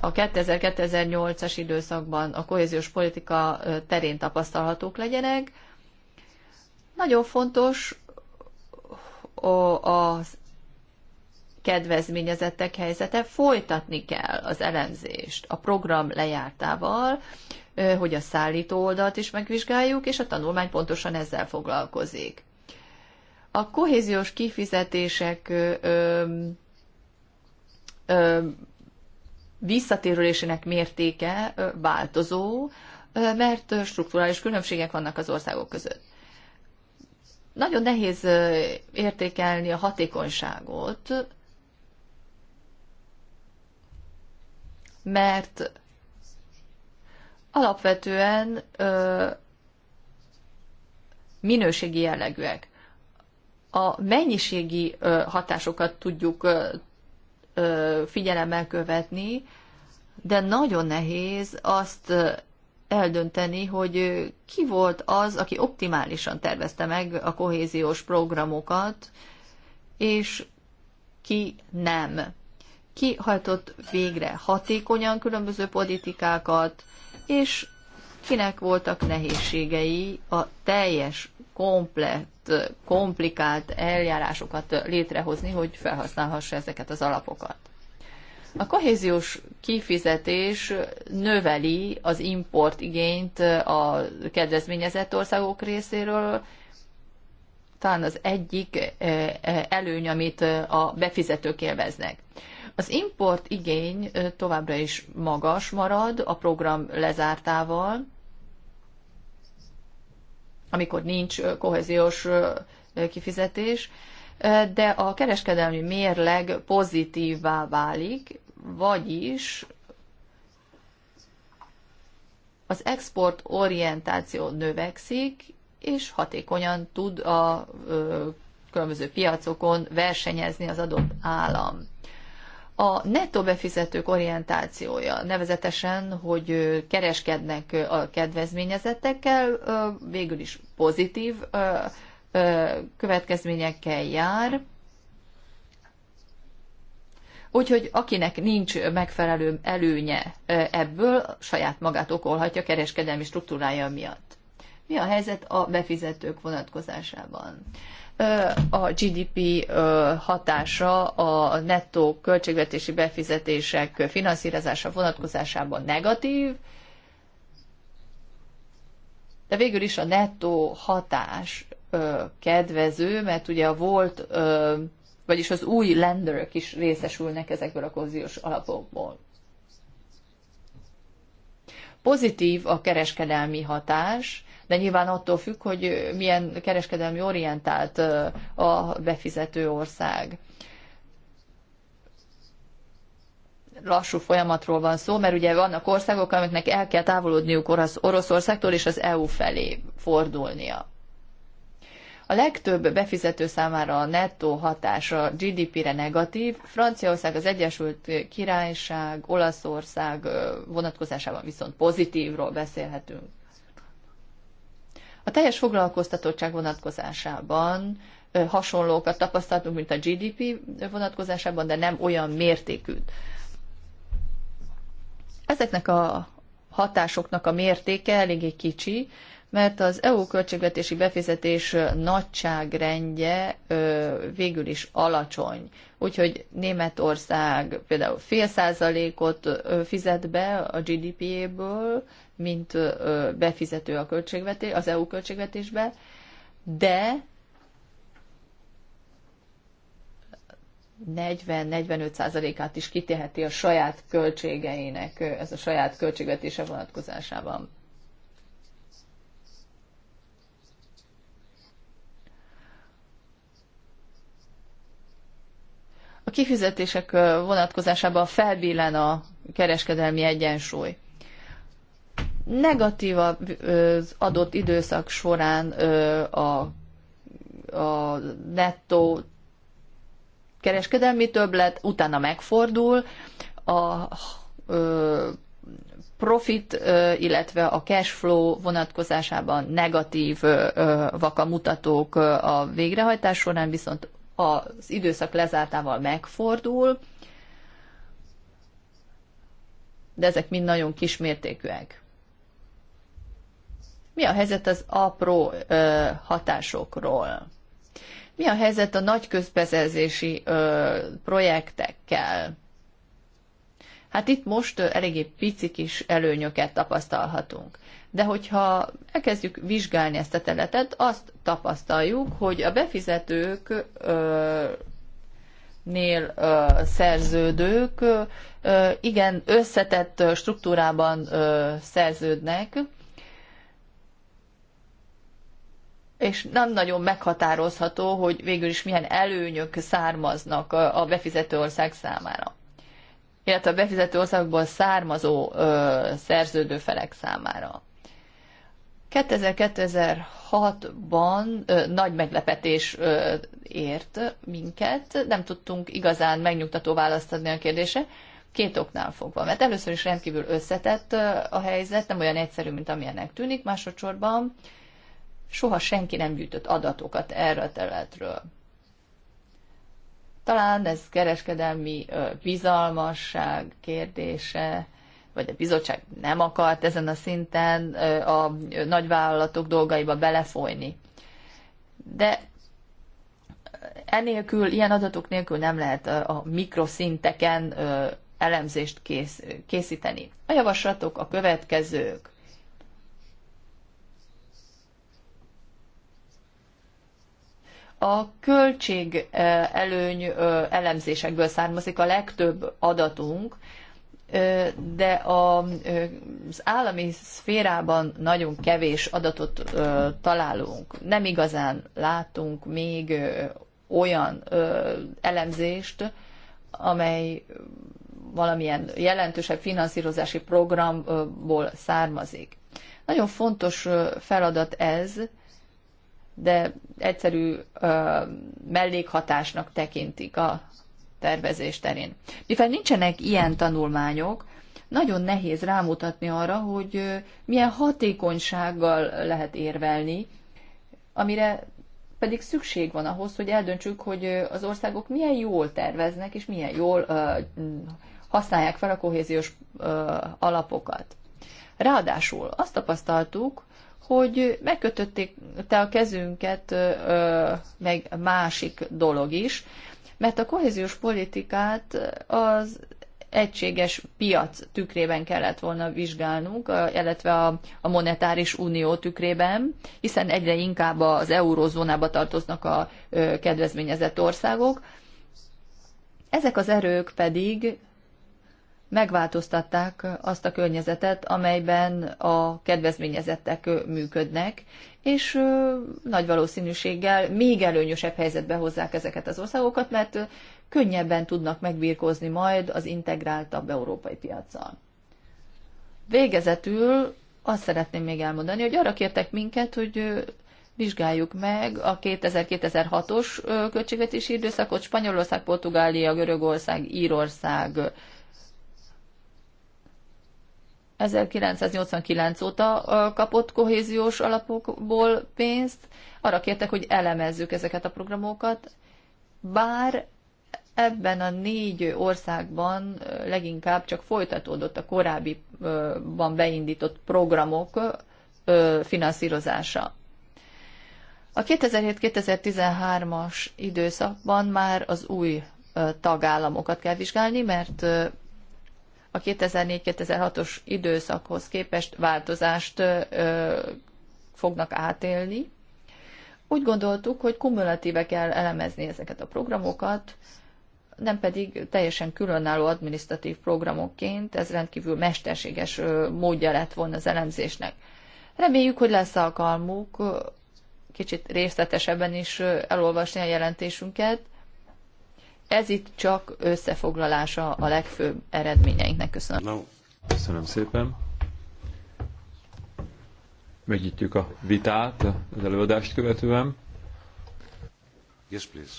a 2000-2008-as időszakban a kohéziós politika terén tapasztalhatók legyenek. Nagyon fontos a kedvezményezettek helyzete, folytatni kell az elemzést a program lejártával, hogy a szállító oldalt is megvizsgáljuk, és a tanulmány pontosan ezzel foglalkozik. A kohéziós kifizetések ö, ö, visszatérülésének mértéke változó, mert strukturális különbségek vannak az országok között. Nagyon nehéz értékelni a hatékonyságot, mert alapvetően ö, minőségi jellegűek. A mennyiségi ö, hatásokat tudjuk ö, ö, figyelemmel követni, de nagyon nehéz azt eldönteni, hogy ki volt az, aki optimálisan tervezte meg a kohéziós programokat, és ki nem. Ki hajtott végre hatékonyan különböző politikákat, és kinek voltak nehézségei a teljes, komplett, komplikált eljárásokat létrehozni, hogy felhasználhassa ezeket az alapokat. A kohéziós kifizetés növeli az import igényt a kedvezményezett országok részéről. Talán az egyik eh, eh, előny, amit eh, a befizetők élveznek. Az import igény továbbra is magas marad a program lezártával, amikor nincs kohéziós kifizetés, de a kereskedelmi mérleg pozitívvá válik, vagyis az export orientáció növekszik, és hatékonyan tud a ö, különböző piacokon versenyezni az adott állam. A nettó befizetők orientációja, nevezetesen, hogy kereskednek a kedvezményezettekkel, végül is pozitív következményekkel jár, Úgyhogy akinek nincs megfelelő előnye ebből, saját magát okolhatja kereskedelmi struktúrája miatt. Mi a helyzet a befizetők vonatkozásában? A GDP hatása a nettó költségvetési befizetések finanszírozása vonatkozásában negatív, de végül is a nettó hatás kedvező, mert ugye a volt vagyis az új lenderök is részesülnek ezekből a kozziós alapokból. Pozitív a kereskedelmi hatás, de nyilván attól függ, hogy milyen kereskedelmi orientált a befizető ország. Lassú folyamatról van szó, mert ugye vannak országok, amiknek el kell távolodniuk Orosz, Oroszországtól és az EU felé fordulnia. A legtöbb befizető számára a nettó a GDP-re negatív. Franciaország, az Egyesült Királyság, Olaszország vonatkozásában viszont pozitívról beszélhetünk. A teljes foglalkoztatottság vonatkozásában hasonlókat tapasztaltunk, mint a GDP vonatkozásában, de nem olyan mértékű. Ezeknek a hatásoknak a mértéke eléggé kicsi, mert az EU költségvetési befizetés nagyságrendje végül is alacsony. Úgyhogy Németország például fél százalékot fizet be a GDP-ből, mint befizető a költségvetés, az EU költségvetésbe, de 40-45%-át is kiteheti a saját költségeinek, ez a saját költségvetése vonatkozásában. A kifizetések vonatkozásában felbillen a kereskedelmi egyensúly. Negatív az adott időszak során a, a nettó kereskedelmi többlet, utána megfordul, a profit, illetve a cash flow vonatkozásában negatív a mutatók a végrehajtás során, viszont az időszak lezártával megfordul, de ezek mind nagyon kismértékűek. Mi a helyzet az apró ö, hatásokról? Mi a helyzet a nagy közbeszerzési ö, projektekkel? Hát itt most eléggé pici kis előnyöket tapasztalhatunk. De hogyha elkezdjük vizsgálni ezt a területet, azt tapasztaljuk, hogy a befizetők nél ö, szerződők ö, igen összetett struktúrában ö, szerződnek, és nem nagyon meghatározható, hogy végül is milyen előnyök származnak a befizető ország számára illetve a befizető országból származó ö, szerződő felek számára. 2006-ban nagy meglepetés ö, ért minket, nem tudtunk igazán megnyugtató választ adni a kérdése. két oknál fogva. Mert először is rendkívül összetett a helyzet, nem olyan egyszerű, mint amilyennek tűnik, másodszorban soha senki nem gyűjtött adatokat erre a területről. Talán ez kereskedelmi bizalmasság kérdése, vagy a bizottság nem akart ezen a szinten a nagyvállalatok dolgaiba belefolyni. De enélkül, ilyen adatok nélkül nem lehet a mikroszinteken elemzést kész, készíteni. A javaslatok a következők. a költség előny elemzésekből származik a legtöbb adatunk, de az állami szférában nagyon kevés adatot találunk. Nem igazán látunk még olyan elemzést, amely valamilyen jelentősebb finanszírozási programból származik. Nagyon fontos feladat ez, de egyszerű ö, mellékhatásnak tekintik a tervezés terén. Mivel nincsenek ilyen tanulmányok, nagyon nehéz rámutatni arra, hogy milyen hatékonysággal lehet érvelni, amire pedig szükség van ahhoz, hogy eldöntsük, hogy az országok milyen jól terveznek, és milyen jól ö, használják fel a kohéziós ö, alapokat. Ráadásul azt tapasztaltuk, hogy megkötötték te a kezünket, meg másik dolog is, mert a kohéziós politikát az egységes piac tükrében kellett volna vizsgálnunk, illetve a, a monetáris unió tükrében, hiszen egyre inkább az eurózónába tartoznak a kedvezményezett országok. Ezek az erők pedig megváltoztatták azt a környezetet, amelyben a kedvezményezettek működnek, és nagy valószínűséggel még előnyösebb helyzetbe hozzák ezeket az országokat, mert könnyebben tudnak megbírkozni majd az integráltabb európai piacsal. Végezetül azt szeretném még elmondani, hogy arra kértek minket, hogy vizsgáljuk meg a 2000-2006-os költségvetési időszakot, Spanyolország, Portugália, Görögország, Írország, 1989 óta kapott kohéziós alapokból pénzt. Arra kértek, hogy elemezzük ezeket a programokat, bár ebben a négy országban leginkább csak folytatódott a korábbiban beindított programok finanszírozása. A 2007-2013-as időszakban már az új tagállamokat kell vizsgálni, mert a 2004-2006-os időszakhoz képest változást fognak átélni. Úgy gondoltuk, hogy kumulatíve kell elemezni ezeket a programokat, nem pedig teljesen különálló adminisztratív programokként, ez rendkívül mesterséges módja lett volna az elemzésnek. Reméljük, hogy lesz alkalmuk kicsit részletesebben is elolvasni a jelentésünket, ez itt csak összefoglalása a legfőbb eredményeinknek. Köszönöm. No. Köszönöm szépen. Megnyitjuk a vitát az előadást követően. Yes, please.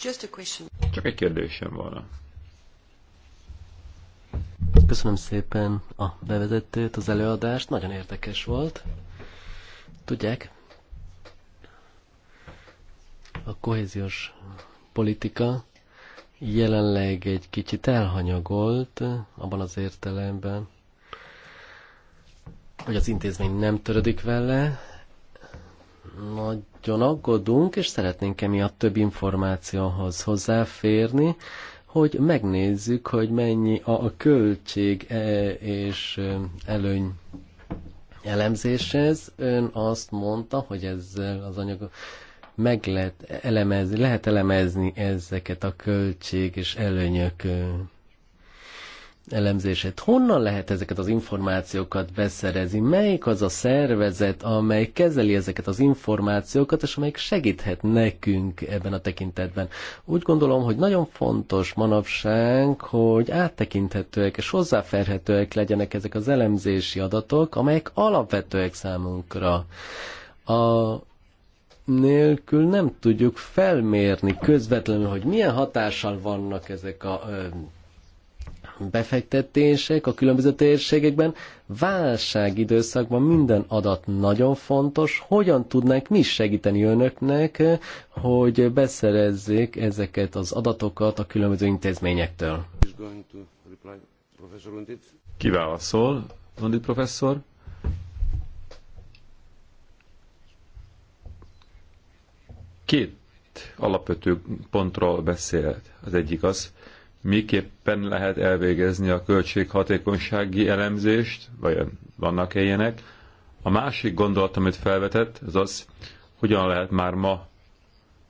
Just a question. Csak egy kérdésem volna. Köszönöm szépen a bevezetőt, az előadást, nagyon érdekes volt. Tudják, a kohéziós politika jelenleg egy kicsit elhanyagolt abban az értelemben, hogy az intézmény nem törödik vele, nagyon aggódunk, és szeretnénk emiatt több információhoz hozzáférni, hogy megnézzük, hogy mennyi a költség e, és előny elemzéshez. Ön azt mondta, hogy ezzel az anyag meg lehet elemezni, lehet elemezni ezeket a költség és előnyök elemzését. Honnan lehet ezeket az információkat beszerezni? Melyik az a szervezet, amely kezeli ezeket az információkat, és amelyik segíthet nekünk ebben a tekintetben? Úgy gondolom, hogy nagyon fontos manapság, hogy áttekinthetőek és hozzáférhetőek legyenek ezek az elemzési adatok, amelyek alapvetőek számunkra. A nélkül nem tudjuk felmérni közvetlenül, hogy milyen hatással vannak ezek a befektetések a különböző térségekben. időszakban minden adat nagyon fontos. Hogyan tudnánk mi segíteni önöknek, hogy beszerezzék ezeket az adatokat a különböző intézményektől? Kiválaszol, Mondit professzor? Két alapvető pontról beszélt. Az egyik az, miképpen lehet elvégezni a költséghatékonysági elemzést, vagy vannak-e ilyenek. A másik gondolat, amit felvetett, az az, hogyan lehet már ma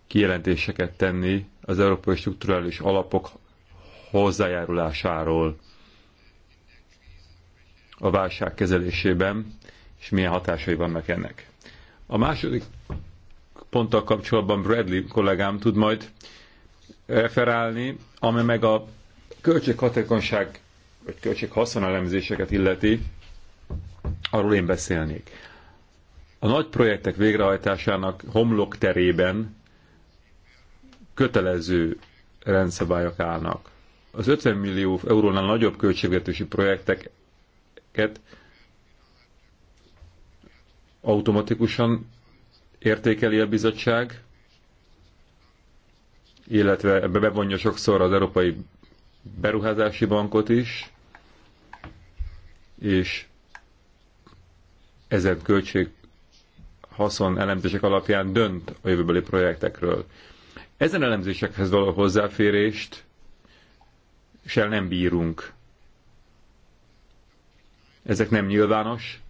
kijelentéseket tenni az európai strukturális alapok hozzájárulásáról a válság kezelésében, és milyen hatásai vannak ennek. A második ponttal kapcsolatban Bradley kollégám tud majd referálni, eh, ami meg a költséghatékonyság vagy költséghaszonelemzéseket illeti, arról én beszélnék. A nagy projektek végrehajtásának homlok terében kötelező rendszabályok állnak. Az 50 millió eurónál nagyobb költségvetési projekteket automatikusan értékeli a bizottság, illetve ebbe bevonja sokszor az Európai Beruházási Bankot is, és ezen költség haszon elemzések alapján dönt a jövőbeli projektekről. Ezen elemzésekhez való hozzáférést se nem bírunk. Ezek nem nyilvános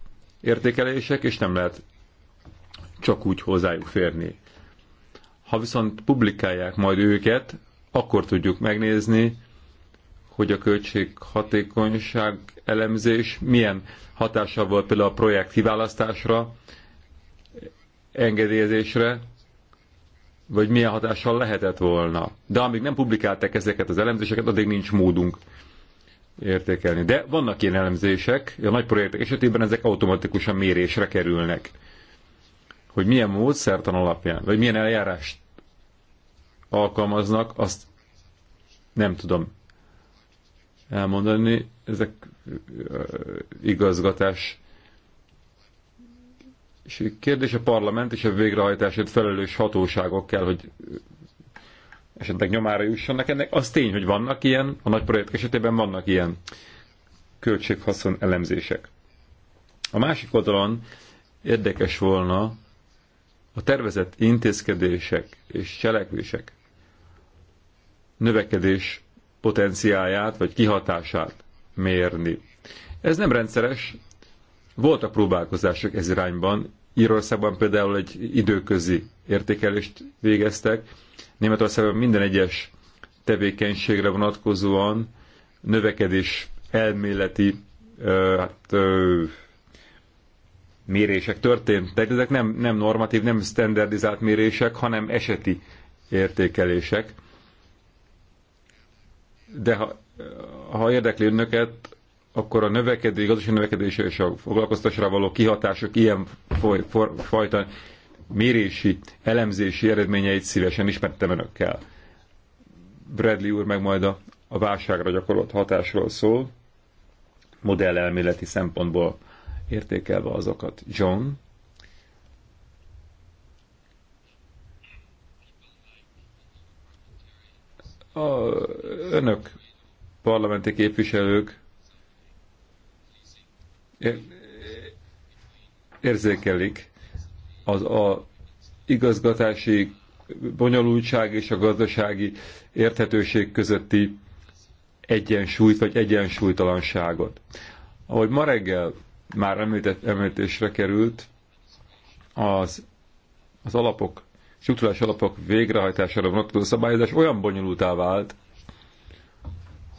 értékelések, és nem lehet csak úgy hozzájuk férni. Ha viszont publikálják majd őket, akkor tudjuk megnézni, hogy a költség hatékonyság elemzés milyen hatással volt például a projekt kiválasztásra, engedélyezésre, vagy milyen hatással lehetett volna. De amíg nem publikálták ezeket az elemzéseket, addig nincs módunk értékelni. De vannak ilyen elemzések, a nagy projektek esetében ezek automatikusan mérésre kerülnek hogy milyen módszertan alapján, vagy milyen eljárást alkalmaznak, azt nem tudom elmondani. Ezek igazgatás. És kérdés a parlament és a végrehajtásért felelős hatóságok kell, hogy esetleg nyomára jussanak ennek. Az tény, hogy vannak ilyen, a nagy projekt esetében vannak ilyen költséghaszon elemzések. A másik oldalon érdekes volna a tervezett intézkedések és cselekvések növekedés potenciáját vagy kihatását mérni. Ez nem rendszeres. Voltak próbálkozások ez irányban. Írországban például egy időközi értékelést végeztek. Németországban minden egyes tevékenységre vonatkozóan növekedés elméleti hát, mérések történtek, ezek nem, nem normatív, nem standardizált mérések, hanem eseti értékelések. De ha, ha érdekli önöket, akkor a növekedés, gazdasági növekedés és a foglalkoztatásra való kihatások ilyen foly, for, fajta mérési, elemzési eredményeit szívesen ismertem önökkel. Bradley úr meg majd a, a válságra gyakorolt hatásról szól, modellelméleti szempontból értékelve azokat. John, a önök parlamenti képviselők érzékelik az a igazgatási bonyolultság és a gazdasági érthetőség közötti egyensúlyt vagy egyensúlytalanságot. Ahogy ma reggel már említett, említésre került, az, az alapok, struktúrás alapok végrehajtására vonatkozó szabályozás olyan bonyolultá vált,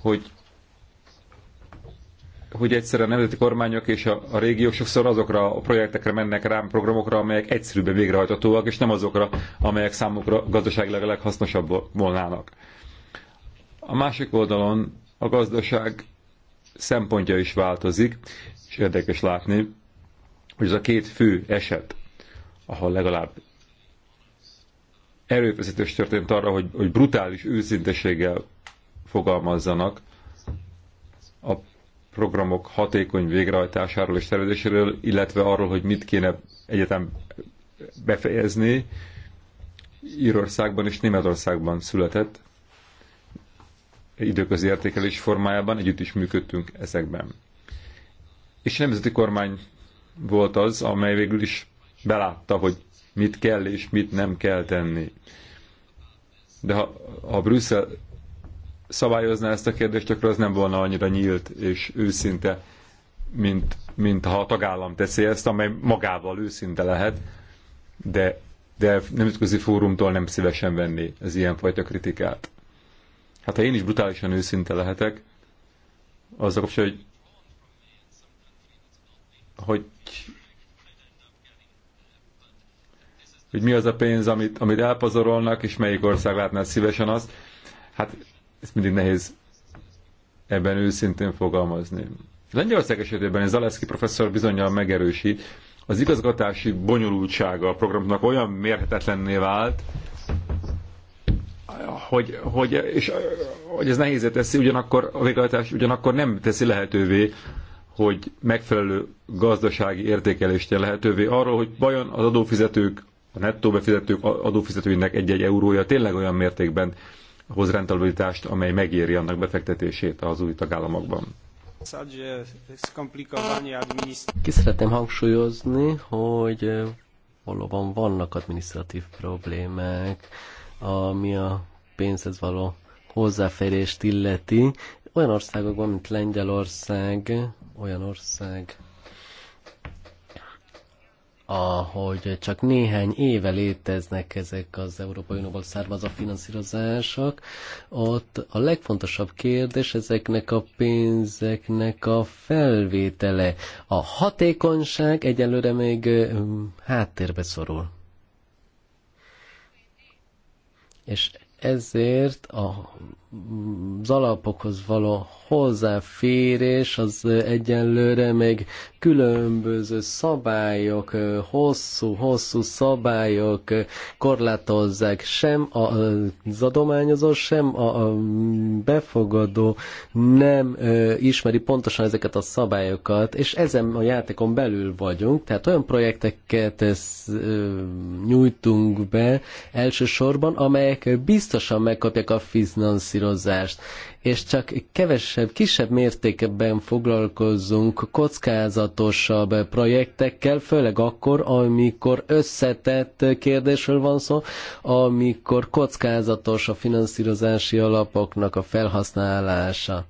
hogy hogy egyszerűen a nemzeti kormányok és a, a régiók sokszor azokra a projektekre mennek rám, programokra, amelyek egyszerűbben végrehajtatóak, és nem azokra, amelyek számukra gazdaságilag a leghasznosabb volnának. A másik oldalon a gazdaság szempontja is változik, és érdekes látni, hogy ez a két fő eset, ahol legalább erőfeszítés történt arra, hogy, hogy brutális őszinteséggel fogalmazzanak a programok hatékony végrehajtásáról és szervezéséről, illetve arról, hogy mit kéne egyetem befejezni. Írországban és Németországban született időközi értékelés formájában, együtt is működtünk ezekben és nemzeti kormány volt az, amely végül is belátta, hogy mit kell és mit nem kell tenni. De ha, ha Brüsszel szabályozná ezt a kérdést, akkor az nem volna annyira nyílt és őszinte, mint, mint ha a tagállam teszi ezt, amely magával őszinte lehet, de, de nemzetközi fórumtól nem szívesen venni az ilyenfajta kritikát. Hát ha én is brutálisan őszinte lehetek, a kapcsolatban, hogy hogy hogy mi az a pénz, amit, amit elpazarolnak, és melyik ország látná szívesen azt. Hát ez mindig nehéz ebben őszintén fogalmazni. Lengyelország esetében ez Zaleszki professzor bizonyal megerősít, az igazgatási bonyolultsága a programnak olyan mérhetetlenné vált, hogy, hogy, és, hogy ez nehézé teszi, ugyanakkor a végrehajtás ugyanakkor nem teszi lehetővé hogy megfelelő gazdasági értékelést lehetővé arról, hogy vajon az adófizetők, a nettó befizetők adófizetőinek egy-egy eurója tényleg olyan mértékben hoz rentabilitást, amely megéri annak befektetését az új tagállamokban. Ki szeretném hangsúlyozni, hogy eh, valóban vannak administratív problémák, ami a pénzhez való hozzáférést illeti. Olyan országokban, mint Lengyelország, olyan ország, ahogy csak néhány éve léteznek ezek az Európai Unióból származó finanszírozások, ott a legfontosabb kérdés ezeknek a pénzeknek a felvétele. A hatékonyság egyelőre még háttérbe szorul. És ezért a az alapokhoz való hozzáférés az egyenlőre még különböző szabályok, hosszú-hosszú szabályok korlátozzák sem az adományozó, sem a befogadó nem ismeri pontosan ezeket a szabályokat, és ezen a játékon belül vagyunk, tehát olyan projekteket nyújtunk be elsősorban, amelyek biztosan megkapják a finanszírozást finanszírozást, és csak kevesebb, kisebb mértékben foglalkozzunk kockázatosabb projektekkel, főleg akkor, amikor összetett kérdésről van szó, amikor kockázatos a finanszírozási alapoknak a felhasználása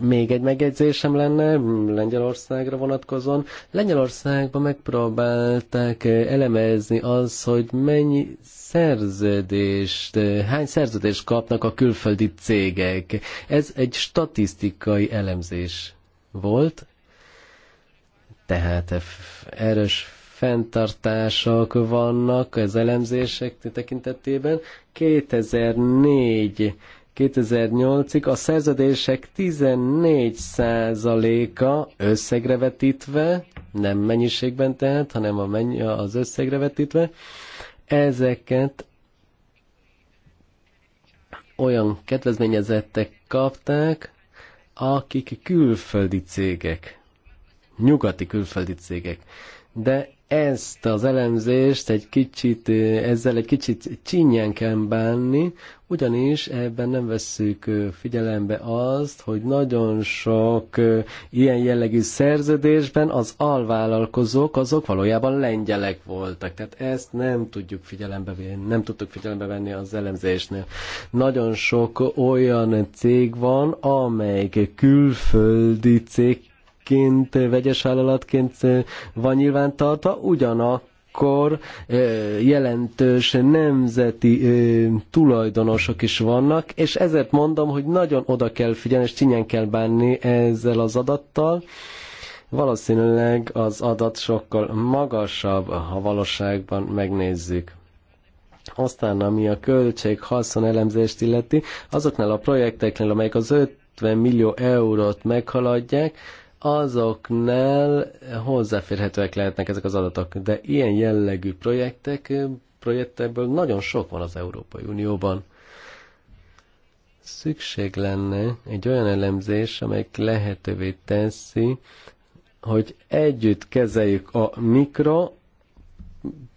még egy megjegyzésem lenne Lengyelországra vonatkozóan. Lengyelországban megpróbálták elemezni az, hogy mennyi szerződést, hány szerződést kapnak a külföldi cégek. Ez egy statisztikai elemzés volt, tehát erős fenntartások vannak az elemzések tekintetében. 2004 2008-ig a szerződések 14%-a összegre vetítve, nem mennyiségben tehát, hanem a mennyi, az összegre vetítve, ezeket olyan kedvezményezettek kapták, akik külföldi cégek, nyugati külföldi cégek. De ezt az elemzést egy kicsit, ezzel egy kicsit csinyán kell bánni, ugyanis ebben nem vesszük figyelembe azt, hogy nagyon sok ilyen jellegű szerződésben az alvállalkozók azok valójában lengyelek voltak. Tehát ezt nem tudjuk figyelembe venni, nem tudtuk figyelembe venni az elemzésnél. Nagyon sok olyan cég van, amelyik külföldi cég vállalatként, vegyes vállalatként van nyilvántartva, ugyanak akkor jelentős nemzeti tulajdonosok is vannak, és ezért mondom, hogy nagyon oda kell figyelni, és csinyen kell bánni ezzel az adattal. Valószínűleg az adat sokkal magasabb, ha valóságban megnézzük. Aztán, ami a költség-haszon elemzést illeti, azoknál a projekteknél, amelyek az 50 millió eurót meghaladják, azoknál hozzáférhetőek lehetnek ezek az adatok, de ilyen jellegű projektek, projektekből nagyon sok van az Európai Unióban. Szükség lenne egy olyan elemzés, amely lehetővé teszi, hogy együtt kezeljük a mikro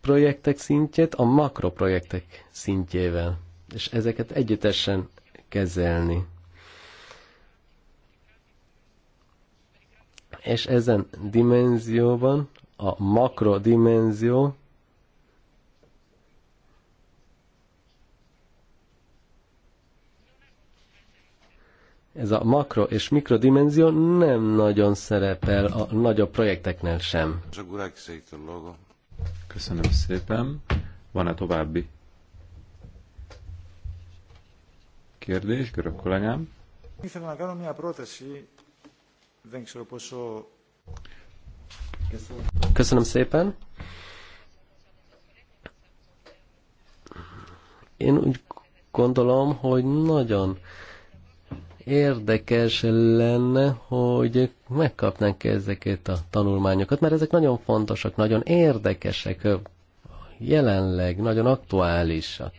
projektek szintjét a makroprojektek szintjével, és ezeket együttesen kezelni. és ezen dimenzióban, a makrodimenzió, ez a makro és mikrodimenzió nem nagyon szerepel a nagyobb projekteknél sem. Köszönöm szépen. Van-e további kérdés, görög kollégám? Köszönöm szépen. Én úgy gondolom, hogy nagyon érdekes lenne, hogy megkapnánk ezeket a tanulmányokat, mert ezek nagyon fontosak, nagyon érdekesek, jelenleg nagyon aktuálisak.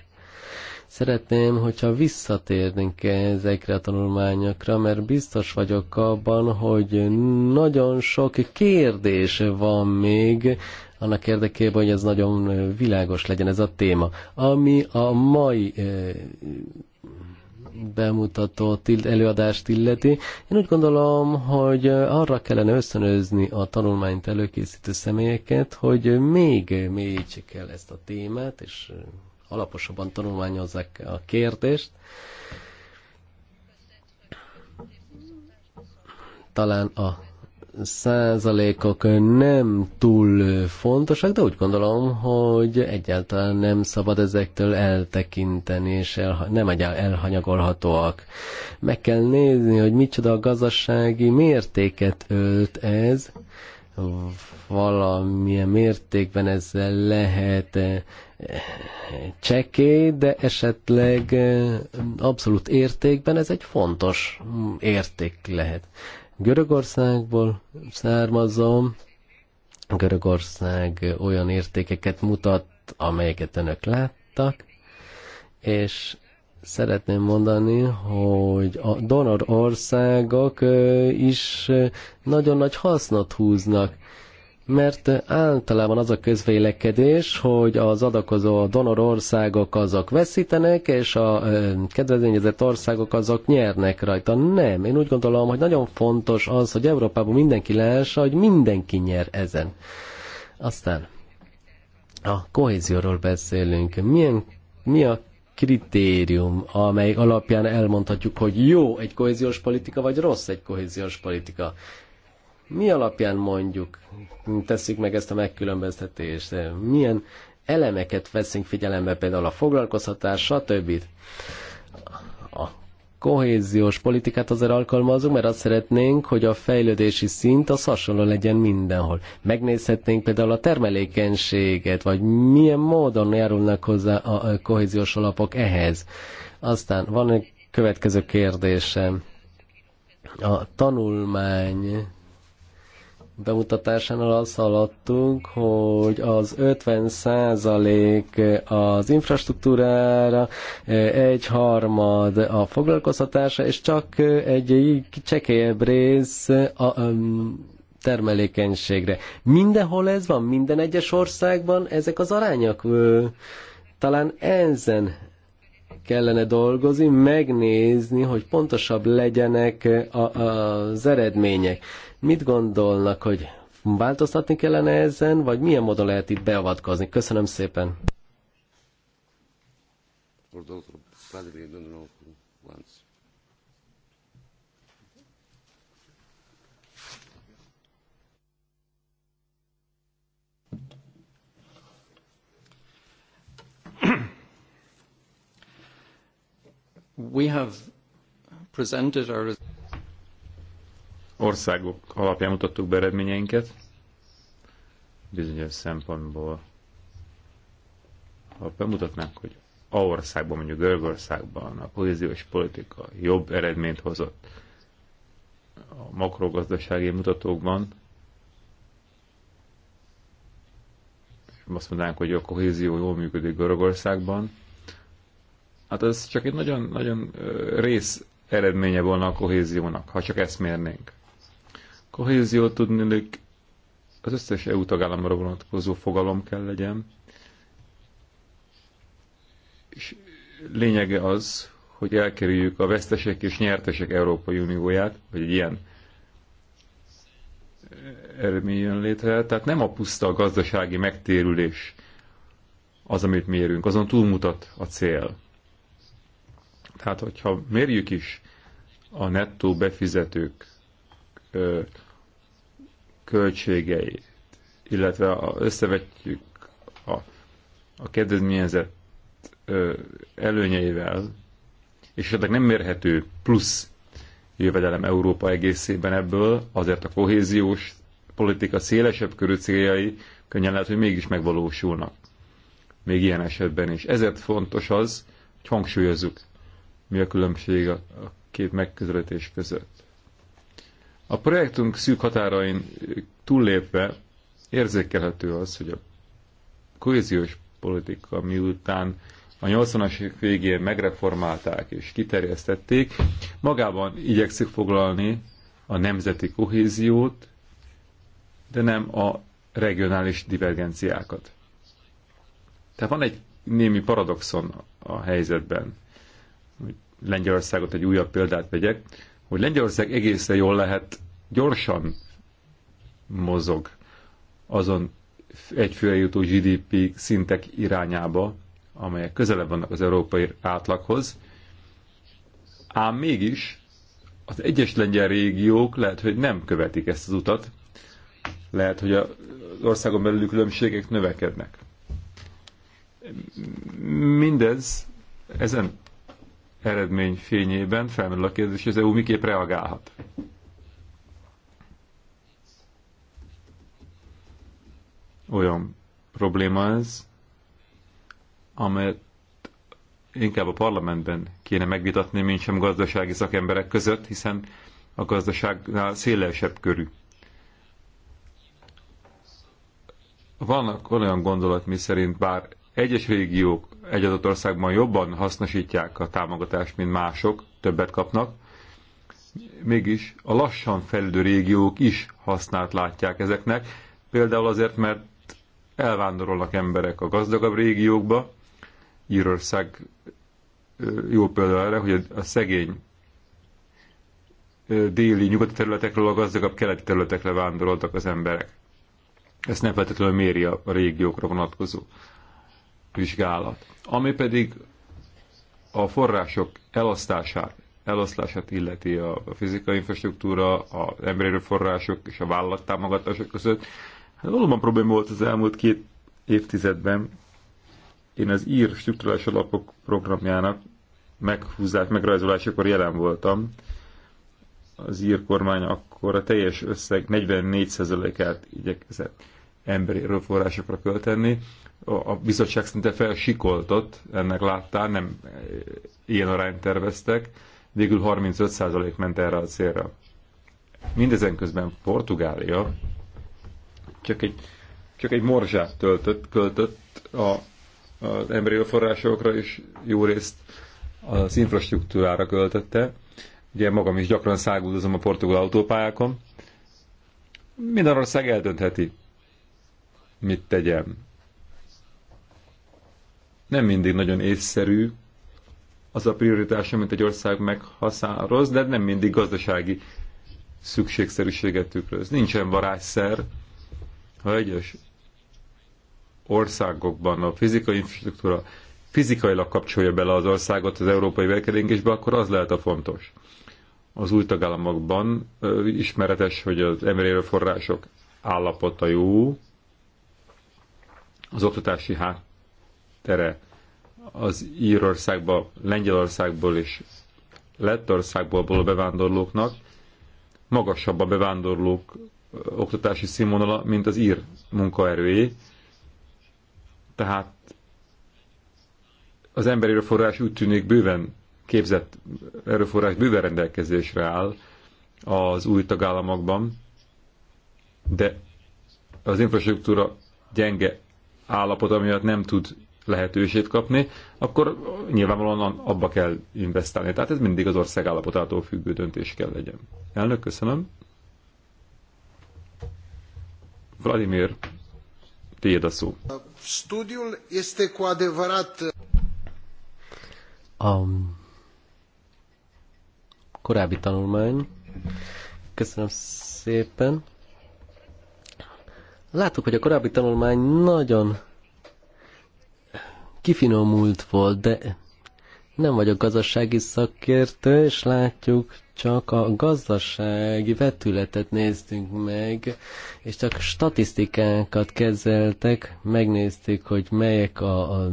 Szeretném, hogyha visszatérnénk ezekre a tanulmányokra, mert biztos vagyok abban, hogy nagyon sok kérdés van még annak érdekében, hogy ez nagyon világos legyen ez a téma. Ami a mai eh, bemutató előadást illeti. Én úgy gondolom, hogy arra kellene összönözni a tanulmányt előkészítő személyeket, hogy még mélyítsék el ezt a témát, és eh, alaposabban tanulmányozzák a kérdést. Talán a százalékok nem túl fontosak, de úgy gondolom, hogy egyáltalán nem szabad ezektől eltekinteni, és elha- nem egy elhanyagolhatóak. Meg kell nézni, hogy micsoda a gazdasági mértéket ölt ez, valamilyen mértékben ez lehet eh, csekély, de esetleg eh, abszolút értékben ez egy fontos mm, érték lehet. Görögországból származom, Görögország olyan értékeket mutat, amelyeket önök láttak, és szeretném mondani, hogy a donor országok is nagyon nagy hasznot húznak, mert általában az a közvélekedés, hogy az adakozó donor országok azok veszítenek, és a kedvezményezett országok azok nyernek rajta. Nem, én úgy gondolom, hogy nagyon fontos az, hogy Európában mindenki lássa, hogy mindenki nyer ezen. Aztán a kohézióról beszélünk. Milyen, mi a kritérium, amely alapján elmondhatjuk, hogy jó egy kohéziós politika, vagy rossz egy kohéziós politika. Mi alapján mondjuk, tesszük meg ezt a megkülönböztetést? Milyen elemeket veszünk figyelembe, például a foglalkoztatás, stb kohéziós politikát azért alkalmazunk, mert azt szeretnénk, hogy a fejlődési szint az hasonló legyen mindenhol. Megnézhetnénk például a termelékenységet, vagy milyen módon járulnak hozzá a kohéziós alapok ehhez. Aztán van egy következő kérdésem. A tanulmány bemutatásánál azt hallottunk, hogy az 50 százalék az infrastruktúrára, egy harmad a foglalkoztatásra, és csak egy csekélyebb rész a, a termelékenységre. Mindenhol ez van, minden egyes országban ezek az arányok. Talán ezen kellene dolgozni, megnézni, hogy pontosabb legyenek a, a, az eredmények. Mit gondolnak, hogy változtatni kellene ezen, vagy milyen módon lehet itt beavatkozni? Köszönöm szépen. We have presented our országok alapján mutattuk be eredményeinket. Bizonyos szempontból, ha bemutatnánk, hogy a országban, mondjuk Görögországban a kohéziós politika jobb eredményt hozott a makrogazdasági mutatókban, azt mondanánk, hogy a kohézió jól működik Görögországban, hát ez csak egy nagyon, nagyon rész eredménye volna a kohéziónak, ha csak ezt mérnénk. Kohézió tudnélik az összes EU tagállamra vonatkozó fogalom kell legyen, és lényege az, hogy elkerüljük a vesztesek és nyertesek Európai Unióját, hogy egy ilyen eh, erőmény jön létre. Tehát nem a puszta a gazdasági megtérülés az, amit mérünk, azon túlmutat a cél. Tehát, hogyha mérjük is a nettó befizetők ö, költségeit, illetve a, összevetjük a, a kedvezményezett ö, előnyeivel, és esetleg nem mérhető plusz jövedelem Európa egészében ebből, azért a kohéziós politika szélesebb körű céljai könnyen lehet, hogy mégis megvalósulnak. Még ilyen esetben is. Ezért fontos az, hogy hangsúlyozzuk, mi a különbség a, a két megközelítés között. A projektunk szűk határain túllépve érzékelhető az, hogy a kohéziós politika miután a 80-as évek végén megreformálták és kiterjesztették, magában igyekszik foglalni a nemzeti kohéziót, de nem a regionális divergenciákat. Tehát van egy némi paradoxon a helyzetben. Lengyelországot egy újabb példát vegyek hogy Lengyelország egészen jól lehet gyorsan mozog azon egyfőre jutó GDP szintek irányába, amelyek közelebb vannak az európai átlaghoz, ám mégis az egyes lengyel régiók lehet, hogy nem követik ezt az utat, lehet, hogy az országon belüli különbségek növekednek. Mindez ezen eredmény fényében felmerül a kérdés, hogy az EU miképp reagálhat. Olyan probléma ez, amelyet inkább a parlamentben kéne megvitatni, mint sem gazdasági szakemberek között, hiszen a gazdaságnál szélesebb körű. Vannak olyan gondolat, mi szerint bár egyes régiók egy adott országban jobban hasznosítják a támogatást, mint mások, többet kapnak, mégis a lassan fejlődő régiók is hasznát látják ezeknek, például azért, mert elvándorolnak emberek a gazdagabb régiókba, Írország jó példa erre, hogy a szegény déli, nyugati területekről a gazdagabb keleti területekre vándoroltak az emberek. Ezt nem feltétlenül méri a régiókra vonatkozó vizsgálat. Ami pedig a források elosztását, elosztását illeti a fizikai infrastruktúra, az emberi források és a vállalat támogatások között. Hát valóban probléma volt az elmúlt két évtizedben. Én az ír struktúrális alapok programjának meghúzás, megrajzolásakor jelen voltam. Az ír kormány akkor a teljes összeg 44%-át igyekezett emberi erőforrásokra költeni a bizottság szinte felsikoltott, ennek láttál, nem e, ilyen arányt terveztek, végül 35% ment erre a célra. Mindezen közben Portugália csak egy, csak egy morzsát töltött, költött a, az emberi forrásokra, és jó részt az infrastruktúrára költötte. Ugye magam is gyakran száguldozom a portugál autópályákon. Minden ország eldöntheti, mit tegyen nem mindig nagyon észszerű az a prioritás, amit egy ország meghaszároz, de nem mindig gazdasági szükségszerűséget tükröz. Nincsen varázsszer, ha egyes országokban a fizikai infrastruktúra fizikailag kapcsolja bele az országot az európai verkedénkésbe, akkor az lehet a fontos. Az új tagállamokban ismeretes, hogy az emberi források állapota jó, az oktatási hát tere az Írországba, Lengyelországból és Lettországból a bevándorlóknak magasabb a bevándorlók oktatási színvonala, mint az ír munkaerőé. Tehát az emberi erőforrás úgy tűnik bőven képzett erőforrás bőven rendelkezésre áll az új tagállamokban, de az infrastruktúra gyenge állapot amiatt nem tud lehetőséget kapni, akkor nyilvánvalóan abba kell investálni. Tehát ez mindig az ország állapotától függő döntés kell legyen. Elnök, köszönöm. Vladimir, tiéd a szó. Studiul este cu adevărat... A korábbi tanulmány. Köszönöm szépen. Láttuk, hogy a korábbi tanulmány nagyon kifinomult volt, de nem vagyok gazdasági szakértő, és látjuk, csak a gazdasági vetületet néztünk meg, és csak statisztikákat kezeltek, megnéztük, hogy melyek a, a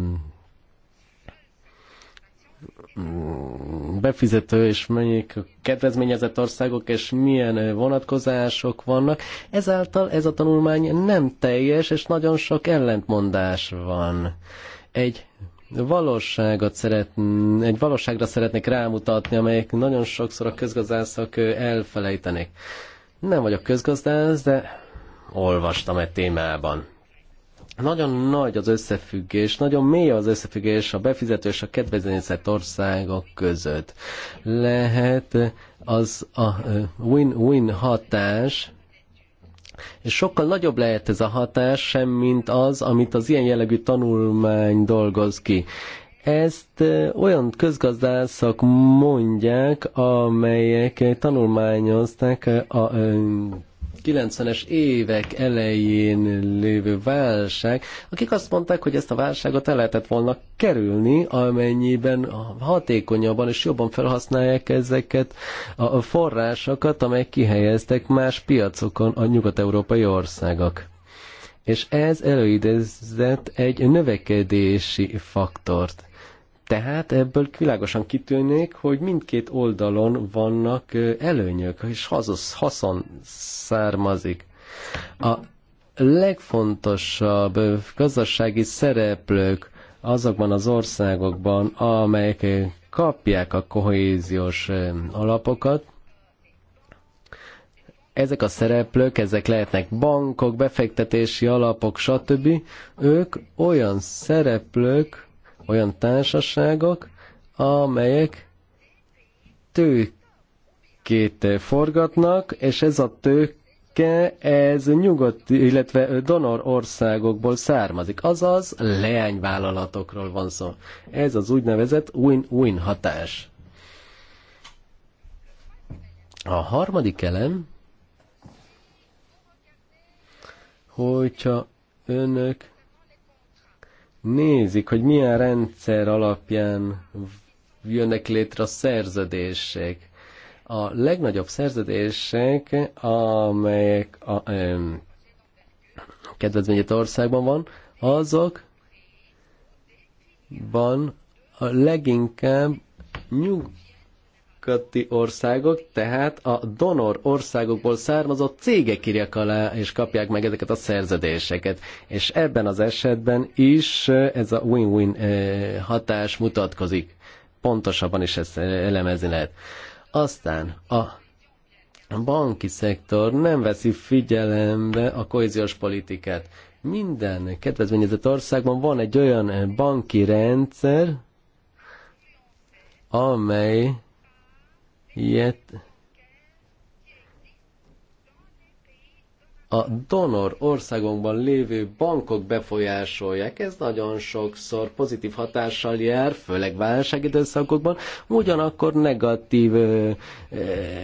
befizető és melyik kedvezményezett országok és milyen vonatkozások vannak. Ezáltal ez a tanulmány nem teljes, és nagyon sok ellentmondás van egy valóságot szeret, egy valóságra szeretnék rámutatni, amelyek nagyon sokszor a közgazdászok elfelejtenek. Nem vagyok közgazdász, de olvastam egy témában. Nagyon nagy az összefüggés, nagyon mély az összefüggés a befizető és a kedvezményezett országok között. Lehet az a win-win hatás, és sokkal nagyobb lehet ez a hatás, sem mint az, amit az ilyen jellegű tanulmány dolgoz ki. Ezt olyan közgazdászok mondják, amelyek tanulmányozták a, a 90-es évek elején lévő válság, akik azt mondták, hogy ezt a válságot el lehetett volna kerülni, amennyiben hatékonyabban és jobban felhasználják ezeket a forrásokat, amelyek kihelyeztek más piacokon a nyugat-európai országok és ez előidézett egy növekedési faktort. Tehát ebből világosan kitűnik, hogy mindkét oldalon vannak előnyök, és haszon származik. A legfontosabb gazdasági szereplők azokban az országokban, amelyek kapják a kohéziós alapokat, ezek a szereplők, ezek lehetnek bankok, befektetési alapok, stb. Ők olyan szereplők, olyan társaságok, amelyek tőkét forgatnak, és ez a tőke, ez nyugat, illetve donor országokból származik, azaz leányvállalatokról van szó. Ez az úgynevezett win-win hatás. A harmadik elem, hogyha önök nézik, hogy milyen rendszer alapján jönnek létre a szerződések. A legnagyobb szerződések, amelyek a ö, kedvezményet országban van, azokban a leginkább nyug, kati országok, tehát a donor országokból származó cégek írják alá és kapják meg ezeket a szerződéseket. És ebben az esetben is ez a win-win hatás mutatkozik. Pontosabban is ezt elemezni lehet. Aztán a banki szektor nem veszi figyelembe a kohéziós politikát. Minden kedvezményezett országban van egy olyan banki rendszer, amely ilyet a donor országokban lévő bankok befolyásolják. Ez nagyon sokszor pozitív hatással jár, főleg válságidőszakokban, ugyanakkor negatív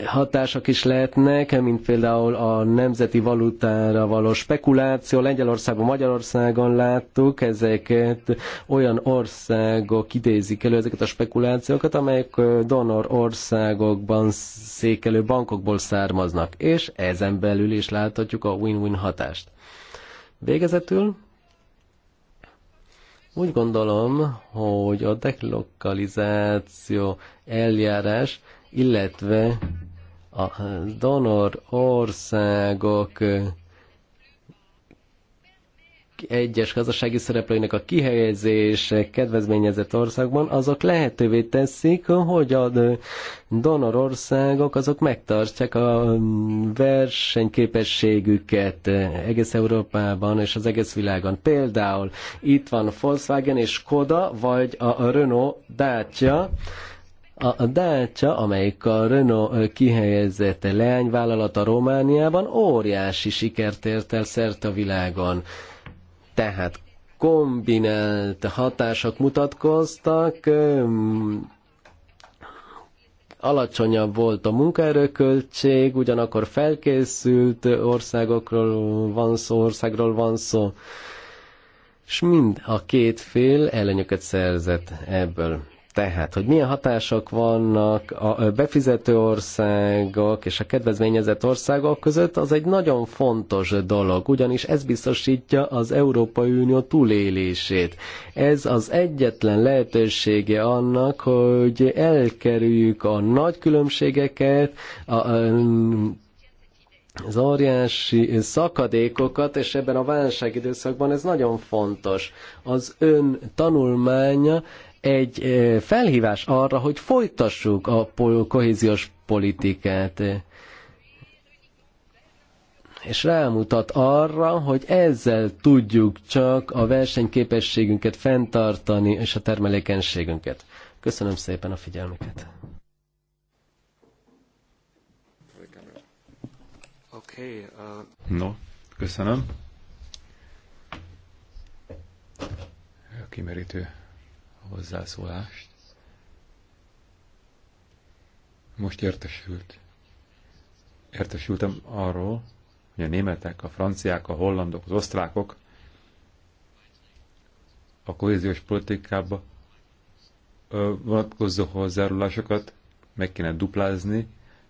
hatások is lehetnek, mint például a nemzeti valutára való spekuláció. Lengyelországon, Magyarországon láttuk ezeket, olyan országok idézik elő ezeket a spekulációkat, amelyek donor országokban székelő bankokból származnak. És ezen belül is láthatjuk a win-win hatást. Végezetül úgy gondolom, hogy a deklokalizáció eljárás, illetve a donor országok egyes gazdasági szereplőinek a kihelyezése kedvezményezett országban, azok lehetővé teszik, hogy a donor országok azok megtartják a versenyképességüket egész Európában és az egész világon. Például itt van Volkswagen és Koda, vagy a Renault Dacia, a Dacia, amelyik a Renault kihelyezett leányvállalata Romániában, óriási sikert ért el szerte a világon. Tehát kombinált hatások mutatkoztak, alacsonyabb volt a munkaerőköltség, ugyanakkor felkészült országokról van szó, országról van szó, és mind a két fél előnyöket szerzett ebből. Tehát, hogy milyen hatások vannak a befizető országok és a kedvezményezett országok között, az egy nagyon fontos dolog, ugyanis ez biztosítja az Európai Unió túlélését. Ez az egyetlen lehetősége annak, hogy elkerüljük a nagy különbségeket, a, a az óriási szakadékokat, és ebben a válságidőszakban ez nagyon fontos. Az ön tanulmánya egy felhívás arra, hogy folytassuk a kohéziós politikát. És rámutat arra, hogy ezzel tudjuk csak a versenyképességünket fenntartani és a termelékenységünket. Köszönöm szépen a figyelmüket. Uh, no, köszönöm. Kimerítő hozzászólást. Most értesült. Értesültem arról, hogy a németek, a franciák, a hollandok, az osztrákok a kohéziós politikába vonatkozó hozzárulásokat meg kéne duplázni,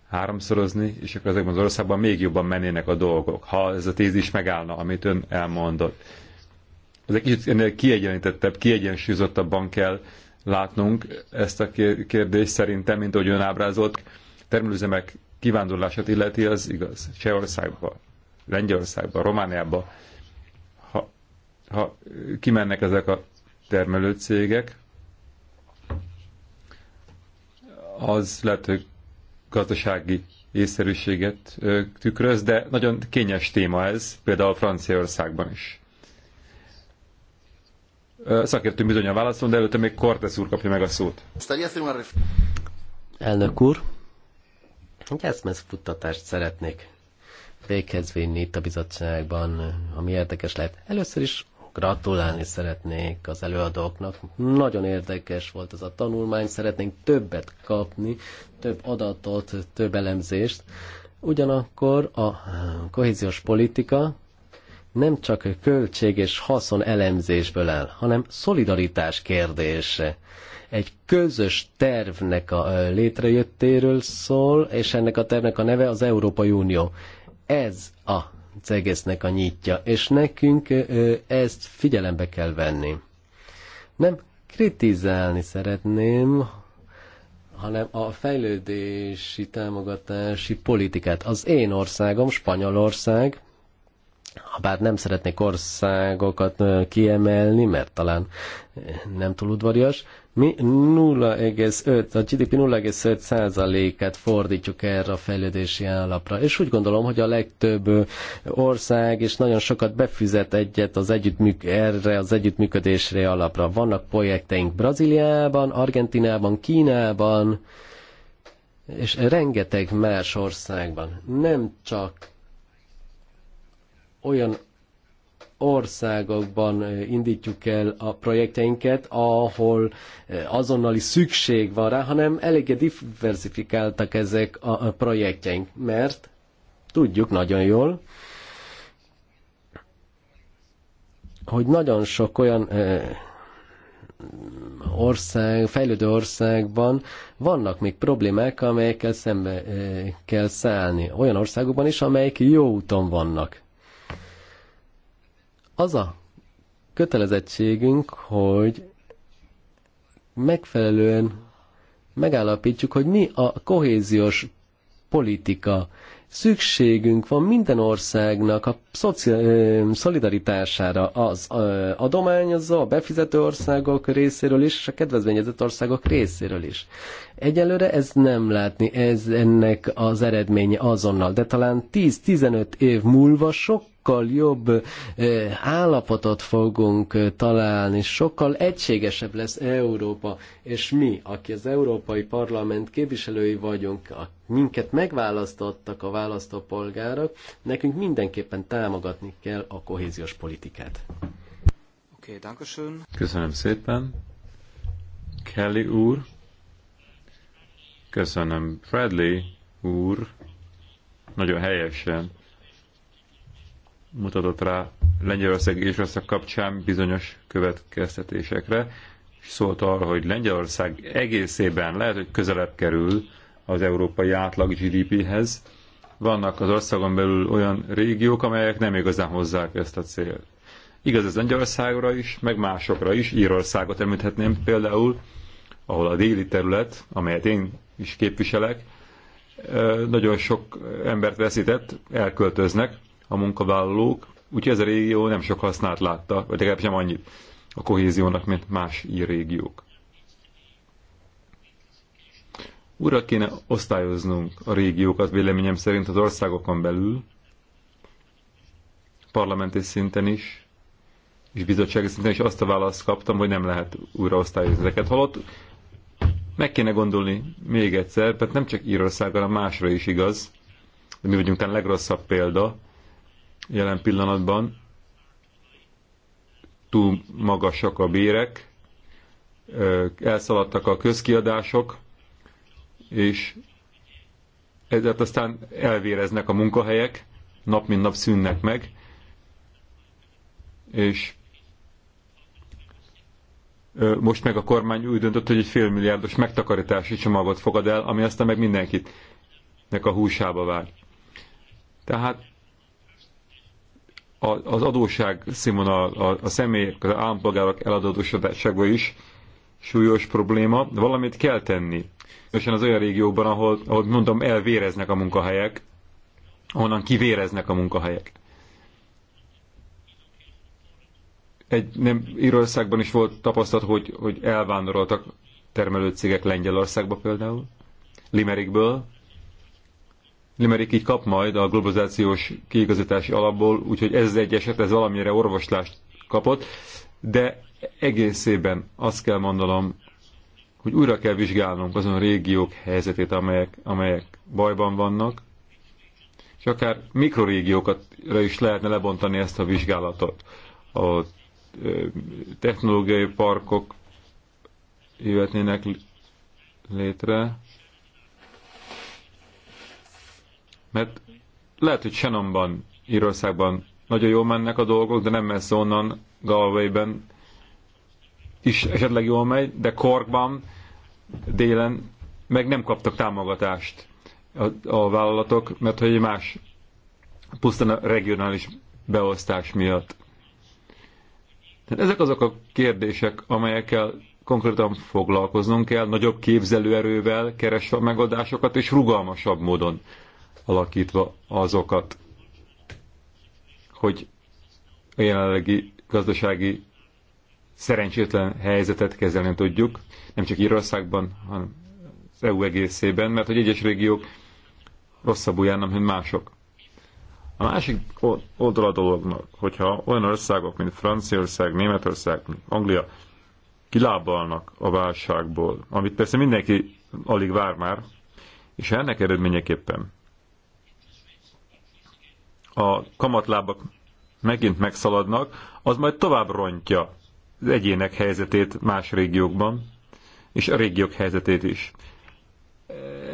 háromszorozni, és akkor ezekben az országban még jobban mennének a dolgok, ha ez a tézis megállna, amit ön elmondott egy kicsit ennél kiegyenlítettebb, kiegyensúlyozottabban kell látnunk ezt a kérdést szerintem, mint ahogy ön ábrázolt. Termelőzemek kivándorlását illeti, az igaz. Csehországba, Lengyelországba, Romániába, ha, ha kimennek ezek a termelőcégek, az lehet, hogy gazdasági észszerűséget tükröz, de nagyon kényes téma ez, például Franciaországban is szakértő bizonyan válaszol, de előtte még Cortez úr kapja meg a szót. Elnök úr, egy eszmezfuttatást szeretnék véghez vinni itt a bizottságban, ami érdekes lehet. Először is gratulálni szeretnék az előadóknak. Nagyon érdekes volt ez a tanulmány, szeretnénk többet kapni, több adatot, több elemzést. Ugyanakkor a kohéziós politika nem csak költség és haszon elemzésből áll, hanem szolidaritás kérdése. Egy közös tervnek a létrejöttéről szól, és ennek a tervnek a neve az Európai Unió. Ez a az a nyitja, és nekünk ezt figyelembe kell venni. Nem kritizálni szeretném, hanem a fejlődési támogatási politikát. Az én országom, Spanyolország, Habár nem szeretnék országokat kiemelni, mert talán nem túl udvarias, mi 0,5, a GDP 05 százalékát fordítjuk erre a fejlődési állapra. És úgy gondolom, hogy a legtöbb ország és nagyon sokat befizet egyet az együttműk, erre az együttműködésre alapra. Vannak projekteink Brazíliában, Argentinában, Kínában, és rengeteg más országban. Nem csak olyan országokban eh, indítjuk el a projekteinket, ahol eh, azonnali szükség van rá, hanem eléggé diversifikáltak ezek a projektjeink, mert tudjuk nagyon jól, hogy nagyon sok olyan eh, ország, fejlődő országban vannak még problémák, amelyekkel szembe kell szállni. Olyan országokban is, amelyek jó úton vannak. Az a kötelezettségünk, hogy megfelelően megállapítjuk, hogy mi a kohéziós politika. Szükségünk van minden országnak a szocia- szolidaritására az adományozó, a befizető országok részéről is, és a kedvezményezett országok részéről is. Egyelőre ez nem látni, ez ennek az eredménye azonnal, de talán 10-15 év múlva sok sokkal jobb eh, állapotot fogunk eh, találni, sokkal egységesebb lesz Európa, és mi, aki az Európai Parlament képviselői vagyunk, a, minket megválasztottak a választópolgárok, nekünk mindenképpen támogatni kell a kohéziós politikát. Oké, okay, Köszönöm szépen. Kelly úr. Köszönöm. Bradley úr nagyon helyesen mutatott rá Lengyelország és Észország kapcsán bizonyos következtetésekre, és szólt arra, hogy Lengyelország egészében lehet, hogy közelebb kerül az európai átlag GDP-hez. Vannak az országon belül olyan régiók, amelyek nem igazán hozzák ezt a célt. Igaz ez Lengyelországra is, meg másokra is, Írországot említhetném például, ahol a déli terület, amelyet én is képviselek, nagyon sok embert veszített, elköltöznek a munkavállalók, úgyhogy ez a régió nem sok hasznát látta, vagy legalábbis nem annyit a kohéziónak, mint más ír régiók. Újra kéne osztályoznunk a régiókat véleményem szerint az országokon belül, parlamenti szinten is, és bizottsági szinten is azt a választ kaptam, hogy nem lehet osztályozni ezeket. Holott meg kéne gondolni még egyszer, mert nem csak Írországra, hanem másra is igaz. De mi vagyunk a legrosszabb példa jelen pillanatban. Túl magasak a bérek, elszaladtak a közkiadások, és ezért aztán elvéreznek a munkahelyek, nap mint nap szűnnek meg, és most meg a kormány úgy döntött, hogy egy félmilliárdos megtakarítási csomagot fogad el, ami aztán meg mindenkit nek a húsába vág. Tehát az adóság színvonal, a, személyek, az állampolgárok eladósodásága is súlyos probléma, valamit kell tenni. Különösen az olyan régióban, ahol, ahol mondom, elvéreznek a munkahelyek, ahonnan kivéreznek a munkahelyek. egy nem, Írországban is volt tapasztalat, hogy, hogy elvándoroltak termelőcégek Lengyelországba például, Limerickből. Limerick így kap majd a globalizációs kiigazítási alapból, úgyhogy ez egy eset, ez valamire orvoslást kapott, de egészében azt kell mondanom, hogy újra kell vizsgálnunk azon a régiók helyzetét, amelyek, amelyek bajban vannak, és akár mikrorégiókat is lehetne lebontani ezt a vizsgálatot. Ott technológiai parkok jöhetnének létre, mert lehet, hogy Shannonban, Írországban nagyon jól mennek a dolgok, de nem messze onnan, Galwayben is esetleg jól megy, de Korkban délen meg nem kaptak támogatást a, a vállalatok, mert hogy más pusztán a regionális beosztás miatt. Tehát ezek azok a kérdések, amelyekkel konkrétan foglalkoznunk kell, nagyobb képzelőerővel keresve a megoldásokat, és rugalmasabb módon alakítva azokat, hogy a jelenlegi gazdasági szerencsétlen helyzetet kezelni tudjuk, nem csak Írországban, hanem az EU egészében, mert hogy egyes régiók rosszabbul járnak, mint mások. A másik oldala dolognak, hogyha olyan országok, mint Franciaország, Németország, mint Anglia kilábalnak a válságból, amit persze mindenki alig vár már, és ennek eredményeképpen a kamatlábak megint megszaladnak, az majd tovább rontja az egyének helyzetét más régiókban, és a régiók helyzetét is.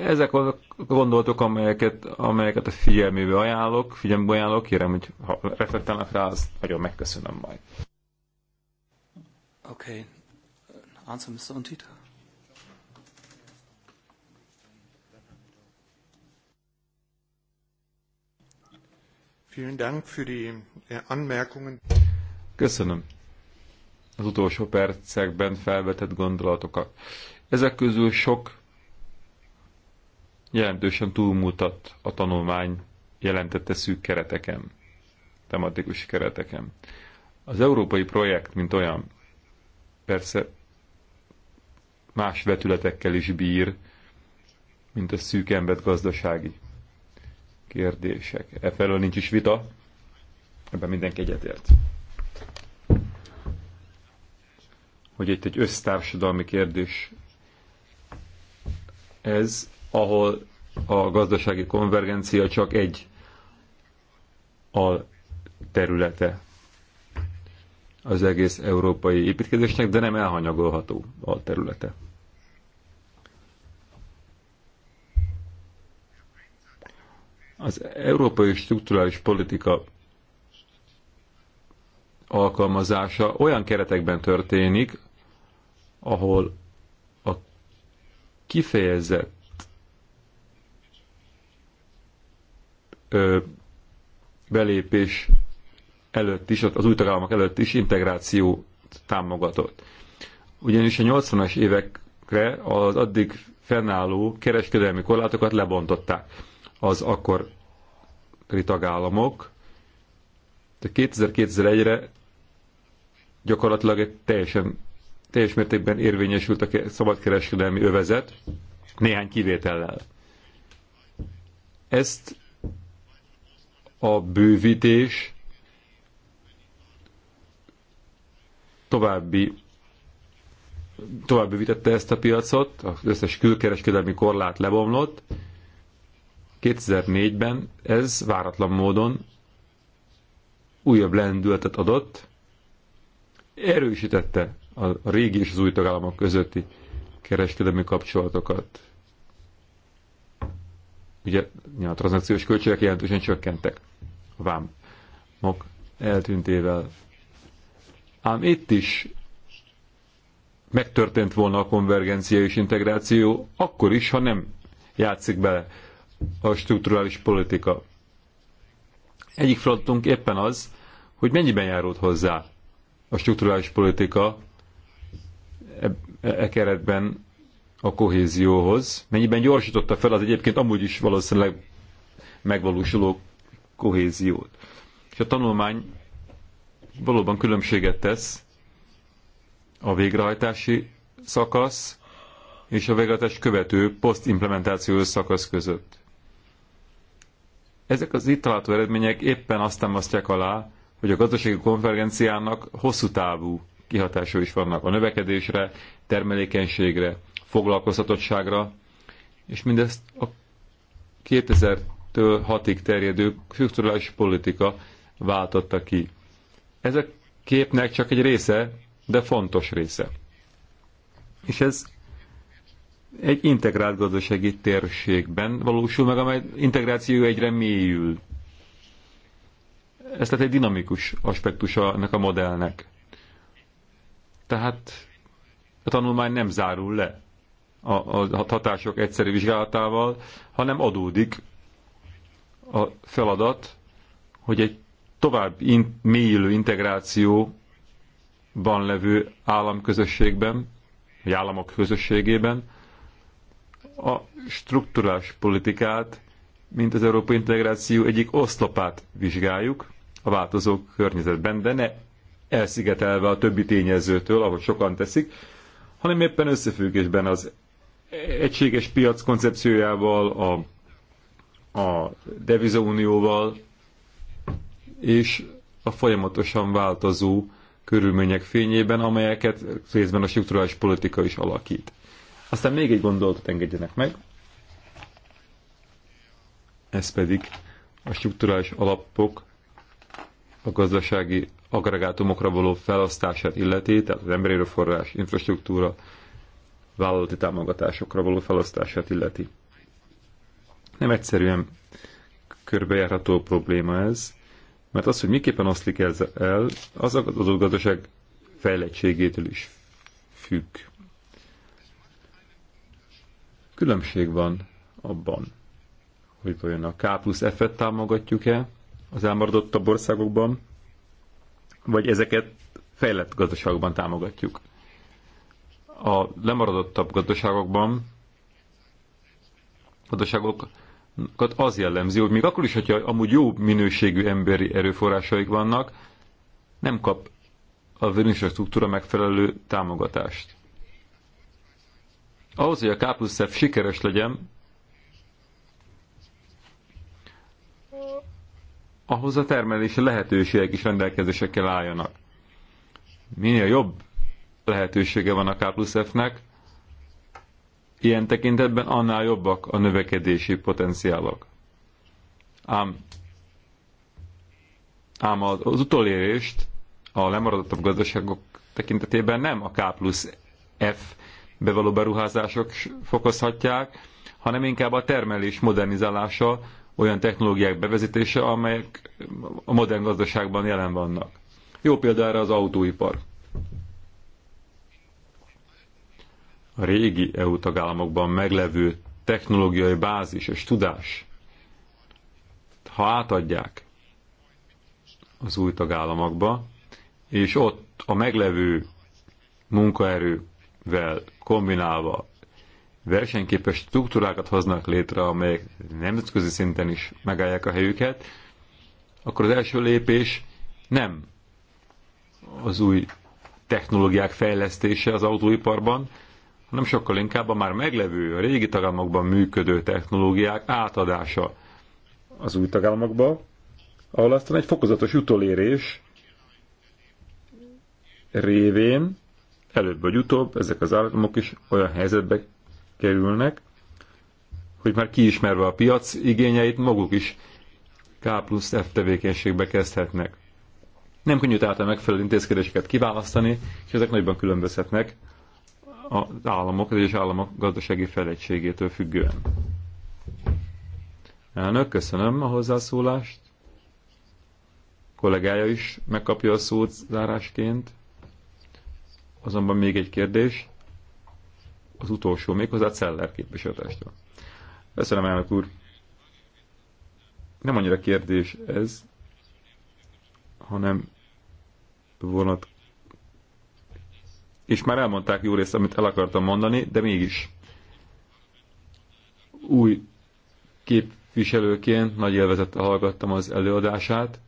Ezek azok a gondolatok, amelyeket, amelyeket a figyelmébe ajánlok, figyelmébe ajánlok, kérem, hogy ha reflektálnak rá, azt nagyon megköszönöm majd. Oké. Okay. Answer, Mr. Antita. Vielen Dank für die äh, Anmerkungen. Köszönöm az utolsó percekben felvetett gondolatokat. Ezek közül sok jelentősen túlmutat a tanulmány jelentette szűk kereteken, tematikus kereteken. Az európai projekt, mint olyan, persze más vetületekkel is bír, mint a szűk embert gazdasági kérdések. Efelől nincs is vita, ebben mindenki egyetért. Hogy itt egy össztársadalmi kérdés ez ahol a gazdasági konvergencia csak egy a területe az egész európai építkezésnek, de nem elhanyagolható a területe. Az európai strukturális politika alkalmazása olyan keretekben történik, ahol a kifejezett belépés előtt is, az új tagállamok előtt is integráció támogatott. Ugyanis a 80-as évekre az addig fennálló kereskedelmi korlátokat lebontották az akkor tagállamok. De 2000-2001-re gyakorlatilag egy teljesen, teljes mértékben érvényesült a szabadkereskedelmi övezet, néhány kivétellel. Ezt a bővítés további tovább bővítette ezt a piacot, az összes külkereskedelmi korlát lebomlott. 2004-ben ez váratlan módon újabb lendületet adott, erősítette a régi és az új tagállamok közötti kereskedelmi kapcsolatokat. Ugye a tranzakciós költségek jelentősen csökkentek vám, mok eltűntével. Ám itt is megtörtént volna a konvergencia és integráció, akkor is, ha nem játszik bele a strukturális politika. Egyik feladatunk éppen az, hogy mennyiben járult hozzá a strukturális politika e, e, e keretben a kohézióhoz, mennyiben gyorsította fel az egyébként amúgy is valószínűleg megvalósuló kohéziót. És a tanulmány valóban különbséget tesz a végrehajtási szakasz és a végrehajtás követő posztimplementációs szakasz között. Ezek az itt található eredmények éppen azt támasztják alá, hogy a gazdasági konvergenciának hosszú távú kihatása is vannak a növekedésre, termelékenységre, foglalkoztatottságra, és mindezt a től 6-ig terjedő strukturális politika váltotta ki. Ez a képnek csak egy része, de fontos része. És ez egy integrált gazdasági térségben valósul meg, amely integráció egyre mélyül. Ez tehát egy dinamikus aspektusa ennek a modellnek. Tehát a tanulmány nem zárul le a, a hatások egyszerű vizsgálatával, hanem adódik a feladat, hogy egy tovább in, mélyülő integrációban levő államközösségben, vagy államok közösségében a strukturális politikát, mint az európai integráció egyik oszlopát vizsgáljuk a változó környezetben, de ne elszigetelve a többi tényezőtől, ahogy sokan teszik, hanem éppen összefüggésben az egységes piac koncepciójával, a a devizaunióval és a folyamatosan változó körülmények fényében, amelyeket részben a strukturális politika is alakít. Aztán még egy gondolatot engedjenek meg, ez pedig a strukturális alapok a gazdasági agregátumokra való felosztását illeti, tehát az emberi erőforrás, infrastruktúra, vállalati támogatásokra való felosztását illeti. Nem egyszerűen körbejárható probléma ez, mert az, hogy miképpen oszlik ez el, az az adógazdaság fejlettségétől is függ. Különbség van abban, hogy vajon a K plusz F-et támogatjuk-e az elmaradottabb országokban, vagy ezeket fejlett gazdaságokban támogatjuk. A lemaradottabb gazdaságokban gazdaságok az jellemzi, hogy még akkor is, hogyha amúgy jó minőségű emberi erőforrásaik vannak, nem kap a vörös struktúra megfelelő támogatást. Ahhoz, hogy a K plusz F sikeres legyen, ahhoz a termelési lehetőségek is rendelkezésekkel álljanak. Minél jobb lehetősége van a K plusz F-nek, ilyen tekintetben annál jobbak a növekedési potenciálok. Ám, ám az utolérést a lemaradottabb gazdaságok tekintetében nem a K plusz F bevaló beruházások fokozhatják, hanem inkább a termelés modernizálása, olyan technológiák bevezetése, amelyek a modern gazdaságban jelen vannak. Jó példára az autóipar a régi EU tagállamokban meglevő technológiai bázis és tudás, ha átadják az új tagállamokba, és ott a meglevő munkaerővel kombinálva versenyképes struktúrákat hoznak létre, amelyek nemzetközi szinten is megállják a helyüket, akkor az első lépés nem az új technológiák fejlesztése az autóiparban, hanem sokkal inkább a már meglevő, a régi tagállamokban működő technológiák átadása az új tagállamokba, ahol aztán egy fokozatos utolérés révén előbb vagy utóbb ezek az államok is olyan helyzetbe kerülnek, hogy már kiismerve a piac igényeit maguk is K plusz F tevékenységbe kezdhetnek. Nem könnyű tehát a megfelelő intézkedéseket kiválasztani, és ezek nagyban különbözhetnek az államok, az egyes államok gazdasági fejlettségétől függően. Elnök, köszönöm a hozzászólást. A kollégája is megkapja a szót zárásként. Azonban még egy kérdés. Az utolsó, méghozzá Celler képviselőtestől. Köszönöm, elnök úr. Nem annyira kérdés ez, hanem vonat és már elmondták jó részt, amit el akartam mondani, de mégis új képviselőként nagy élvezettel hallgattam az előadását.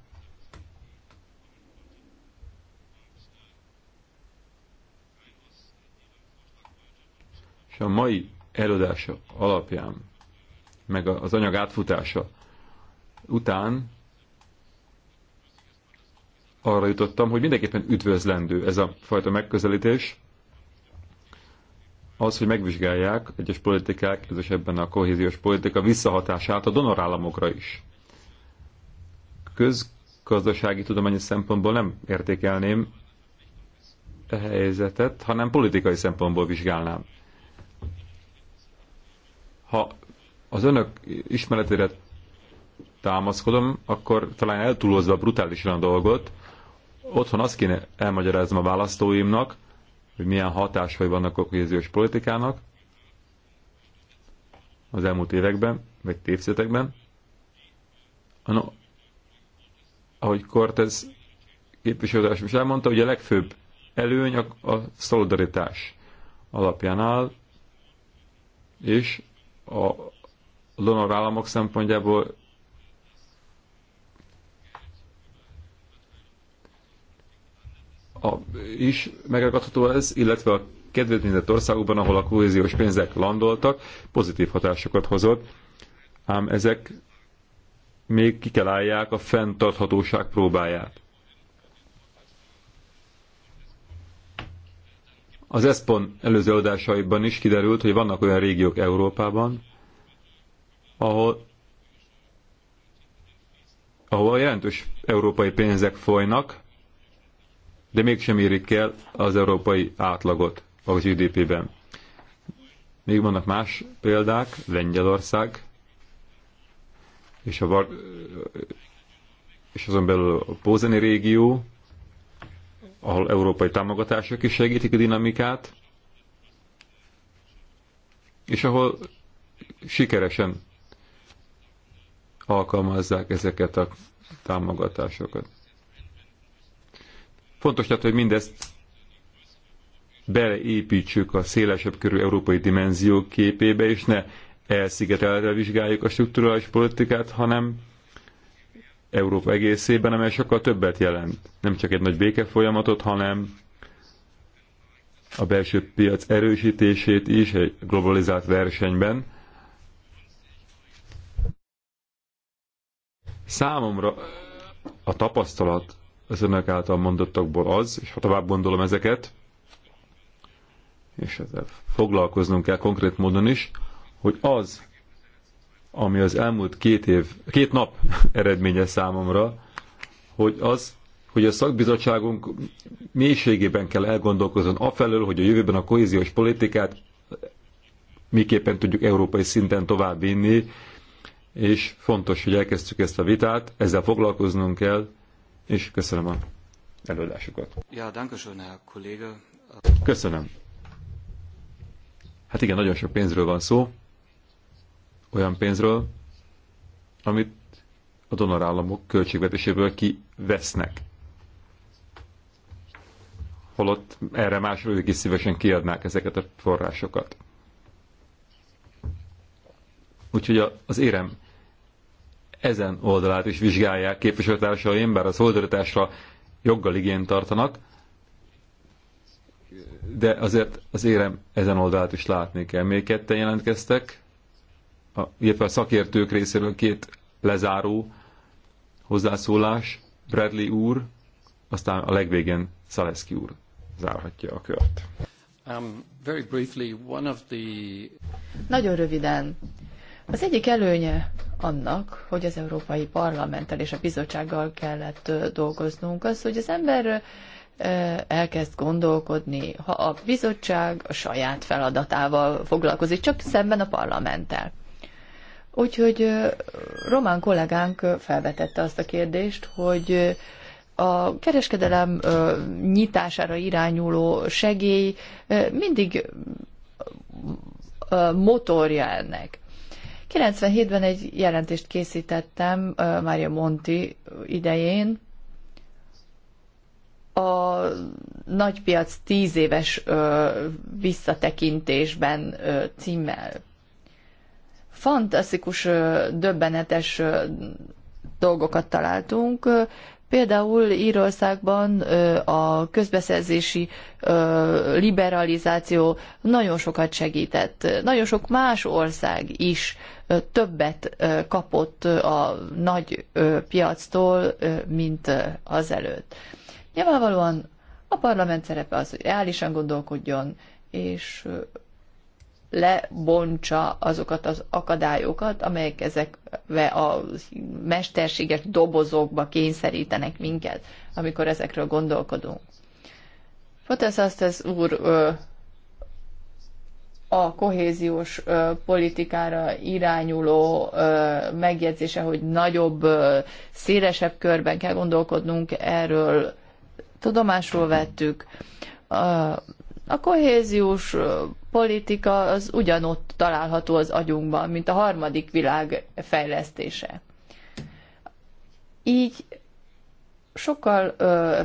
És a mai előadása alapján, meg az anyag átfutása után arra jutottam, hogy mindenképpen üdvözlendő ez a fajta megközelítés, az, hogy megvizsgálják egyes politikák, közösebben a kohéziós politika visszahatását a donorállamokra is. Közgazdasági tudományi szempontból nem értékelném a e helyzetet, hanem politikai szempontból vizsgálnám. Ha az önök ismeretére támaszkodom, akkor talán eltúlozva brutálisan a dolgot, otthon azt kéne elmagyaráznom a választóimnak, hogy milyen hatásai vannak a kohéziós politikának az elmúlt években, vagy évtizedekben. No, ahogy Cortez képviselőtárs is elmondta, hogy a legfőbb előny a, a szolidaritás alapján áll, és a donor államok szempontjából a, is megragadható ez, illetve a kedvezményezett országokban, ahol a kohéziós pénzek landoltak, pozitív hatásokat hozott, ám ezek még ki kell állják a fenntarthatóság próbáját. Az ESPON előző adásaiban is kiderült, hogy vannak olyan régiók Európában, ahol, ahol jelentős európai pénzek folynak, de mégsem érik el az európai átlagot a GDP-ben. Még vannak más példák, Lengyelország, és, a Var- és azon belül a Pózeni régió, ahol európai támogatások is segítik a dinamikát, és ahol sikeresen alkalmazzák ezeket a támogatásokat. Fontos tehát, hogy mindezt beleépítsük a szélesebb körű európai dimenzió képébe, és ne elszigetelve vizsgáljuk a strukturális politikát, hanem Európa egészében, amely sokkal többet jelent. Nem csak egy nagy békefolyamatot, hanem a belső piac erősítését is egy globalizált versenyben. Számomra a tapasztalat az önök által mondottakból az, és ha tovább gondolom ezeket, és ezzel foglalkoznunk kell konkrét módon is, hogy az, ami az elmúlt két év, két nap eredménye számomra, hogy az, hogy a szakbizottságunk mélységében kell elgondolkozni afelől, hogy a jövőben a kohéziós politikát miképpen tudjuk európai szinten továbbvinni, és fontos, hogy elkezdtük ezt a vitát, ezzel foglalkoznunk kell, és köszönöm a előadásukat. Ja, schön, Herr Kollege. Köszönöm. Hát igen, nagyon sok pénzről van szó, olyan pénzről, amit a donorállamok költségvetéséből kivesznek. Holott erre másról is szívesen kiadnák ezeket a forrásokat. Úgyhogy az érem ezen oldalát is vizsgálják képviselőtársaim, bár a szolidaritásra joggal igényt tartanak, de azért az érem ezen oldalát is látni kell. Még ketten jelentkeztek, a, illetve a szakértők részéről két lezáró hozzászólás, Bradley úr, aztán a legvégén Szaleszki úr zárhatja a kört. Um, very briefly, one of the... Nagyon röviden. Az egyik előnye annak, hogy az Európai Parlamenttel és a bizottsággal kellett dolgoznunk, az, hogy az ember elkezd gondolkodni, ha a bizottság a saját feladatával foglalkozik, csak szemben a parlamenttel. Úgyhogy román kollégánk felvetette azt a kérdést, hogy a kereskedelem nyitására irányuló segély mindig motorja ennek. 97-ben egy jelentést készítettem Mária Monti idején, a nagypiac tíz éves visszatekintésben címmel. Fantasztikus, döbbenetes dolgokat találtunk, Például Írországban a közbeszerzési liberalizáció nagyon sokat segített. Nagyon sok más ország is többet kapott a nagy piactól, mint azelőtt. Nyilvánvalóan a parlament szerepe az, hogy reálisan gondolkodjon, és lebontsa azokat az akadályokat, amelyek ezekbe a mesterséges dobozokba kényszerítenek minket, amikor ezekről gondolkodunk. Fotesz azt az úr a kohéziós politikára irányuló megjegyzése, hogy nagyobb, szélesebb körben kell gondolkodnunk, erről tudomásul vettük a kohéziós politika az ugyanott található az agyunkban, mint a harmadik világ fejlesztése. Így sokkal ö,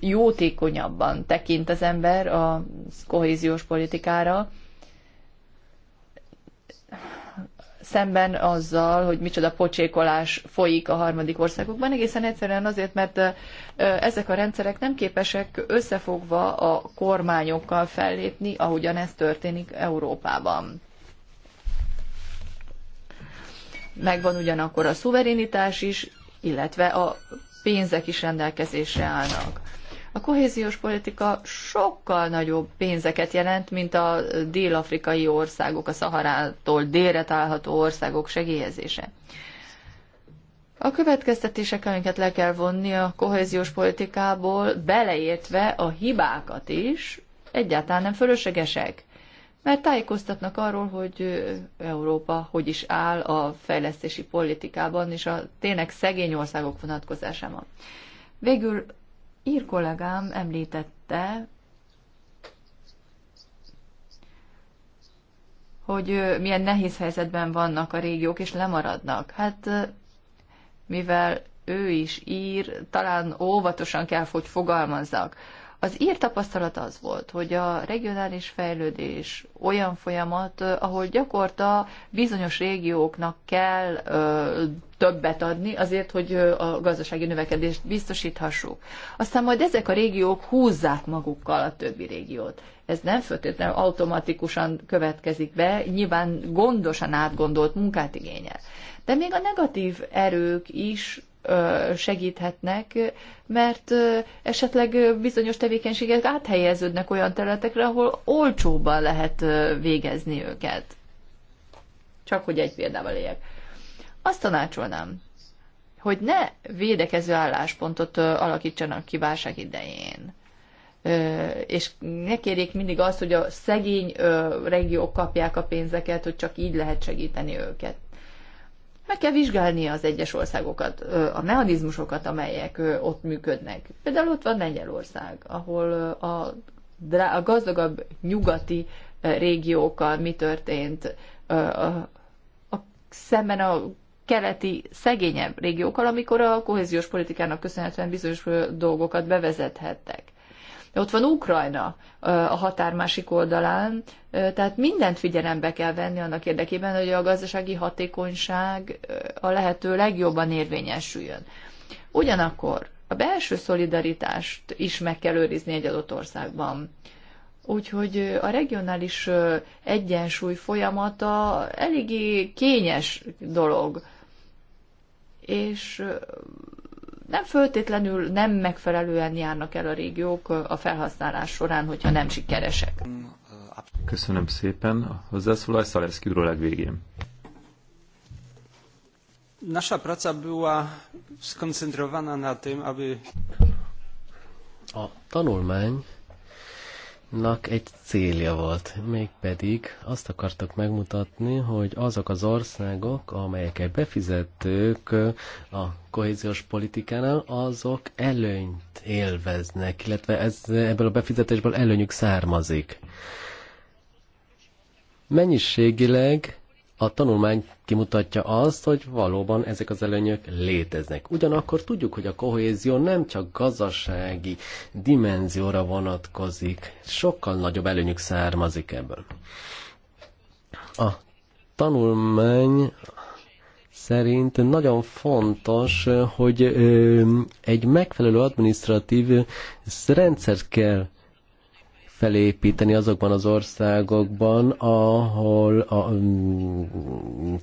jótékonyabban tekint az ember a kohéziós politikára, szemben azzal, hogy micsoda pocsékolás folyik a harmadik országokban, egészen egyszerűen azért, mert ezek a rendszerek nem képesek összefogva a kormányokkal fellépni, ahogyan ez történik Európában. Megvan ugyanakkor a szuverenitás is, illetve a pénzek is rendelkezésre állnak. A kohéziós politika sokkal nagyobb pénzeket jelent, mint a dél-afrikai országok, a Szaharától délre található országok segélyezése. A következtetések, amiket le kell vonni a kohéziós politikából, beleértve a hibákat is, egyáltalán nem fölöslegesek. Mert tájékoztatnak arról, hogy Európa hogy is áll a fejlesztési politikában és a tényleg szegény országok vonatkozásában. Végül ír kollégám említette, hogy milyen nehéz helyzetben vannak a régiók, és lemaradnak. Hát mivel ő is ír, talán óvatosan kell, hogy fogalmazzak. Az ír tapasztalat az volt, hogy a regionális fejlődés olyan folyamat, ahol gyakorta bizonyos régióknak kell ö, többet adni azért, hogy a gazdasági növekedést biztosíthassuk. Aztán majd ezek a régiók húzzák magukkal a többi régiót. Ez nem feltétlenül automatikusan következik be, nyilván gondosan átgondolt munkát igényel. De még a negatív erők is segíthetnek, mert esetleg bizonyos tevékenységek áthelyeződnek olyan területekre, ahol olcsóban lehet végezni őket. Csak hogy egy példával éljek. Azt tanácsolnám, hogy ne védekező álláspontot alakítsanak ki válság idején. És ne kérjék mindig azt, hogy a szegény regiók kapják a pénzeket, hogy csak így lehet segíteni őket. Meg kell vizsgálni az egyes országokat, a mechanizmusokat, amelyek ott működnek. Például ott van Lengyelország, ahol a, a gazdagabb nyugati régiókkal mi történt, a, a, szemben a keleti, szegényebb régiókkal, amikor a kohéziós politikának köszönhetően bizonyos dolgokat bevezethettek. Ott van Ukrajna a határ másik oldalán, tehát mindent figyelembe kell venni annak érdekében, hogy a gazdasági hatékonyság a lehető legjobban érvényesüljön. Ugyanakkor a belső szolidaritást is meg kell őrizni egy adott országban. Úgyhogy a regionális egyensúly folyamata eléggé kényes dolog és nem föltétlenül nem megfelelően járnak el a régiók a felhasználás során, hogyha nem sikeresek. Köszönöm szépen. A hozzászólás Szaleszki úr a legvégén. Nasza praca była skoncentrowana na tym, aby... A tanulmány nak egy célja volt, mégpedig azt akartak megmutatni, hogy azok az országok, amelyek befizetők a kohéziós politikánál, azok előnyt élveznek, illetve ez, ebből a befizetésből előnyük származik. Mennyiségileg a tanulmány kimutatja azt, hogy valóban ezek az előnyök léteznek. Ugyanakkor tudjuk, hogy a kohézió nem csak gazdasági dimenzióra vonatkozik, sokkal nagyobb előnyük származik ebből. A tanulmány szerint nagyon fontos, hogy egy megfelelő administratív rendszert kell felépíteni azokban az országokban, ahol a mm,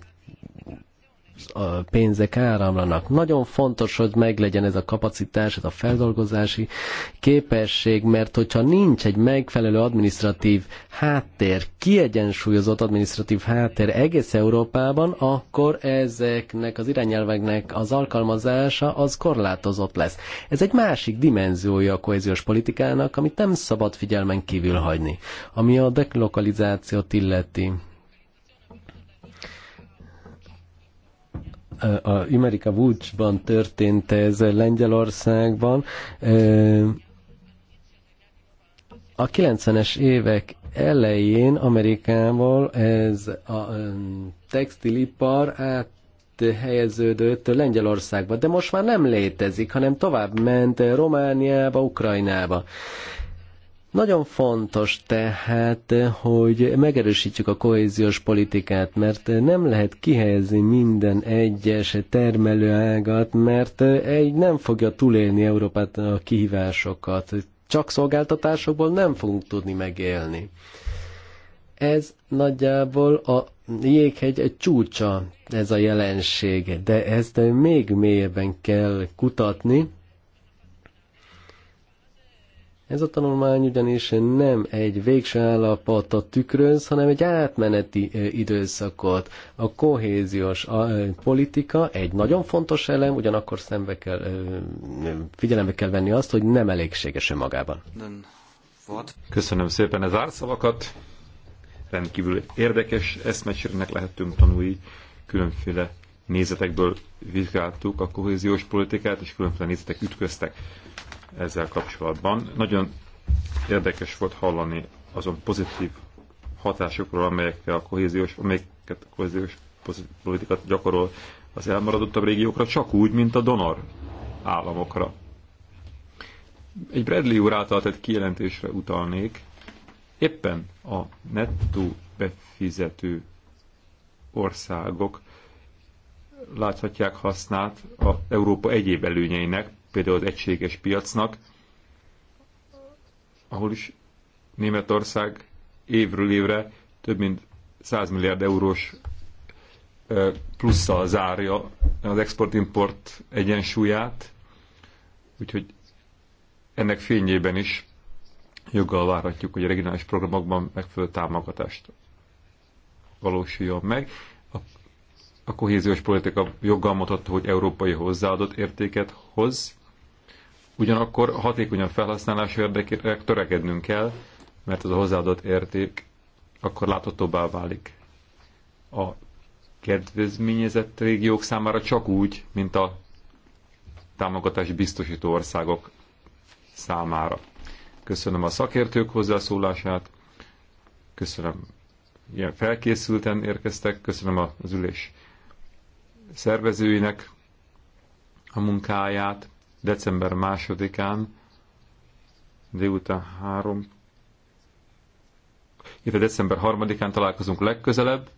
a pénzek áramlanak. Nagyon fontos, hogy meglegyen ez a kapacitás, ez a feldolgozási képesség, mert hogyha nincs egy megfelelő administratív háttér, kiegyensúlyozott administratív háttér egész Európában, akkor ezeknek az irányelveknek az alkalmazása az korlátozott lesz. Ez egy másik dimenziója a kohéziós politikának, amit nem szabad figyelmen kívül hagyni. Ami a deklokalizációt illeti, a Amerika Vucsban történt ez Lengyelországban. A 90-es évek elején Amerikával ez a textilipar át helyeződött Lengyelországba, de most már nem létezik, hanem tovább ment Romániába, Ukrajnába. Nagyon fontos tehát, hogy megerősítjük a kohéziós politikát, mert nem lehet kihelyezni minden egyes termelőágat, mert egy nem fogja túlélni Európát a kihívásokat. Csak szolgáltatásokból nem fogunk tudni megélni. Ez nagyjából a jéghegy csúcsa, ez a jelenség, de ezt még mélyebben kell kutatni, ez a tanulmány ugyanis nem egy végső állapotot tükröz, hanem egy átmeneti időszakot. A kohéziós politika egy nagyon fontos elem, ugyanakkor szembe kell, figyelembe kell venni azt, hogy nem elégséges önmagában. Köszönöm szépen az árszavakat. Rendkívül érdekes eszmecsérnek lehettünk tanulni különféle nézetekből vizsgáltuk a kohéziós politikát, és különféle nézetek ütköztek ezzel kapcsolatban. Nagyon érdekes volt hallani azon pozitív hatásokról, amelyekkel a kohéziós, amelyeket a kohéziós politikát gyakorol az elmaradottabb régiókra, csak úgy, mint a donor államokra. Egy Bradley úr által tett kijelentésre utalnék, éppen a nettó befizető országok láthatják hasznát a Európa egyéb előnyeinek, például az egységes piacnak, ahol is Németország évről évre több mint 100 milliárd eurós plusszal zárja az export-import egyensúlyát, úgyhogy ennek fényében is joggal várhatjuk, hogy a regionális programokban megfelelő támogatást valósuljon meg. A, a kohéziós politika joggal mutatta, hogy európai hozzáadott értéket hoz, Ugyanakkor hatékonyabb felhasználás érdekére törekednünk kell, mert ez a hozzáadott érték akkor láthatóbbá válik a kedvezményezett régiók számára csak úgy, mint a támogatás biztosító országok számára. Köszönöm a szakértők hozzászólását, köszönöm, ilyen felkészülten érkeztek, köszönöm az ülés szervezőinek a munkáját december másodikán délután három, illetve december harmadikán találkozunk legközelebb,